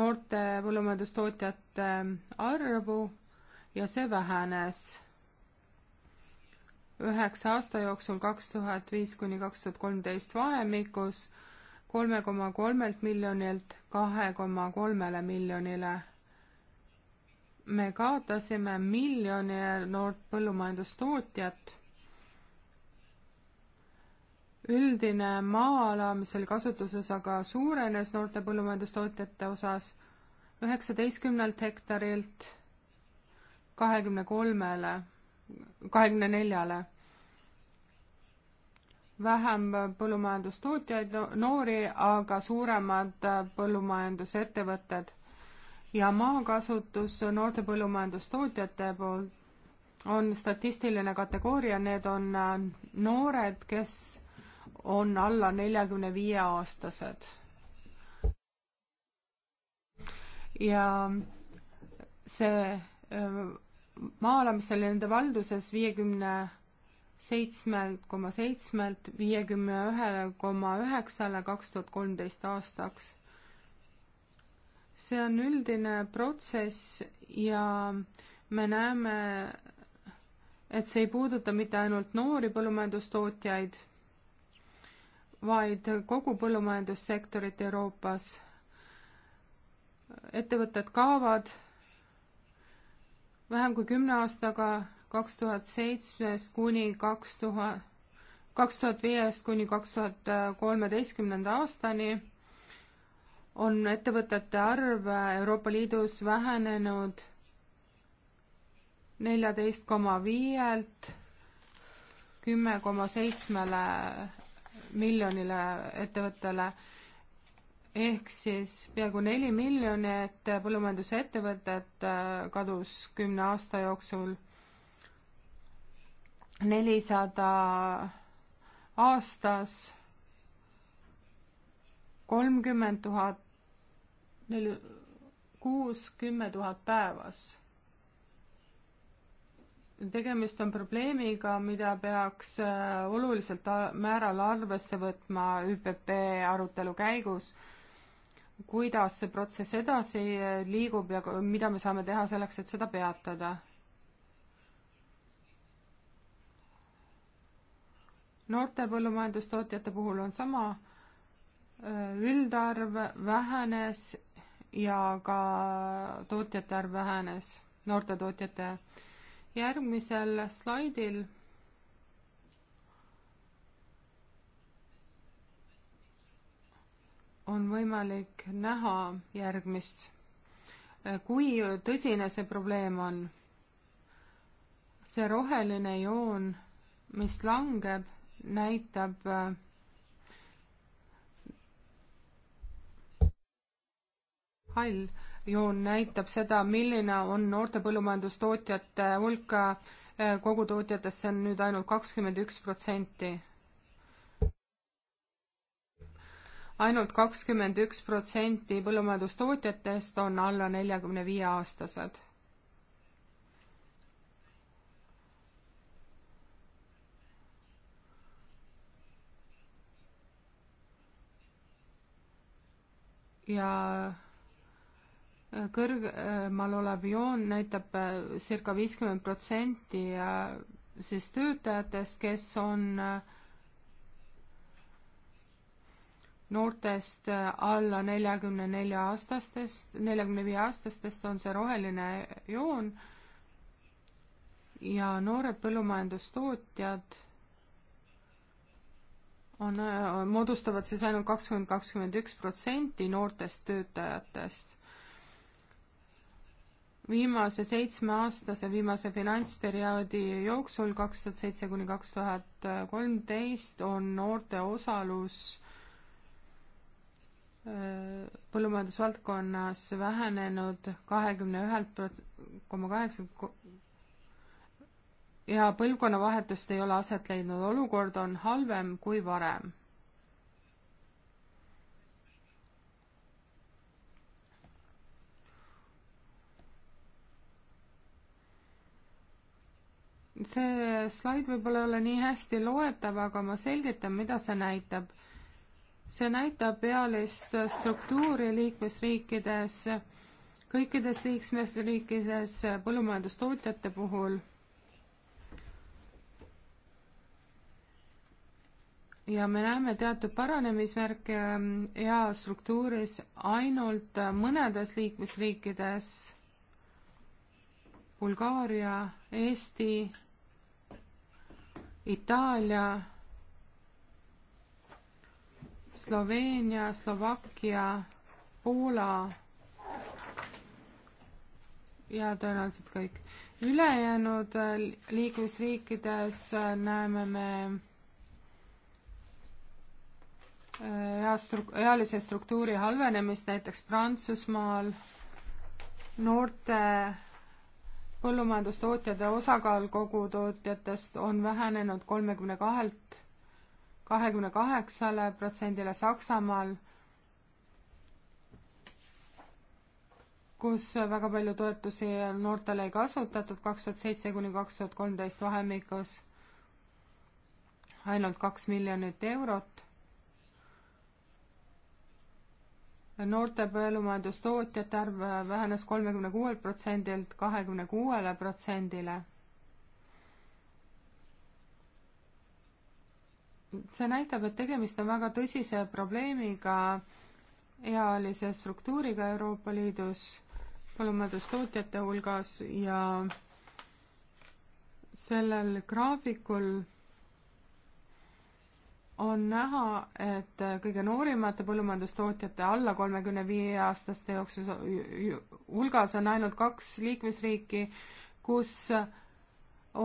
S3: noorte põllumajandustootjate arvu ja see vähenes üheksa aasta jooksul kaks tuhat viis kuni kaks tuhat kolmteist vahemikus kolme koma kolmelt miljonilt kahe koma kolmele miljonile. me kaotasime miljoni noort põllumajandustootjat. üldine maa-ala, mis oli kasutuses, aga suurenes noorte põllumajandustootjate osas üheksateistkümnelt hektarilt kahekümne kolmele, kahekümne neljale vähem põllumajandustootjaid, noori, aga suuremad äh, põllumajandusettevõtted. ja maakasutus noorte põllumajandustootjate poolt on statistiline kategooria, need on äh, noored, kes on alla neljakümne viie aastased. ja see äh, maa-ala, mis oli nende valduses viiekümne seitsmelt koma seitsmelt viiekümne ühele koma üheksale kaks tuhat kolmteist aastaks. see on üldine protsess ja me näeme, et see ei puuduta mitte ainult noori põllumajandustootjaid, vaid kogu põllumajandussektorit Euroopas. ettevõtted kaovad vähem kui kümne aastaga kaks tuhat seitsmest kuni kaks tuhat, kaks tuhat viiest kuni kaks tuhat kolmeteistkümnenda aastani on ettevõtete arv Euroopa Liidus vähenenud neljateist koma viielt kümme koma seitsmele miljonile ettevõttele ehk siis peaaegu neli miljonit põllumajandusettevõtet eh, kadus kümne aasta jooksul nelisada aastas, kolmkümmend tuhat, neli, kuus, kümme tuhat päevas. tegemist on probleemiga, mida peaks äh, oluliselt määral arvesse võtma ÜPP arutelu käigus, kuidas see protsess edasi äh, liigub ja mida me saame teha selleks, et seda peatada noorte põllumajandustootjate puhul on sama, üldarv vähenes ja ka tootjate arv vähenes, noorte tootjate. järgmisel slaidil on võimalik näha järgmist. kui tõsine see probleem on? see roheline joon, mis langeb näitab hall joon näitab seda, milline on noorte põllumajandustootjate hulk eh, kogutootjatest, see on nüüd ainult kakskümmend üks protsenti. ainult kakskümmend üks protsenti põllumajandustootjatest on alla neljakümne viie aastased ja äh, kõrgemal olev joon näitab äh, circa viiskümmend protsenti siis töötajatest, kes on äh, noortest alla neljakümne nelja aastastest, neljakümne viie aastastest on see roheline joon ja noored põllumajandustootjad on, äh, moodustavad siis ainult kakskümmend, kakskümmend üks protsenti noortest töötajatest. viimase seitsmeaastase, viimase finantsperioodi jooksul, kaks tuhat seitse kuni kaks tuhat kolmteist, on noorte osalus äh, põllumajandusvaldkonnas vähenenud kahekümne ühelt prot-, koma kaheksalt ja põlvkonnavahetust ei ole aset leidnud, olukord on halvem kui varem. see slaid võib-olla ei ole nii hästi loetav, aga ma selgitan, mida see näitab. see näitab pealist struktuuri liikmesriikides, kõikides liikmesriikides põllumajandustootjate puhul ja me näeme teatud paranemismärke ähm, hea struktuuris ainult äh, mõnedes liikmesriikides, Bulgaaria, Eesti, Itaalia, Sloveenia, Slovakkia, Poola ja tõenäoliselt kõik. ülejäänud äh, liikmesriikides äh, näeme me hea struk-, ealise struktuuri halvenemist näiteks Prantsusmaal, noorte põllumajandustootjate osakaal kogutootjatest on vähenenud kolmekümne kahelt kahekümne kaheksale protsendile Saksamaal, kus väga palju toetusi noortele ei kasutatud kaks tuhat seitse kuni kaks tuhat kolmteist vahemikus, ainult kaks miljonit eurot noorte põllumajandustootjate arv vähenes kolmekümne kuuelt protsendilt kahekümne kuuele protsendile. see näitab, et tegemist on väga tõsise probleemiga ealise struktuuriga Euroopa Liidus põllumajandustootjate hulgas ja sellel graafikul on näha, et kõige noorimate põllumajandustootjate alla kolmekümne viie aastaste jooksul hulgas on ainult kaks liikmesriiki, kus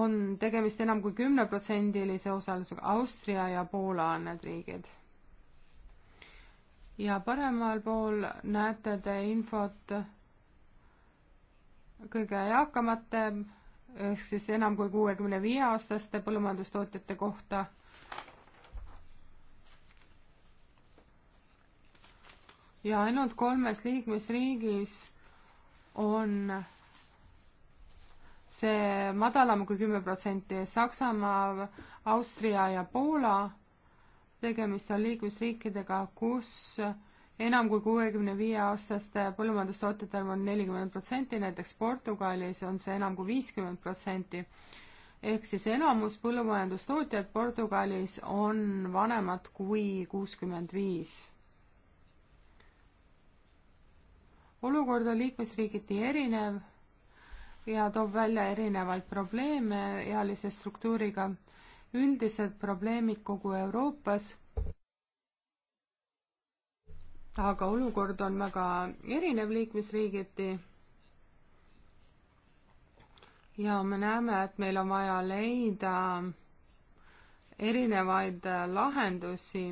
S3: on tegemist enam kui kümneprotsendilise osalusega, Austria ja Poola on need riigid. ja paremal pool näete te infot kõige eakamate ehk siis enam kui kuuekümne viie aastaste põllumajandustootjate kohta ja ainult kolmes liikmesriigis on see madalam kui kümme protsenti, Saksamaa, Austria ja Poola. tegemist on liikmesriikidega, kus enam kui kuuekümne viie aastaste põllumajandustootjate arv on nelikümmend protsenti, näiteks Portugalis on see enam kui viiskümmend protsenti. ehk siis enamus põllumajandustootjad Portugalis on vanemad kui kuuskümmend viis olukord on liikmesriigiti erinev ja toob välja erinevaid probleeme ealise struktuuriga. üldised probleemid kogu Euroopas, aga olukord on väga erinev liikmesriigiti. ja me näeme, et meil on vaja leida erinevaid lahendusi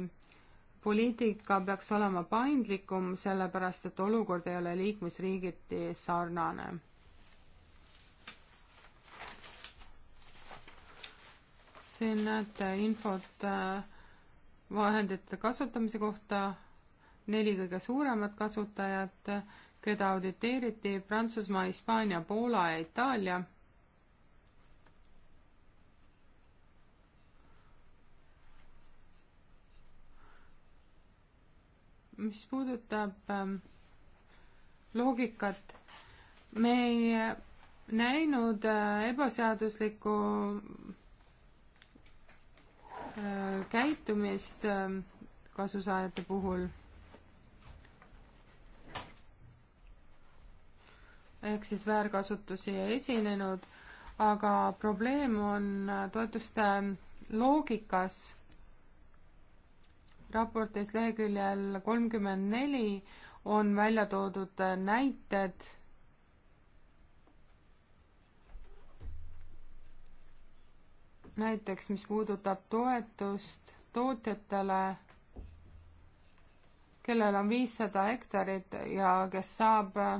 S3: poliitika peaks olema paindlikum, sellepärast et olukord ei ole liikmesriigiti sarnane. siin näete infot äh, vahendite kasutamise kohta, neli kõige suuremat kasutajat, keda auditeeriti Prantsusmaa, Hispaania, Poola ja Itaalia mis puudutab ähm, loogikat, me ei äh, näinud äh, ebaseaduslikku äh, käitumist ähm, kasusaajate puhul. ehk siis väärkasutusi ei esinenud, aga probleem on toetuste loogikas raportis leheküljel kolmkümmend neli on välja toodud äh, näited näiteks mis puudutab toetust tootjatele, kellel on viissada hektarit ja kes saab äh,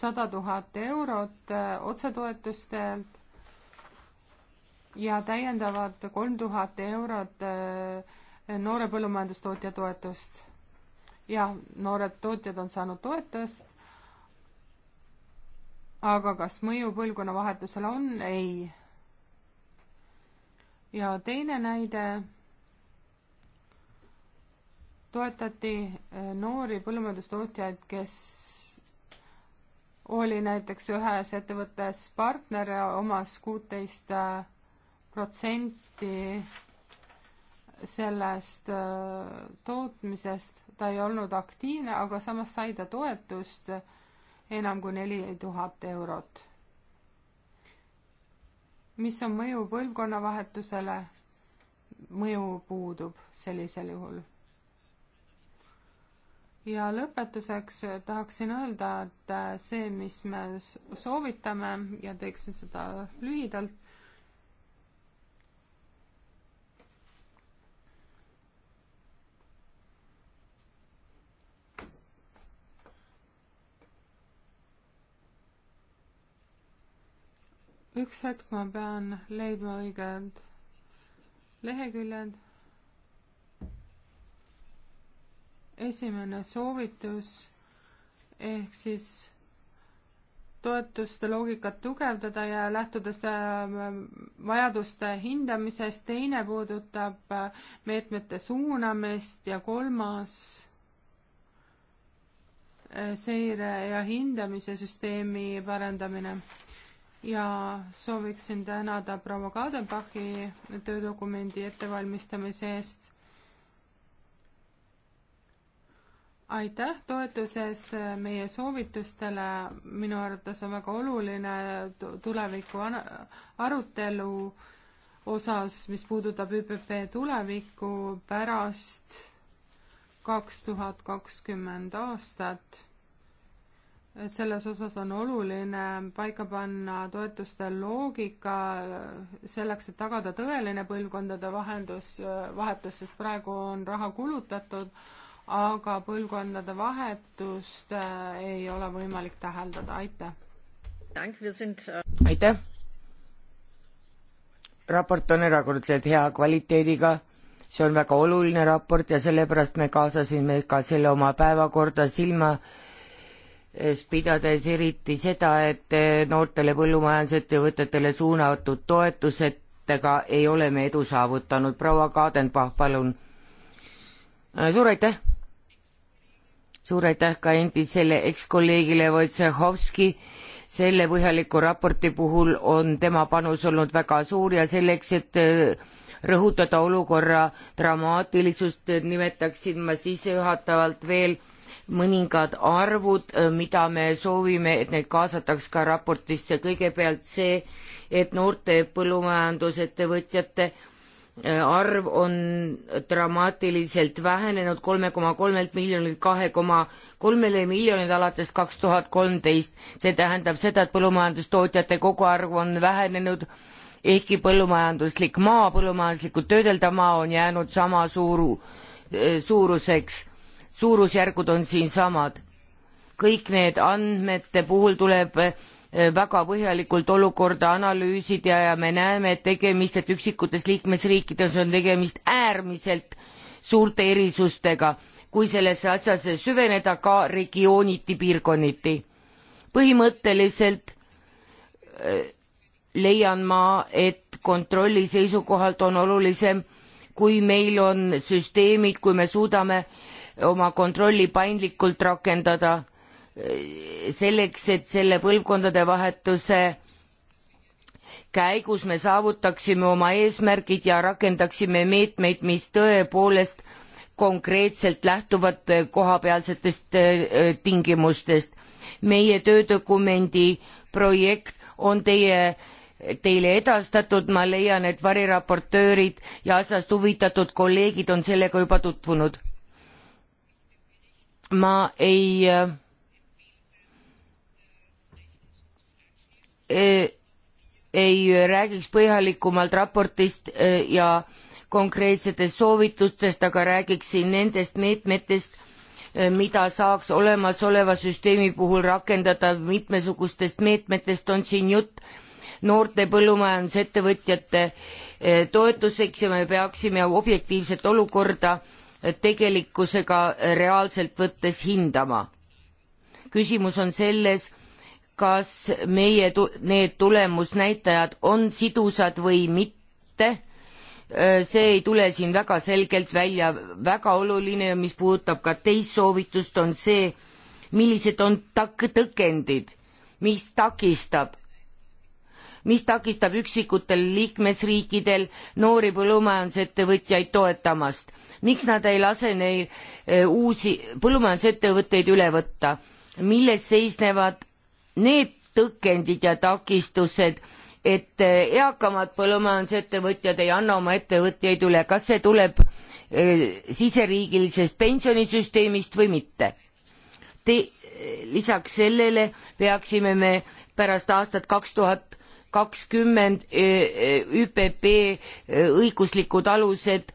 S3: sada tuhat eurot äh, otsetoetustelt ja täiendavad kolm tuhat eurot noore põllumajandustootja toetust. jah, noored tootjad on saanud toetust, aga kas mõju põlvkonnavahetusele on? ei. ja teine näide, toetati eh, noori põllumajandustootjaid, kes oli näiteks ühes ettevõttes partner ja omas kuuteist eh, protsenti sellest äh, tootmisest, ta ei olnud aktiivne, aga samas sai ta toetust enam kui neli tuhat eurot. mis on mõju põlvkonnavahetusele? mõju puudub sellisel juhul. ja lõpetuseks tahaksin öelda, et see, mis me soovitame ja teeksin seda lühidalt, üks hetk ma pean leidma õiged leheküljed. esimene soovitus ehk siis toetuste loogikat tugevdada ja lähtudes äh, vajaduste hindamisest, teine puudutab äh, meetmete suunamist ja kolmas äh, seire ja hindamise süsteemi parendamine ja sooviksin tänada proua Kadenbachi töödokumendi ettevalmistamise eest. aitäh toetuse eest meie soovitustele, minu arvates on väga oluline tuleviku arutelu osas, mis puudutab ÜPP tulevikku pärast kaks tuhat kakskümmend aastat selles osas on oluline paika panna toetuste loogika selleks, et tagada tõeline põlvkondade vahendus, vahetus, sest praegu on raha kulutatud, aga põlvkondade vahetust äh, ei ole võimalik täheldada, aitäh.
S1: Äh, aitäh. raport on erakordselt hea kvaliteediga see on väga oluline raport ja sellepärast me kaasasime ka selle oma päevakorda silma pidades eriti seda, et eh, noortele põllumajandusettevõtetele suunatud toetusetega ei ole me edu saavutanud. proua Kadenbach, palun. Äh, suur aitäh! suur aitäh ka endisele ekskolleegile Wojciechowski, selle põhjaliku raporti puhul on tema panus olnud väga suur ja selleks, et eh, rõhutada olukorra dramaatilisust, nimetaksin ma sissejuhatavalt veel äh, mõningad arvud, äh, mida me soovime, et need kaasataks ka raportisse, kõigepealt see, et noorte põllumajandusettevõtjate äh, arv on dramaatiliselt vähenenud kolme koma kolmelt miljonilt kahe koma kolmele miljonile alates kaks tuhat kolmteist. see tähendab seda, et põllumajandustootjate koguarv on vähenenud, ehkki põllumajanduslik maa, põllumajanduslikult töödeldav maa on jäänud sama suuru, äh, suuruseks suurusjärgud on siinsamad. kõik need andmete puhul tuleb eh, väga põhjalikult olukorda analüüsida ja me näeme, et tegemist, et üksikutes liikmesriikides on tegemist äärmiselt suurte erisustega, kui sellesse asjasse süveneda ka regiooniti, piirkonniti. põhimõtteliselt eh, leian ma, et kontrolli seisukohalt on olulisem, kui meil on süsteemid, kui me suudame oma kontrolli paindlikult rakendada selleks, et selle põlvkondade vahetuse käigus me saavutaksime oma eesmärgid ja rakendaksime meetmeid, mis tõepoolest konkreetselt lähtuvad kohapealsetest äh, tingimustest. meie töödokumendi projekt on teie teile edastatud, ma leian, et variraportöörid ja asjast huvitatud kolleegid on sellega juba tutvunud ma ei eh, ei räägiks põhjalikumalt raportist eh, ja konkreetsetest soovitustest, aga räägiksin nendest meetmetest, eh, mida saaks olemasoleva süsteemi puhul rakendada, mitmesugustest meetmetest on siin jutt noorte põllumajandusettevõtjate toetuseks ja me peaksime objektiivset olukorda äh, tegelikkusega reaalselt võttes hindama. küsimus on selles, kas meie tu-, need tulemusnäitajad on sidusad või mitte, see ei tule siin väga selgelt välja, väga oluline, mis puudutab ka teist soovitust, on see, millised on tak-, tõkendid, mis takistab, mis takistab üksikutel liikmesriikidel noori põllumajandusettevõtjaid toetamast miks nad ei lase neil eh, uusi põllumajandusettevõtteid üle võtta, milles seisnevad need tõkendid ja takistused, et eh, eakamad põllumajandusettevõtjad ei anna oma ettevõtjaid üle, kas see tuleb eh, siseriigilisest pensionisüsteemist või mitte. Te, lisaks sellele peaksime me pärast aastat kaks tuhat kakskümmend ÜPP õiguslikud alused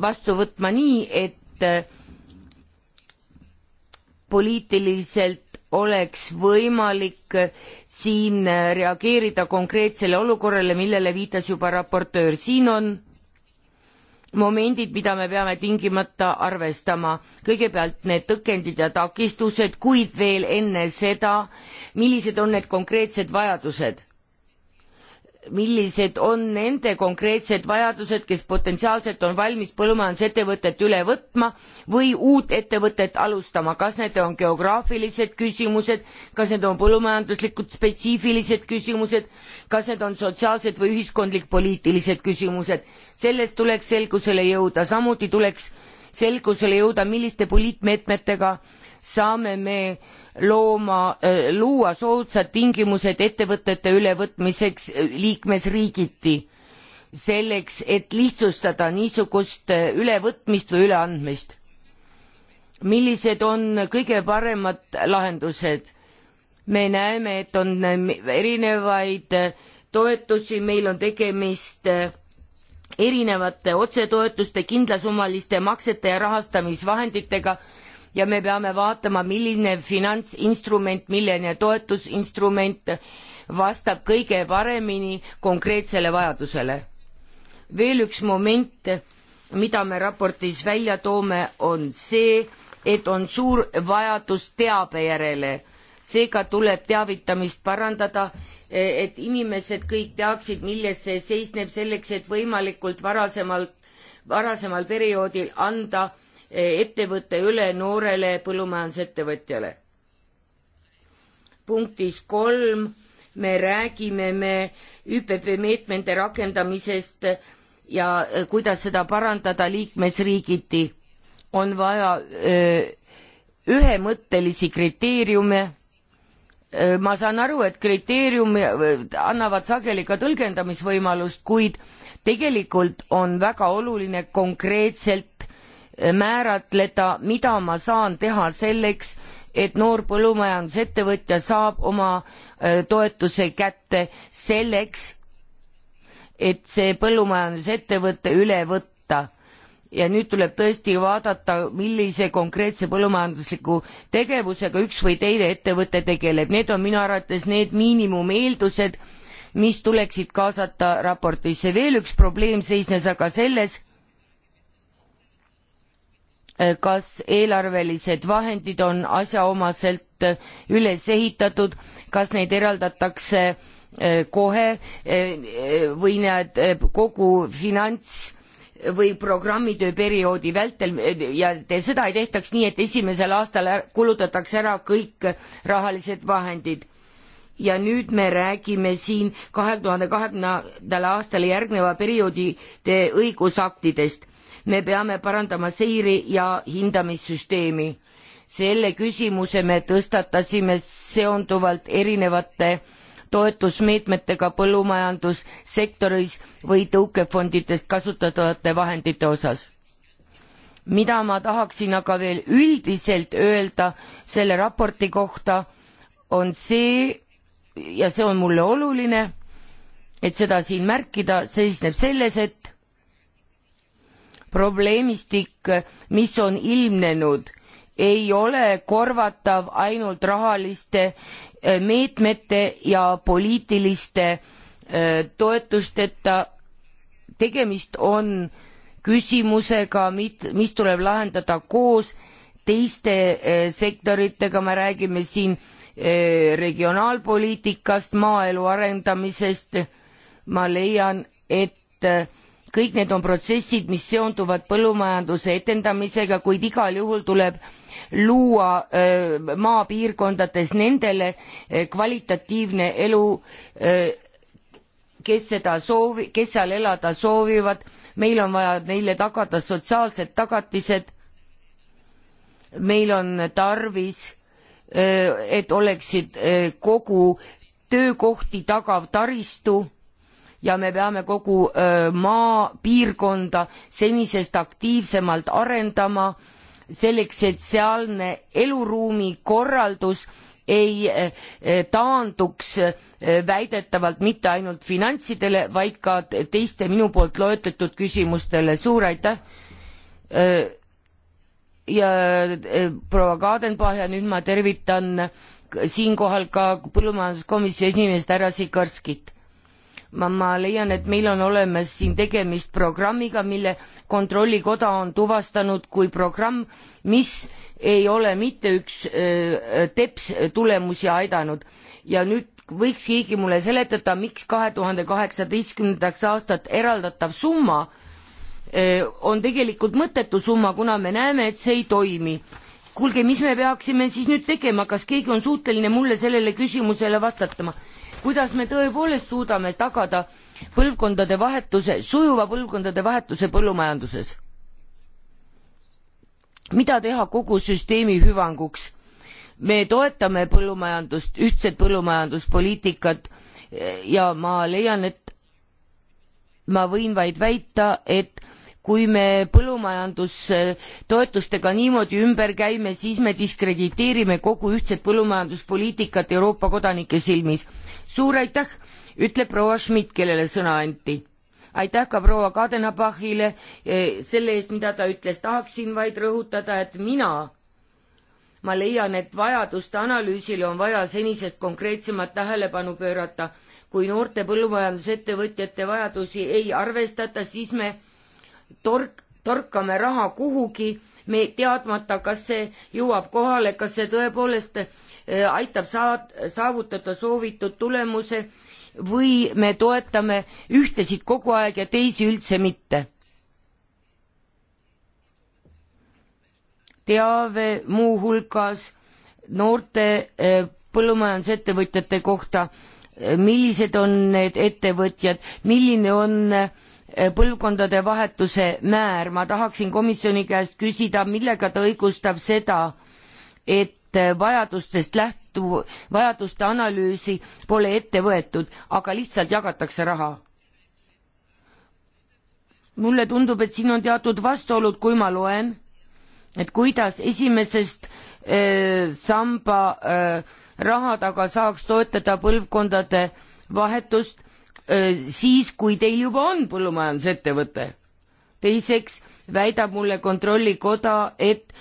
S1: vastu võtma nii, et äh, poliitiliselt oleks võimalik äh, siin äh, reageerida konkreetsele olukorrale, millele viitas juba raportöör. siin on momendid, mida me peame tingimata arvestama. kõigepealt need tõkendid ja takistused, kuid veel enne seda, millised on need konkreetsed vajadused millised on nende konkreetsed vajadused, kes potentsiaalselt on valmis põllumajandusettevõtet üle võtma või uut ettevõtet alustama, kas need on geograafilised küsimused, kas need on põllumajanduslikud spetsiifilised küsimused, kas need on sotsiaalsed või ühiskondlik-poliitilised küsimused. selles tuleks selgusele jõuda, samuti tuleks selgusele jõuda, milliste poliitmeetmetega äh, saame me looma, äh, luua soodsad tingimused ettevõtete ülevõtmiseks äh, liikmesriigiti, selleks, et lihtsustada niisugust äh, ülevõtmist või üleandmist. millised on kõige paremad lahendused? me näeme, et on erinevaid toetusi, meil on tegemist erinevate otsetoetuste, kindlasummaliste maksete ja rahastamisvahenditega ja me peame vaatama, milline finantsinstrument, milline toetusinstrument vastab kõige paremini konkreetsele vajadusele. veel üks moment, mida me raportis välja toome, on see, et on suur vajadus teabe järele. seega tuleb teavitamist parandada, et inimesed kõik teaksid, milles see seisneb, selleks et võimalikult varasemalt, varasemal perioodil anda ettevõtte üle noorele põllumajandusettevõtjale. punktis kolm me räägime me ÜPP meetmete rakendamisest ja äh, kuidas seda parandada liikmesriigiti. on vaja öö, äh, ühemõttelisi kriteeriume. Äh, ma saan aru, et kriteeriumi annavad sageli ka tõlgendamisvõimalust, kuid tegelikult on väga oluline konkreetselt määratleda, mida ma saan teha selleks, et noor põllumajandusettevõtja saab oma äh, toetuse kätte selleks, et see põllumajandusettevõte üle võtta. ja nüüd tuleb tõesti vaadata, millise konkreetse põllumajandusliku tegevusega üks või teine ettevõte tegeleb, need on minu arvates need miinimumeeldused, mis tuleksid kaasata raportisse. veel üks probleem seisnes aga selles, Eh, kas eelarvelised vahendid on asjaomaselt eh, üles ehitatud, kas neid eraldatakse eh, kohe või need kogu finants või programmitöö perioodi vältel ja te seda ei tehtaks nii, et esimesel aastal kulutatakse ära kõik rahalised vahendid. ja nüüd me räägime siin kahe tuhande kahekümnendale aastale järgneva perioodi õigusaktidest me peame parandama seire ja hindamissüsteemi. selle küsimuse me tõstatasime seonduvalt erinevate toetusmeetmetega põllumajandussektoris või tõukefondidest kasutatavate vahendite osas. mida ma tahaksin aga veel üldiselt öelda selle raporti kohta, on see ja see on mulle oluline, et seda siin märkida, seisneb selles, et probleemistik, mis on ilmnenud, ei ole korvatav ainult rahaliste eh, meetmete ja poliitiliste eh, toetusteta. tegemist on küsimusega, mis tuleb lahendada koos teiste eh, sektoritega, me räägime siin regionaalpoliitikast, maaelu arendamisest, ma leian, et kõik need on protsessid, mis seonduvad põllumajanduse etendamisega, kuid igal juhul tuleb luua maapiirkondades nendele kvalitatiivne elu, kes seda soovi, kes seal elada soovivad, meil on vaja neile tagada sotsiaalsed tagatised, meil on tarvis, et oleksid kogu töökohti tagav taristu ja me peame kogu maapiirkonda senisest aktiivsemalt arendama selleks, et sealne eluruumi korraldus ei taanduks väidetavalt mitte ainult finantsidele, vaid ka teiste minu poolt loetletud küsimustele. suur aitäh! ja proua Kadenbach ja nüüd ma tervitan siinkohal ka põllumajanduskomisjoni esimeest härra Sikorskit ma, ma leian, et meil on olemas siin tegemist programmiga, mille Kontrollikoda on tuvastanud kui programm, mis ei ole mitte üks öö, äh, teps tulemusi aidanud ja nüüd võiks keegi mulle seletada, miks kahe tuhande kaheksateistkümnendaks aastat eraldatav summa öö, äh, on tegelikult mõttetu summa, kuna me näeme, et see ei toimi. kuulge, mis me peaksime siis nüüd tegema, kas keegi on suuteline mulle sellele küsimusele vastatama? kuidas me tõepoolest suudame tagada põlvkondade vahetuse, sujuva põlvkondade vahetuse põllumajanduses. mida teha kogu süsteemi hüvanguks? me toetame põllumajandust, ühtset põllumajanduspoliitikat ja ma leian, et ma võin vaid väita, et kui me põllumajandustoetustega niimoodi ümber käime, siis me diskrediteerime kogu ühtset põllumajanduspoliitikat Euroopa kodanike silmis suur aitäh, ütleb proua Schmidt, kellele sõna anti. aitäh ka proua Kadenabachile eh, selle eest, mida ta ütles, tahaksin vaid rõhutada, et mina ma leian, et vajaduste analüüsile on vaja senisest konkreetsemat tähelepanu pöörata. kui noorte põllumajandusettevõtjate vajadusi ei arvestata, siis me tork-, torkame raha kuhugi me teadmata, kas see jõuab kohale, kas see tõepoolest äh, aitab saad, saavutada soovitud tulemuse või me toetame ühtesid kogu aeg ja teisi üldse mitte. teave muuhulgas noorte äh, põllumajandusettevõtjate kohta äh, millised on need ettevõtjad, milline on põlvkondade vahetuse määr, ma tahaksin komisjoni käest küsida, millega ta õigustab seda, et vajadustest lähtuv, vajaduste analüüsi pole ette võetud, aga lihtsalt jagatakse raha. mulle tundub, et siin on teatud vastuolud, kui ma loen, et kuidas esimesest äh, samba äh, rahadega saaks toetada põlvkondade vahetust, siis, kui teil juba on põllumajandusettevõte. teiseks väidab mulle Kontrollikoda, et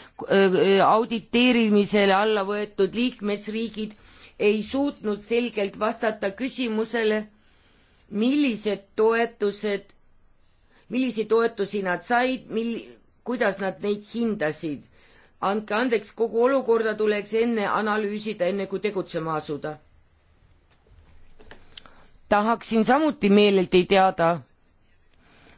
S1: auditeerimisele alla võetud liikmesriigid ei suutnud selgelt vastata küsimusele, millised toetused, millisi toetusi nad said, mil-, kuidas nad neid hindasid. andke andeks, kogu olukorda tuleks enne analüüsida, enne kui tegutsema asuda tahaksin samuti meeleldi teada,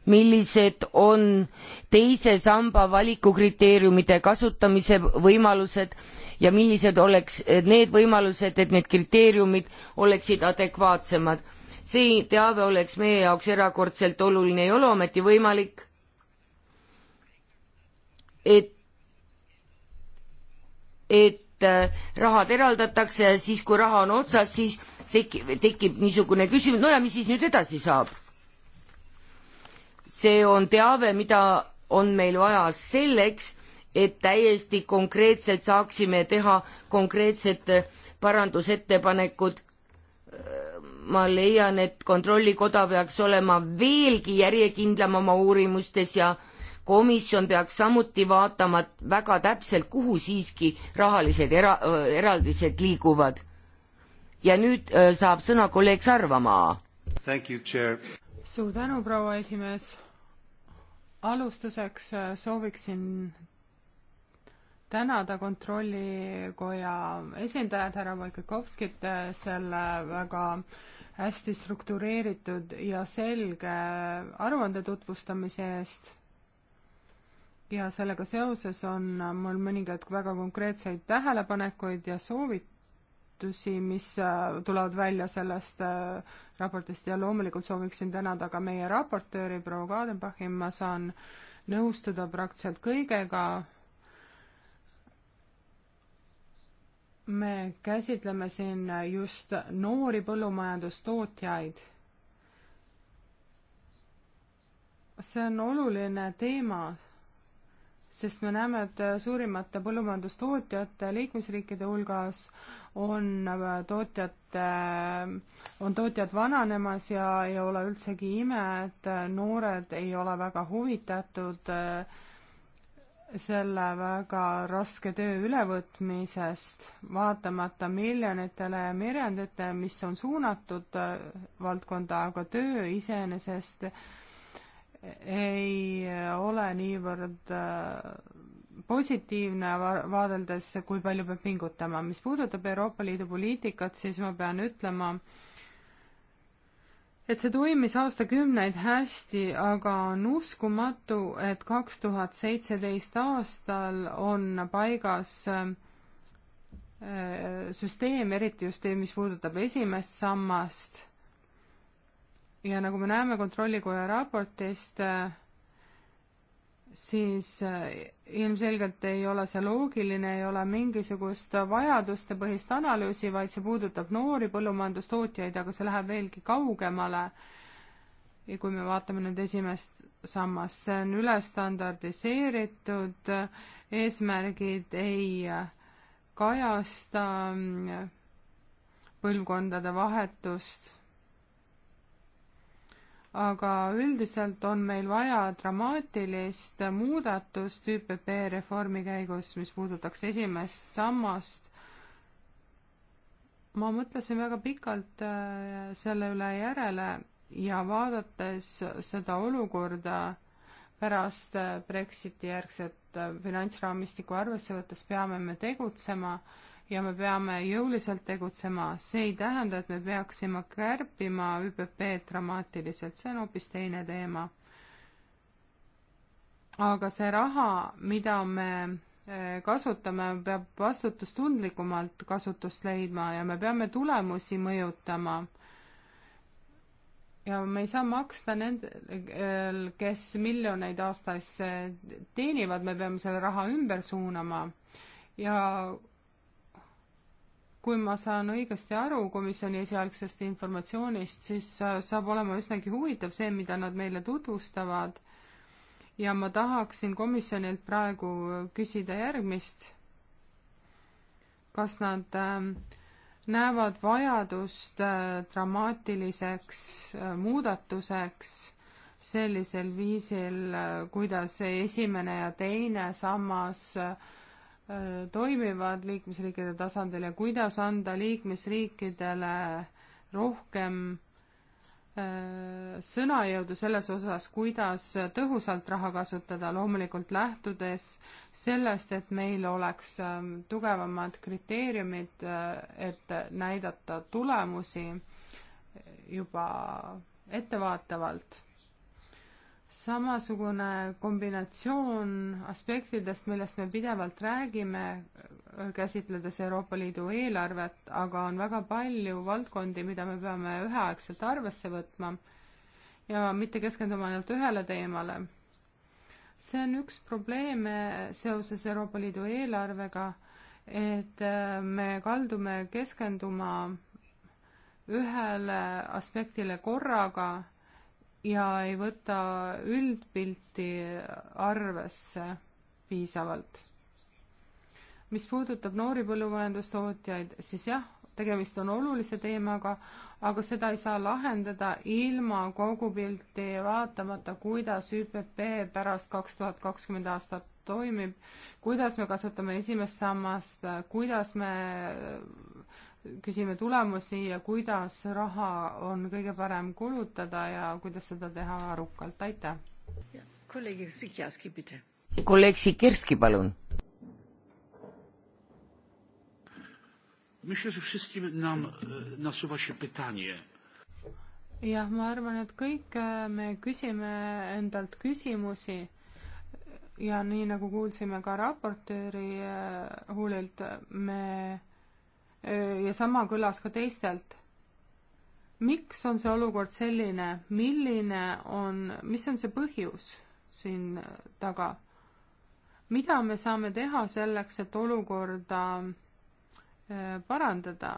S1: millised on teise samba valikukriteeriumide kasutamise võimalused ja millised oleks need võimalused, et need kriteeriumid oleksid adekvaatsemad. see teave oleks meie jaoks erakordselt oluline, ei ole ometi võimalik, et, et äh, rahad eraldatakse ja siis, kui raha on otsas, siis tekib, tekib niisugune küsimus, no ja mis siis nüüd edasi saab? see on teave, mida on meil vaja selleks, et täiesti konkreetselt saaksime teha konkreetsed äh, parandusettepanekud. Äh, ma leian, et Kontrollikoda peaks olema veelgi järjekindlam oma uurimustes ja komisjon peaks samuti vaatama väga täpselt, kuhu siiski rahalised era-, äh, eraldised liiguvad ja nüüd äh, saab sõna kolleeg Sarvamaa.
S3: suur tänu, proua esimees. alustuseks äh, sooviksin tänada Kontrollikoja esindajad, härra Vojkakovskit, äh, selle väga hästi struktureeritud ja selge aruande tutvustamise eest. ja sellega seoses on mul mõningaid väga konkreetseid tähelepanekuid ja soovid, soovitusi, mis äh, tulevad välja sellest äh, raportist ja loomulikult sooviksin tänada ka meie raportööri, proua Kadenbachi, ma saan nõustuda praktiliselt kõigega, me käsitleme siin just noori põllumajandustootjaid. see on oluline teema, sest me näeme, et suurimate põllumajandustootjate liikmesriikide hulgas on äh, tootjate, äh, on tootjad vananemas ja ei ole üldsegi ime, et äh, noored ei ole väga huvitatud selle väga raske töö ülevõtmisest, vaatamata miljonitele ja miljarditele, mis on suunatud valdkonda, aga töö iseenesest ei ole niivõrd positiivne va vaadeldes, kui palju peab pingutama. mis puudutab Euroopa Liidu poliitikat, siis ma pean ütlema, et see toimis aastakümneid hästi, aga on uskumatu, et kaks tuhat seitseteist aastal on paigas äh, süsteem, eriti just, mis puudutab esimest sammast ja nagu me näeme Kontrollikoja raportist äh,, siis äh, ilmselgelt ei ole see loogiline, ei ole mingisugust vajadustepõhist analüüsi, vaid see puudutab noori põllumajandustootjaid, aga see läheb veelgi kaugemale. ja kui me vaatame nüüd esimest sammast, see on üle standardiseeritud, eesmärgid ei äh, kajasta mm, põlvkondade vahetust aga üldiselt on meil vaja dramaatilist muudatust ÜPP reformi käigus, mis puudutaks esimest sammast. ma mõtlesin väga pikalt äh, selle üle järele ja vaadates seda olukorda pärast äh, Brexiti järgset äh, finantsraamistiku arvesse võttes, peame me tegutsema äh, ja me peame jõuliselt tegutsema. see ei tähenda, et me peaksime kärpima ÜPP-d dramaatiliselt, see on hoopis teine teema. aga see raha, mida me eh, kasutame, peab vastutustundlikumalt kasutust leidma ja me peame tulemusi mõjutama. ja me ei saa maksta nendel, kes miljoneid aastas eh, teenivad, me peame selle raha ümber suunama ja kui ma saan õigesti aru komisjoni esialgsest informatsioonist, siis äh, saab olema üsnagi huvitav see, mida nad meile tutvustavad. ja ma tahaksin komisjonilt praegu küsida järgmist. kas nad äh, näevad vajadust äh, dramaatiliseks muudatuseks sellisel viisil, kuidas esimene ja teine sammas toimivad liikmesriikide tasandil ja kuidas anda liikmesriikidele rohkem äh, sõnajõudu selles osas, kuidas tõhusalt raha kasutada, loomulikult lähtudes sellest, et meil oleks ähm, tugevamad kriteeriumid, äh, et näidata tulemusi juba ettevaatavalt samasugune kombinatsioon aspektidest, millest me pidevalt räägime, käsitledes Euroopa Liidu eelarvet, aga on väga palju valdkondi, mida me peame üheaegselt arvesse võtma ja mitte keskenduma ainult ühele teemale. see on üks probleeme seoses Euroopa Liidu eelarvega, et äh, me kaldume keskenduma ühele aspektile korraga ja ei võta üldpilti arvesse piisavalt. mis puudutab noori põllumajandustootjaid, siis jah, tegemist on olulise teemaga, aga seda ei saa lahendada ilma kogupilti vaatamata, kuidas ÜPP pärast kaks tuhat kakskümmend aastat toimib, kuidas me kasutame esimest sammast, kuidas me küsime tulemusi ja kuidas raha on kõige parem kulutada ja kuidas seda teha arukalt, aitäh.
S1: kolleeg Sikerski, bitte. kolleeg Sikerski, palun.
S3: E, jah, ma arvan, et kõik e, me küsime endalt küsimusi ja nii nagu kuulsime ka raportööri e, huulilt, me ja sama kõlas ka teistelt. miks on see olukord selline, milline on, mis on see põhjus siin taga? mida me saame teha selleks, et olukorda äh, parandada?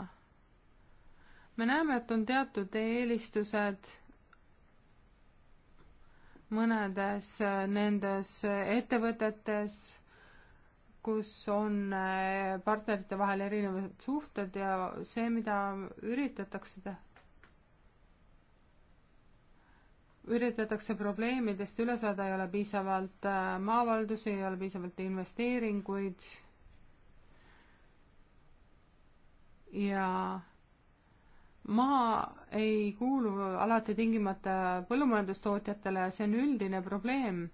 S3: me näeme, et on teatud eelistused mõnedes äh, nendes äh, ettevõtetes kus on äh, partnerite vahel erinevad suhted ja see, mida üritatakse teha, üritatakse probleemidest üle saada, ei ole piisavalt äh, maavaldusi, ei ole piisavalt investeeringuid ja maa ei kuulu alati tingimata põllumajandustootjatele, see on üldine probleem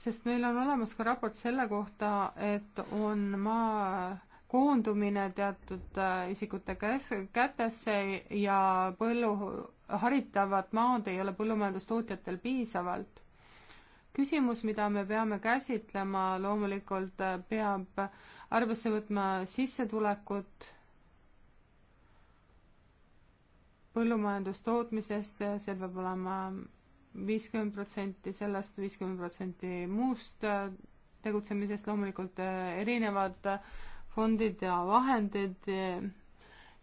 S3: sest meil on olemas ka raport selle kohta, et on maa koondumine teatud äh, isikute käes, kätesse ja põllu, haritavat maad ei ole põllumajandustootjatel piisavalt. küsimus, mida me peame käsitlema, loomulikult äh, peab arvesse võtma sissetulekut põllumajandustootmisest, see peab olema viiskümmend protsenti sellest, viiskümmend protsenti muust äh, tegutsemisest, loomulikult äh, erinevad äh, fondid ja vahendid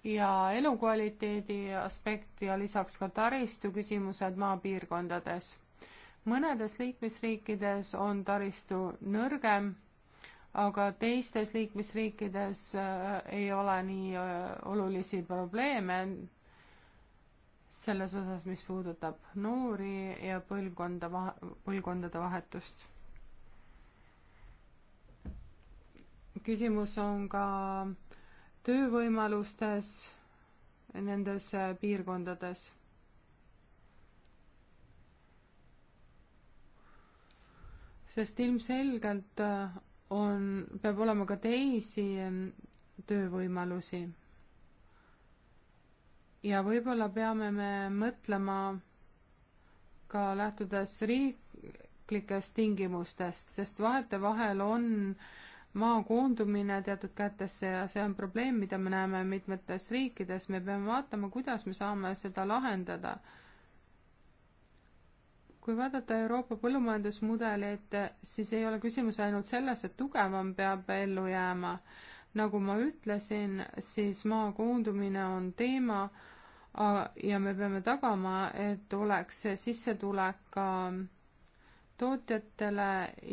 S3: ja elukvaliteedi aspekt ja lisaks ka taristu küsimused maapiirkondades. mõnedes liikmesriikides on taristu nõrgem, aga teistes liikmesriikides ei ole nii olulisi probleeme selles osas, mis puudutab noori ja põlvkonda, põlvkondade vahetust. küsimus on ka töövõimalustes nendes piirkondades. sest ilmselgelt äh, on, peab olema ka teisi äh, töövõimalusi ja võib-olla peame me mõtlema ka lähtudes riiklikest tingimustest, sest vahetevahel on maa koondumine teatud kätesse ja see on probleem, mida me näeme mitmetes riikides, me peame vaatama, kuidas me saame seda lahendada. kui vaadata Euroopa põllumajandusmudelit, siis ei ole küsimus ainult selles, et tugevam peab ellu jääma nagu ma ütlesin, siis maa koondumine on teema ja me peame tagama, et oleks sissetulek ka tootjatele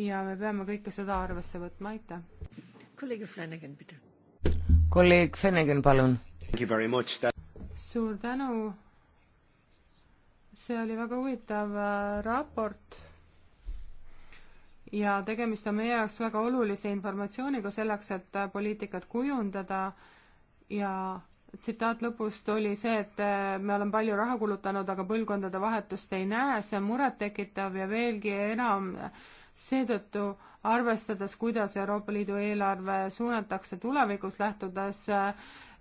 S3: ja me peame kõike seda arvesse võtma, aitäh. kolleeg Flanagan, pidi.
S1: kolleeg Flanagan, palun.
S3: suur tänu. see oli väga huvitav äh, raport ja tegemist on meie jaoks väga olulise informatsiooniga selleks, et äh, poliitikat kujundada ja tsitaat lõpust oli see, et äh, me oleme palju raha kulutanud, aga põlvkondade vahetust ei näe, see on murettekitav ja veelgi enam äh, seetõttu, arvestades, kuidas Euroopa Liidu eelarve suunatakse tulevikus, lähtudes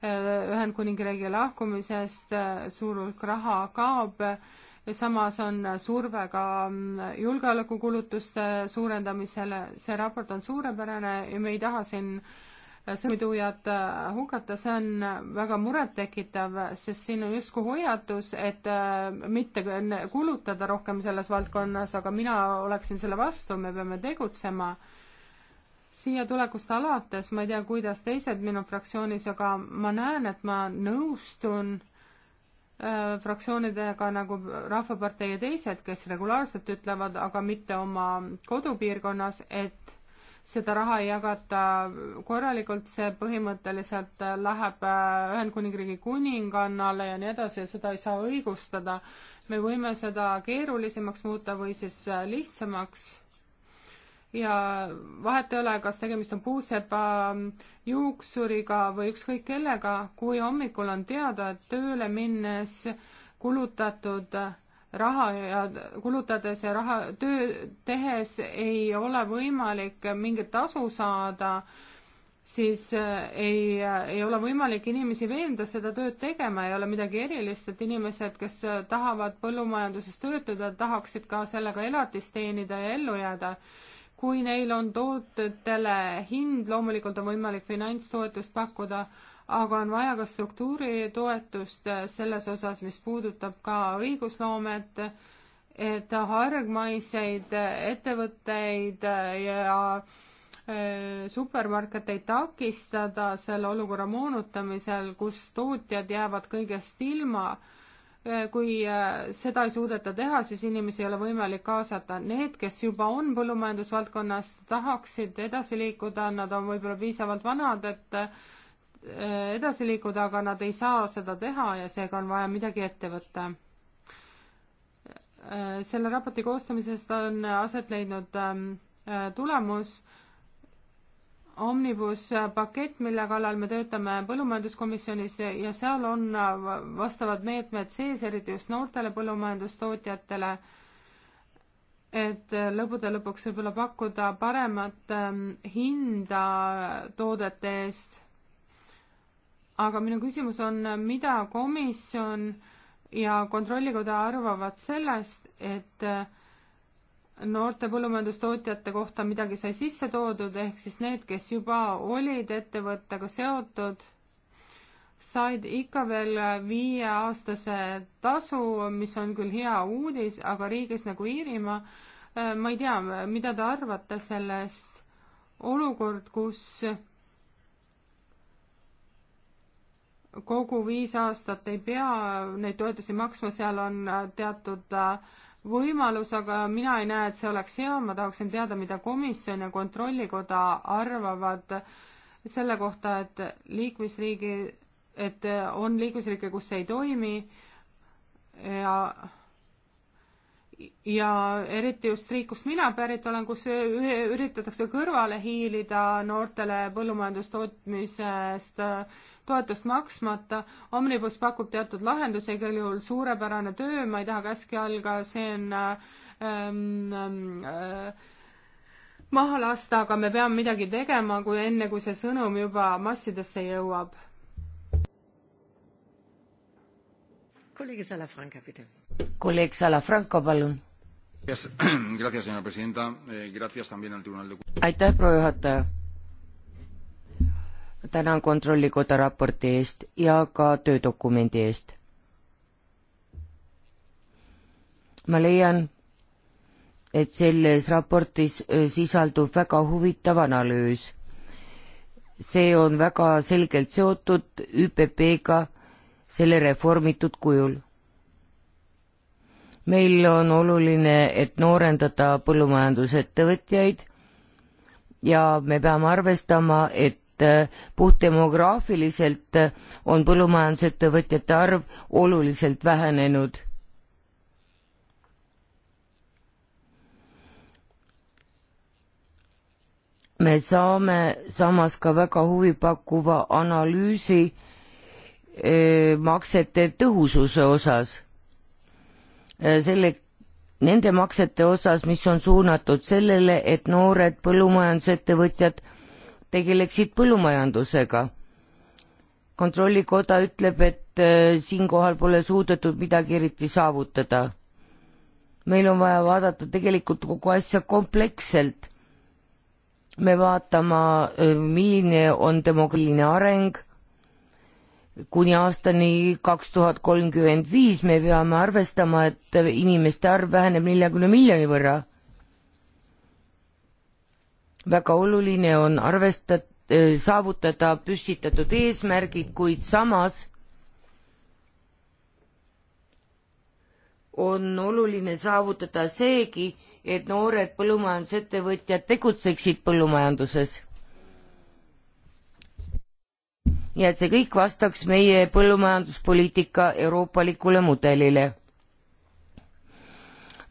S3: Ühendkuningriigi lahkumisest, suur hulk raha kaob samas on surve ka mm, julgeolekukulutuste suurendamisele, see raport on suurepärane ja me ei taha siin äh, sõlmitujad äh, hukata, see on äh, väga murettekitav, sest siin on justkui hoiatus, et mitte kulutada rohkem selles valdkonnas, aga mina oleksin selle vastu, me peame tegutsema. siia tulekust alates, ma ei tea, kuidas teised minu fraktsioonis, aga ma näen, et ma nõustun äh, Äh, fraktsioonidega nagu Rahvapartei ja teised, kes regulaarselt ütlevad, aga mitte oma kodupiirkonnas, et seda raha ei jagata korralikult, see põhimõtteliselt läheb äh, Ühendkuningriigi kuningannale ja nii edasi ja seda ei saa õigustada. me võime seda keerulisemaks muuta või siis äh, lihtsamaks ja vahet ei ole, kas tegemist on puusepa äh, juuksuriga või ükskõik kellega, kui hommikul on teada, et tööle minnes kulutatud raha ja kulutades ja raha töö tehes ei ole võimalik mingit tasu saada, siis äh, ei, ei ole võimalik inimesi veenda seda tööd tegema, ei ole midagi erilist, et inimesed, kes tahavad põllumajanduses töötada, tahaksid ka sellega elatist teenida ja ellu jääda kui neil on tootele hind, loomulikult on võimalik finantstoetust pakkuda, aga on vaja ka struktuuritoetust selles osas, mis puudutab ka õigusloomet, et hargmaiseid ettevõtteid ja äh, supermarketeid takistada selle olukorra moonutamisel, kus tootjad jäävad kõigest ilma Äh, kui äh, seda ei suudeta teha, siis inimesi ei ole võimalik kaasata. Need, kes juba on põllumajandusvaldkonnas, tahaksid edasi liikuda, nad on võib-olla piisavalt vanad, et äh, edasi liikuda, aga nad ei saa seda teha ja seega on vaja midagi ette võtta. selle raporti koostamisest on aset leidnud ähm, tulemus omnibus pakett, mille kallal me töötame põllumajanduskomisjonis ja seal on vastavad meetmed sees, eriti just noortele põllumajandustootjatele, et lõppude lõpuks võib-olla pakkuda paremat ähm, hinda toodete eest. aga minu küsimus on, mida komisjon ja kontrollikoda arvavad sellest, et äh, noorte põllumajandustootjate kohta midagi sai sisse toodud, ehk siis need, kes juba olid ettevõttega seotud, said ikka veel viieaastase tasu, mis on küll hea uudis, aga riigis nagu Iirimaa, äh, ma ei tea, mida te arvate sellest olukord, kus kogu viis aastat ei pea neid toetusi maksma, seal on teatud äh, võimalus, aga mina ei näe, et see oleks hea, ma tahaksin teada, mida komisjon ja kontrollikoda arvavad selle kohta, et liikmesriigi, et on liikmesriike, kus see ei toimi ja ja eriti just riik, kust mina pärit olen, kus üritatakse kõrvale hiilida noortele põllumajandustootmisest äh, toetust maksmata. Omnibus pakub teatud lahendusi, igal juhul suurepärane töö, ma ei taha käske all ka siin ähm, ähm, äh, maha lasta, aga me peame midagi tegema, kui enne, kui see sõnum juba massidesse jõuab.
S1: kolleeg Salafranca,
S2: palun.
S1: kolleeg Salafranca, palun.
S2: Eh,
S1: aitäh, proua juhataja tänan Kontrollikoda raporti eest ja ka töödokumendi eest. ma leian, et selles raportis äh, sisaldub väga huvitav analüüs. see on väga selgelt seotud ÜPP-ga selle reformitud kujul. meil on oluline, et noorendada põllumajandusettevõtjaid ja me peame arvestama, et et äh, puhtdemograafiliselt äh, on põllumajandusettevõtjate arv oluliselt vähenenud. me saame samas ka väga huvipakkuva analüüsi äh, maksete tõhususe osas. selle, nende maksete osas, mis on suunatud sellele, et noored põllumajandusettevõtjad tegeleksid põllumajandusega. kontrollikoda ütleb, et äh, siinkohal pole suudetud midagi eriti saavutada. meil on vaja vaadata tegelikult kogu asja kompleksselt. me vaatama, äh, milline on demograafiline areng, kuni aastani kaks tuhat kolmkümmend viis me peame arvestama, et äh, inimeste arv väheneb neljakümne miljoni võrra väga oluline on arvestada, äh, saavutada püstitatud eesmärgid, kuid samas on oluline saavutada seegi, et noored põllumajandusettevõtjad tegutseksid põllumajanduses. ja et see kõik vastaks meie põllumajanduspoliitika euroopalikule mudelile.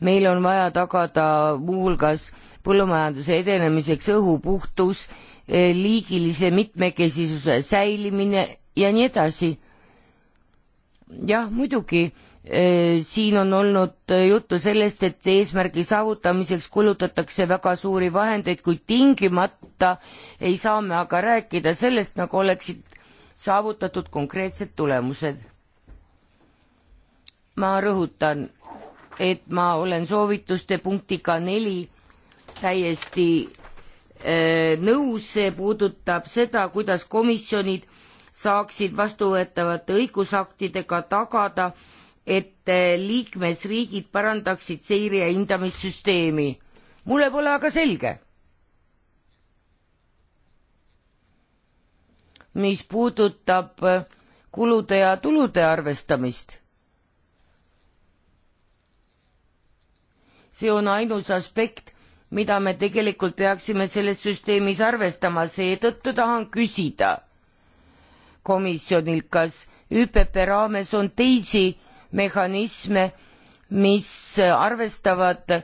S1: meil on vaja tagada muuhulgas põllumajanduse edenemiseks õhu puhtus, eh, liigilise mitmekesisuse säilimine ja nii edasi. jah, muidugi eh, siin on olnud eh, juttu sellest, et eesmärgi saavutamiseks kulutatakse väga suuri vahendeid, kuid tingimata ei saa me aga rääkida sellest, nagu oleksid saavutatud konkreetsed tulemused. ma rõhutan, et ma olen soovituste punktiga neli täiesti äh, nõus, see puudutab seda, kuidas komisjonid saaksid vastuvõetavate õigusaktidega tagada, et äh, liikmesriigid parandaksid seire- ja hindamissüsteemi. mulle pole aga selge. mis puudutab äh, kulude ja tulude arvestamist. see on ainus aspekt, mida me tegelikult peaksime selles süsteemis arvestama, seetõttu tahan küsida komisjonilt, kas ÜPP raames on teisi mehhanisme, mis arvestavad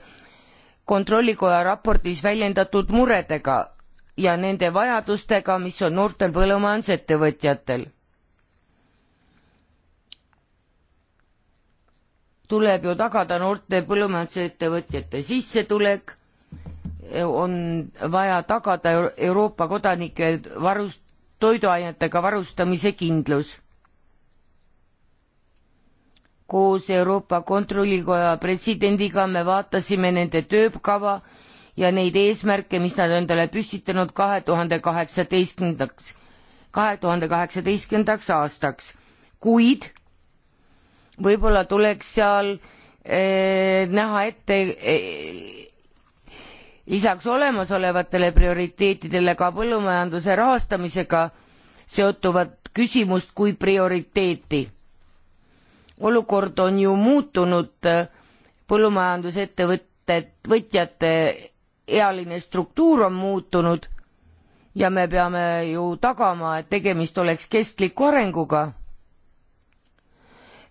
S1: kontrollikoja raportis väljendatud muredega ja nende vajadustega, mis on noortel põllumajandusettevõtjatel. tuleb ju tagada noorte põllumajandusettevõtjate sissetulek on vaja tagada Euroopa kodanike varust, toiduainetega varustamise kindlus. koos Euroopa Kontrollikoja presidendiga me vaatasime nende töökava ja neid eesmärke, mis nad endale püstitanud kahe tuhande kaheksateistkümnendaks, kahe tuhande kaheksateistkümnendaks aastaks. kuid võib-olla tuleks seal eh, näha ette eh, lisaks olemasolevatele prioriteetidele ka põllumajanduse rahastamisega seotuvat küsimust kui prioriteeti. olukord on ju muutunud, põllumajandusettevõtted, võtjate ealine struktuur on muutunud ja me peame ju tagama, et tegemist oleks kestliku arenguga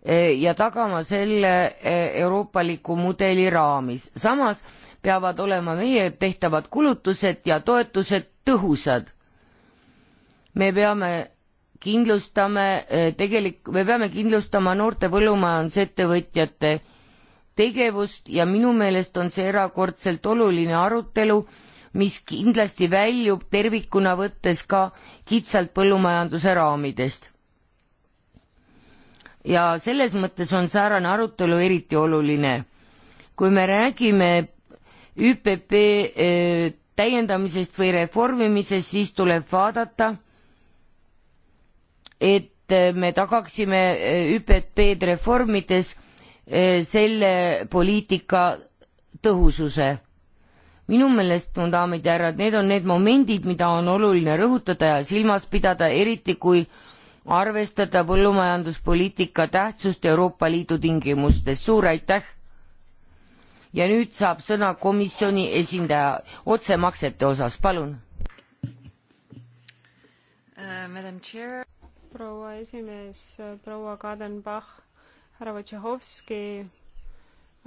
S1: e, ja tagama selle e, euroopaliku mudeli raamis. samas peavad olema meie tehtavad kulutused ja toetused tõhusad. me peame kindlustame eh, tegelik-, me peame kindlustama noorte põllumajandusettevõtjate tegevust ja minu meelest on see erakordselt oluline arutelu, mis kindlasti väljub tervikuna võttes ka kitsalt põllumajanduse raamidest. ja selles mõttes on säärane arutelu eriti oluline. kui me räägime ÜPP äh, täiendamisest või reformimisest, siis tuleb vaadata, et äh, me tagaksime äh, ÜPP-d reformides selle poliitika tõhususe. minu meelest, mu daamid ja härrad, need on need momendid, mida on oluline rõhutada ja silmas pidada, eriti kui arvestada põllumajanduspoliitika tähtsust Euroopa Liidu tingimustes. suur aitäh ja nüüd saab sõna komisjoni esindaja otsemaksete osas, palun
S2: uh,. proua esimees, proua Kadenbach, härra Wojciechowski,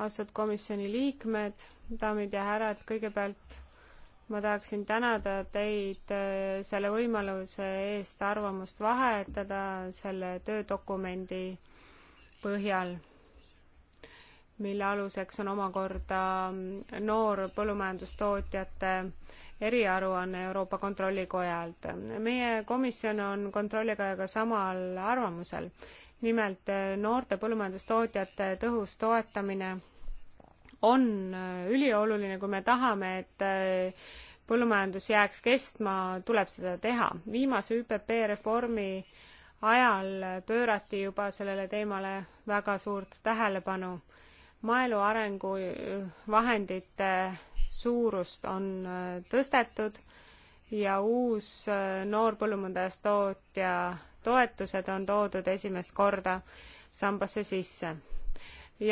S2: austatud komisjoni liikmed, daamid ja härrad, kõigepealt ma tahaksin tänada teid uh, selle võimaluse eest arvamust vahetada selle töödokumendi põhjal mille aluseks on omakorda noor põllumajandustootjate eriaruanne Euroopa Kontrollikojalt. meie komisjon on kontrollikojaga samal arvamusel. nimelt noorte põllumajandustootjate tõhus toetamine on ülioluline, kui me tahame, et põllumajandus jääks kestma, tuleb seda teha. viimase ÜPP reformi ajal pöörati juba sellele teemale väga suurt tähelepanu maaelu arenguvahendite suurust on äh, tõstetud ja uus äh, noor põllumajandustootja toetused on toodud esimest korda sambasse sisse.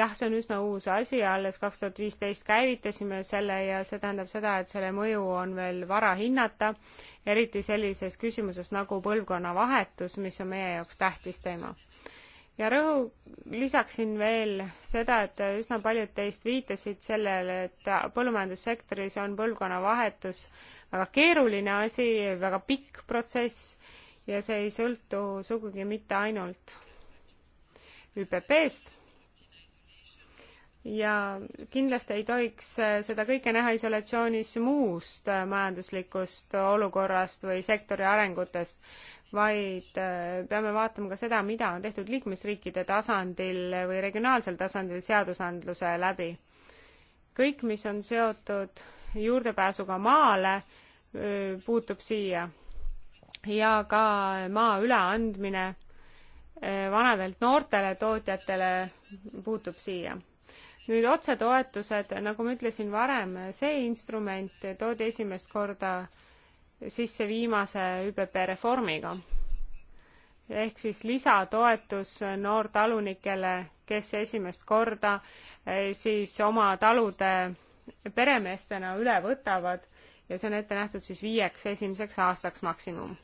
S2: jah, see on üsna uus asi, alles kaks tuhat viisteist käivitasime selle ja see tähendab seda, et selle mõju on veel vara hinnata, eriti sellises küsimuses nagu põlvkonnavahetus, mis on meie jaoks tähtis teema ja rõhu, lisaksin veel seda, et üsna paljud teist viitasid sellele, et põllumajandussektoris on põlvkonnavahetus väga keeruline asi, väga pikk protsess ja see ei sõltu sugugi mitte ainult ÜPP-st. ja kindlasti ei tohiks seda kõike näha isolatsioonis muust majanduslikust olukorrast või sektori arengutest vaid äh, peame vaatama ka seda, mida on tehtud liikmesriikide tasandil või regionaalsel tasandil seadusandluse läbi. kõik, mis on seotud juurdepääsuga maale, puutub siia ja ka maa üleandmine vanadelt noortele tootjatele puutub siia nüüd otsetoetused, nagu ma ütlesin varem, see instrument toodi esimest korda sisse viimase ÜPP reformiga. ehk siis lisatoetus noortalunikele, kes esimest korda eh, siis oma talude peremeestena üle võtavad ja see on ette nähtud siis viieks esimeseks aastaks maksimum.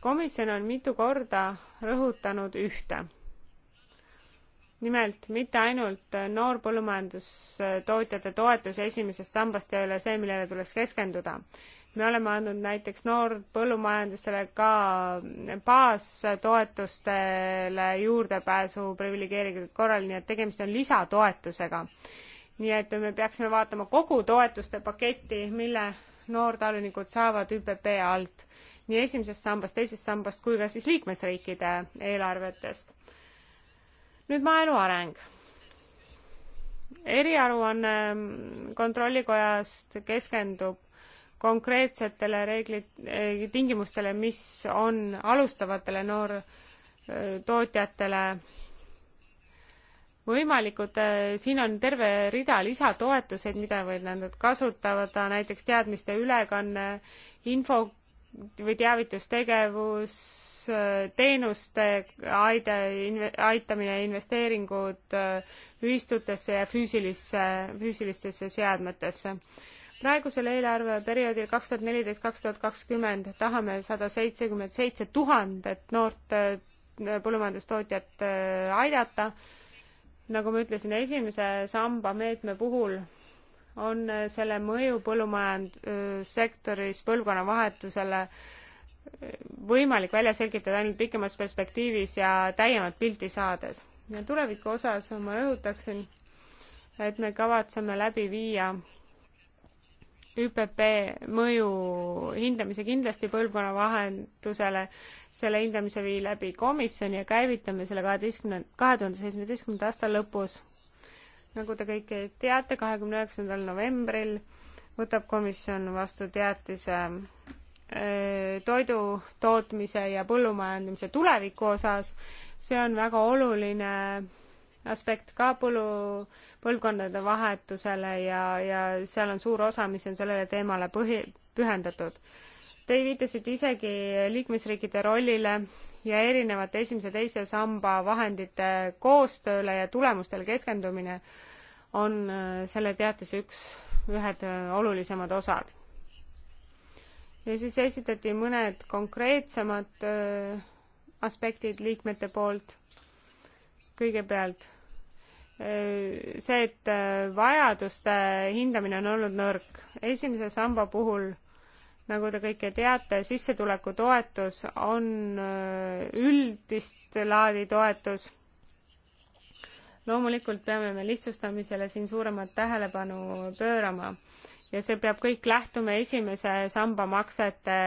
S2: komisjon on mitu korda rõhutanud ühte nimelt mitte ainult noorpõllumajandustootjate toetus esimesest sambast ei ole see, millele tuleks keskenduda. me oleme andnud näiteks noorpõllumajandustele ka baastoetustele juurdepääsu priviligeeritud korral, nii et tegemist on lisatoetusega. nii et me peaksime vaatama kogu toetuste paketti, mille noortalunikud saavad ÜPP alt, nii esimesest sambast, teisest sambast kui ka siis liikmesriikide eelarvetest nüüd maaelu areng eriaruanne ähm, kontrollikojast keskendub konkreetsetele reeglid, äh, tingimustele, mis on alustavatele noortootjatele äh, võimalikud, äh, siin on terve rida lisatoetuseid, mida võid nad kasutada, näiteks teadmiste ülekanne, info või teavitustegevus, teenuste aide, aitamine, investeeringud äh, ühistutesse ja füüsilisse, füüsilistesse seadmetesse praegusel eelarveperioodil kaks tuhat neliteist kaks tuhat kakskümmend tahame sada seitsekümmend seitse tuhandet noort äh, põllumajandustootjat äh, aidata nagu ma ütlesin esimese samba meetme puhul on äh, selle mõju põllumajandussektoris põlvkonnavahetusele äh, võimalik välja selgitada ainult pikemas perspektiivis ja täiemat pilti saades. ja tuleviku osas ma rõhutaksin, et me kavatseme läbi viia ÜPP mõju hindamise kindlasti põlvkonna vahendusele, selle hindamise vii läbi komisjoni ja käivitame selle kaheteistkümne, kahe tuhande seitsmeteistkümnenda aasta lõpus nagu te kõik teate, kahekümne üheksandal novembril võtab komisjon vastu teatise eh, toidu tootmise ja põllumajandamise tuleviku osas. see on väga oluline aspekt ka põllu, põlvkondade vahetusele ja, ja seal on suur osa, mis on sellele teemale põhi, pühendatud. Te viitasite isegi liikmesriikide rollile ja erinevate esimese ja teise samba vahendite koostööle ja tulemustele keskendumine on äh, selle teatise üks, ühed äh, olulisemad osad. ja siis esitati mõned konkreetsemad äh, aspektid liikmete poolt. kõigepealt see, et vajaduste hindamine on olnud nõrk. esimese samba puhul nagu te kõike teate, sissetulekutoetus on äh, üldist laadi toetus. loomulikult peame me lihtsustamisele siin suuremat tähelepanu pöörama ja see peab kõik lähtuma esimese samba maksete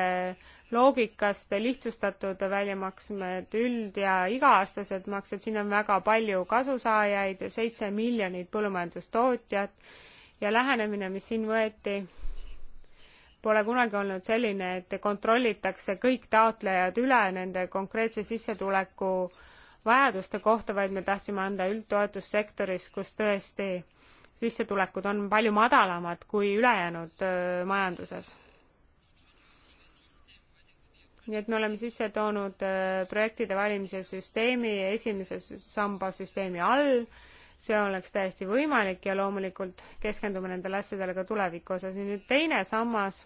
S2: loogikast, lihtsustatud väljamaksmed, üld- ja iga-aastased maksed, siin on väga palju kasusaajaid, seitse miljonit põllumajandustootjat ja lähenemine, mis siin võeti pole kunagi olnud selline, et kontrollitakse kõik taotlejad üle nende konkreetse sissetuleku vajaduste kohta, vaid me tahtsime anda üldtoetust sektoris, kus tõesti sissetulekud on palju madalamad kui ülejäänud majanduses. nii et me oleme sisse toonud projektide valimise süsteemi esimese samba süsteemi all see oleks täiesti võimalik ja loomulikult keskendume nendele asjadele ka tuleviku osas. nüüd teine sammas,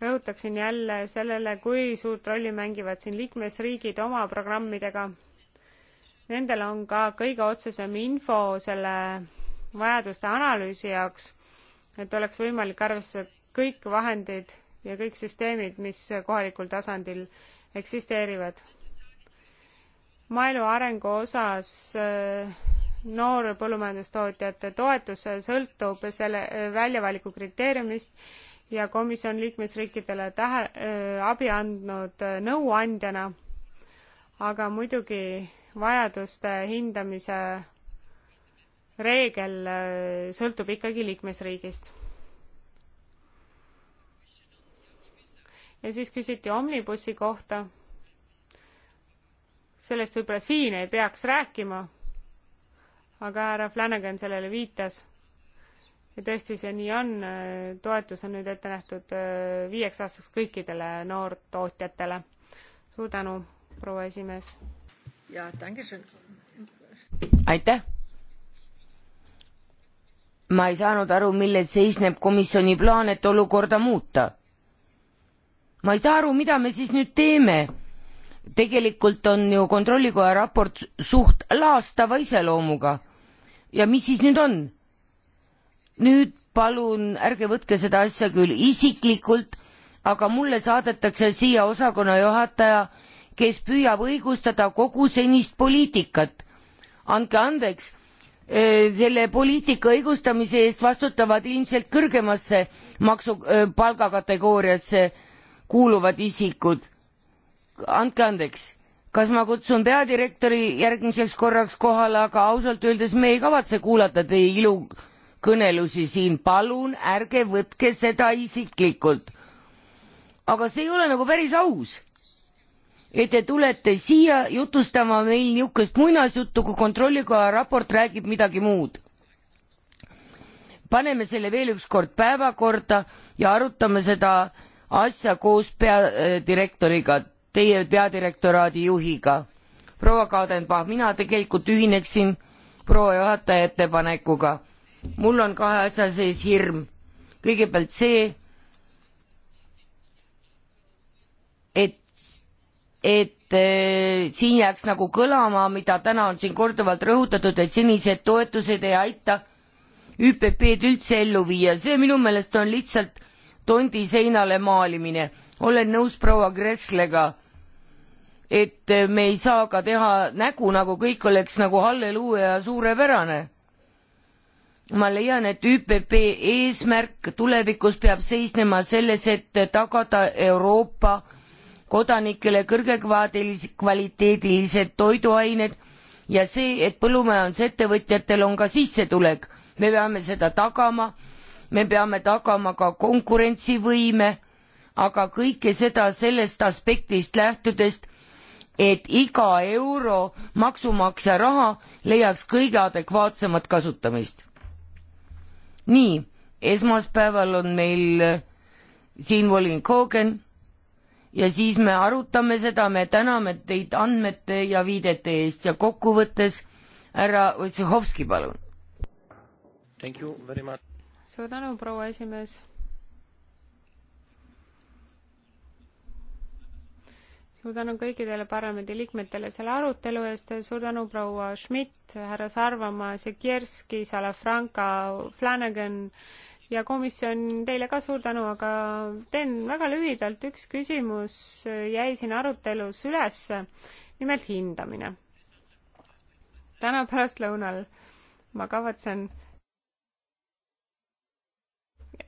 S2: rõhutaksin jälle sellele, kui suurt rolli mängivad siin liikmesriigid oma programmidega. Nendel on ka kõige otsesem info selle vajaduste analüüsi jaoks, et oleks võimalik arvestada kõik vahendid ja kõik süsteemid, mis kohalikul tasandil eksisteerivad. maaelu arengu osas äh, noor põllumajandustootjate toetus sõltub selle äh, väljavaliku kriteeriumist ja komisjon liikmesriikidele tähe, äh, abi andnud äh, nõuandjana, aga muidugi vajaduste hindamise reegel sõltub ikkagi liikmesriigist. ja siis küsiti omnibussi kohta. sellest võib-olla siin ei peaks rääkima aga härra Flanagan sellele viitas ja tõesti, see nii on, toetus on nüüd ette nähtud äh, viieks aastaks kõikidele noortootjatele. suur tänu, proua esimees.
S1: aitäh. ma ei saanud aru, milles seisneb komisjoni plaan, et olukorda muuta. ma ei saa aru, mida me siis nüüd teeme tegelikult on ju kontrollikoja raport suht laastava iseloomuga. ja mis siis nüüd on? nüüd palun ärge võtke seda asja küll isiklikult, aga mulle saadetakse siia osakonna juhataja, kes püüab õigustada kogu senist poliitikat. andke andeks, e, selle poliitika õigustamise eest vastutavad ilmselt kõrgemasse maksu, e, palgakategooriasse kuuluvad isikud andke andeks, kas ma kutsun peadirektori järgmiseks korraks kohale, aga ausalt öeldes me ei kavatse kuulata teie ilukõnelusi siin, palun ärge võtke seda isiklikult. aga see ei ole nagu päris aus, et te tulete siia jutustama meil niisugust muinasjuttu, kui kontrollikoja raport räägib midagi muud paneme selle veel ükskord päevakorda ja arutame seda asja koos peadirektoriga teie peadirektoraadi juhiga. proua Kadenbach, mina tegelikult ühineksin proua juhataja ettepanekuga. mul on kahe asja sees hirm. kõigepealt see, et, et äh, siin jääks nagu kõlama, mida täna on siin korduvalt rõhutatud, et senised toetused ei aita ÜPP-d üldse ellu viia, see minu meelest on lihtsalt tondi seinale maalimine. olen nõus proua Kresslega et me ei saa ka teha nägu, nagu kõik oleks nagu halleluuja ja suurepärane. ma leian, et ÜPP eesmärk tulevikus peab seisnema selles, et tagada Euroopa kodanikele kõrgekvaliteedilised toiduained ja see, et põllumajandusettevõtjatel on ka sissetulek. me peame seda tagama, me peame tagama ka konkurentsivõime, aga kõike seda sellest aspektist lähtudest et iga euro maksumaksja raha leiaks kõige adekvaatsemat kasutamist. nii, esmaspäeval on meil äh, siin volinik Hogan ja siis me arutame seda, me täname teid andmete ja viidete eest ja kokkuvõttes härra Otsihovski, palun.
S2: suur tänu, proua esimees ma tänan kõikidele parlamendiliikmetele selle arutelu eest, suur tänu proua Schmidt, härra Sarvamaa, Sikierski, Salafranca, Flanagan ja komisjon, teile ka suur tänu, aga teen väga lühidalt, üks küsimus jäi siin arutelus üles, nimelt hindamine. täna pärastlõunal ma kavatsen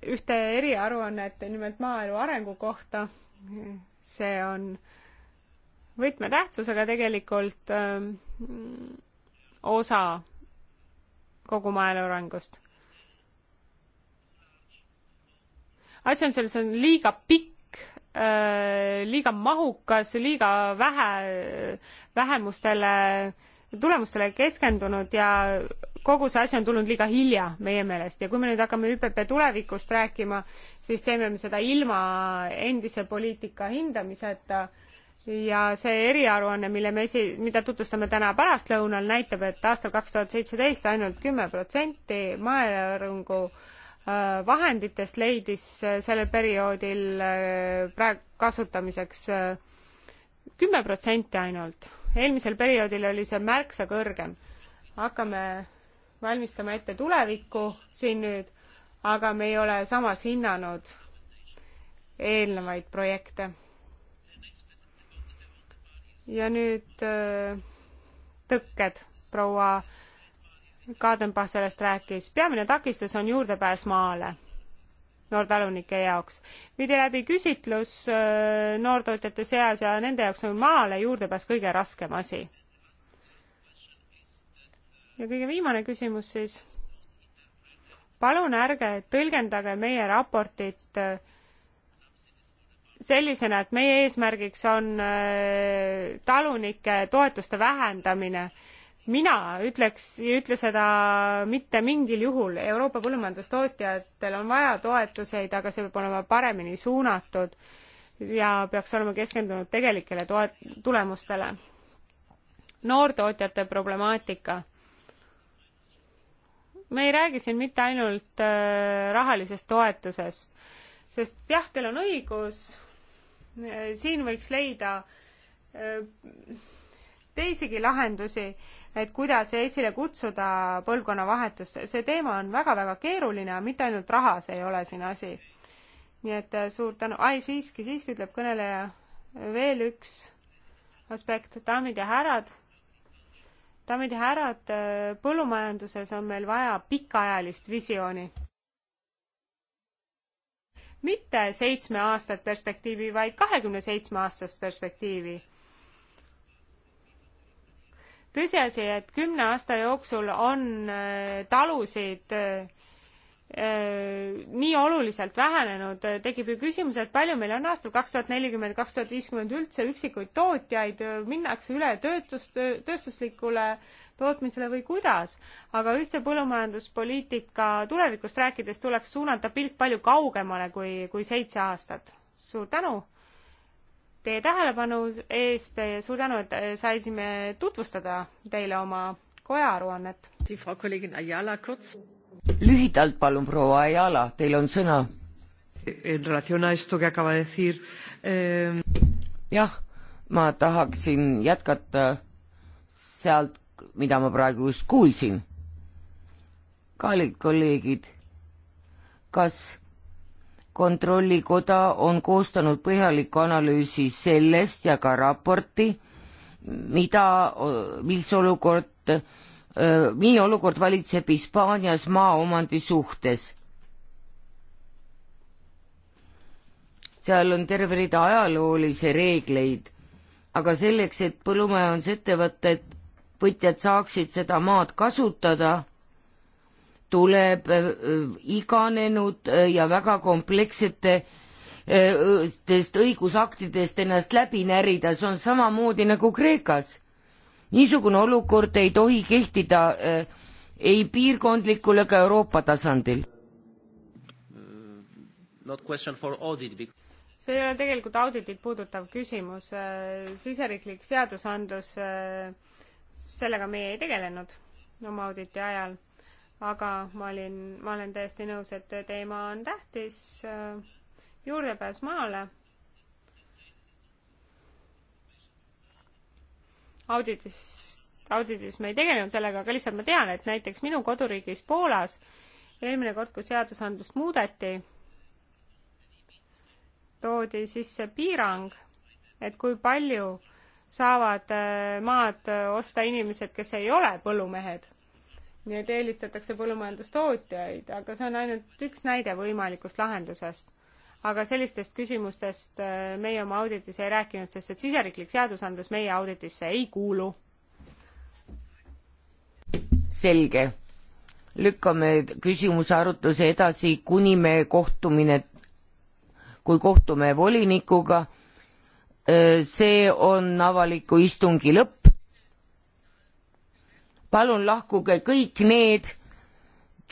S2: ühte eriaruannet nimelt maaelu arengu kohta see on võtmetähtsusega tegelikult öö, ähm, osa kogu maaelu arengust. asi on selles, on liiga pikk, äh, liiga mahukas, liiga vähe, vähemustele, tulemustele keskendunud ja kogu see asi on tulnud liiga hilja meie meelest ja kui me nüüd hakkame ÜPP tulevikust rääkima, siis teeme me seda ilma endise poliitika hindamiseta äh, ja see eriaruanne, mille me esi, mida tutvustame täna pärastlõunal, näitab, et aastal kaks tuhat seitseteist ainult kümme protsenti maaelu äh, vahenditest leidis äh, sellel perioodil äh, praegu kasutamiseks kümme protsenti ainult. eelmisel perioodil oli see märksa kõrgem. hakkame valmistama ette tulevikku siin nüüd, aga me ei ole samas hinnanud eelnevaid projekte ja nüüd äh, tõkked, proua Kadenbach sellest rääkis. peamine takistus on juurdepääs maale noortalunike jaoks. viidi läbi küsitlus äh, noortootjate seas ja nende jaoks on maale juurdepääs kõige raskem asi. ja kõige viimane küsimus siis. palun ärge tõlgendage meie raportit äh, sellisena, et meie eesmärgiks on äh, talunike toetuste vähendamine. mina ütleks, ei ütle seda mitte mingil juhul, Euroopa põllumajandustootjatel on vaja toetuseid, aga see peab olema paremini suunatud ja peaks olema keskendunud tegelikele toet-, tulemustele. noortootjate problemaatika me ei räägi siin mitte ainult äh, rahalisest toetusest, sest jah, teil on õigus, siin võiks leida äh, teisigi lahendusi, et kuidas esile kutsuda põlvkonnavahetust. see teema on väga-väga keeruline, mitte ainult rahas ei ole siin asi. nii et äh, suur tänu, ai siiski, siiski ütleb kõneleja, veel üks aspekt, daamid ja härrad, daamid ja härrad, äh, põllumajanduses on meil vaja pikaajalist visiooni mitte seitsme aastat perspektiivi, vaid kahekümne seitsme aastast perspektiivi. tõsiasi, et kümne aasta jooksul on äh, talusid äh, äh, nii oluliselt vähenenud, tekib ju küsimus, et palju meil on aastal kaks tuhat nelikümmend, kaks tuhat viiskümmend üldse üksikuid tootjaid, minnakse üle töötust, tööstuslikule tootmisele või kuidas, aga ühtse põllumajanduspoliitika tulevikust rääkides tuleks suunata pilk palju kaugemale kui, kui seitse aastat. suur tänu teie tähelepanu eest, suur tänu, et eh, saisime tutvustada teile oma koja aruannet.
S1: lühidalt palun, proua Ayala, teil on sõna. Eh, jah, ma tahaksin jätkata sealt mida ma praegu just kuulsin. kallid kolleegid, kas kontrollikoda on koostanud põhjaliku analüüsi sellest ja ka raporti, mida, mis olukord, milline olukord valitseb Hispaanias maaomandi suhtes. seal on terve rida ajaloolisi reegleid, aga selleks, et põllumajandusettevõtted ettevõtjad saaksid seda maad kasutada, tuleb äh, iganenud äh, ja väga komplekssete test äh, õigusaktidest ennast läbi närida, see on samamoodi nagu Kreekas. niisugune olukord ei tohi kehtida ei piirkondlikul ega Euroopa tasandil.
S2: see ei ole tegelikult auditit puudutav küsimus, siseriiklik seadusandlus äh, sellega meie ei tegelenud oma auditi ajal, aga ma olin, ma olen täiesti nõus, et teema on tähtis, äh, juurdepääs maale. auditis, auditis me ei tegelenud sellega, aga lihtsalt ma tean, et näiteks minu koduriigis Poolas eelmine kord, kui seadusandlust muudeti, toodi sisse piirang, et kui palju äh, saavad äh, maad äh, osta inimesed, kes ei ole põllumehed. nii et eelistatakse põllumajandustootjaid, aga see on ainult üks näide võimalikust lahendusest. aga sellistest küsimustest äh, meie oma auditis ei rääkinud, sest et siseriiklik seadusandlus meie auditisse ei kuulu.
S1: selge. lükkame küsimuse arutluse edasi, kuni me kohtumine, kui kohtume volinikuga Äh, see on avaliku istungi lõpp. palun lahkuge kõik need,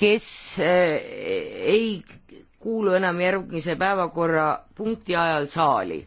S1: kes äh, ei kuulu enam järgmise päevakorrapunkti ajal saali.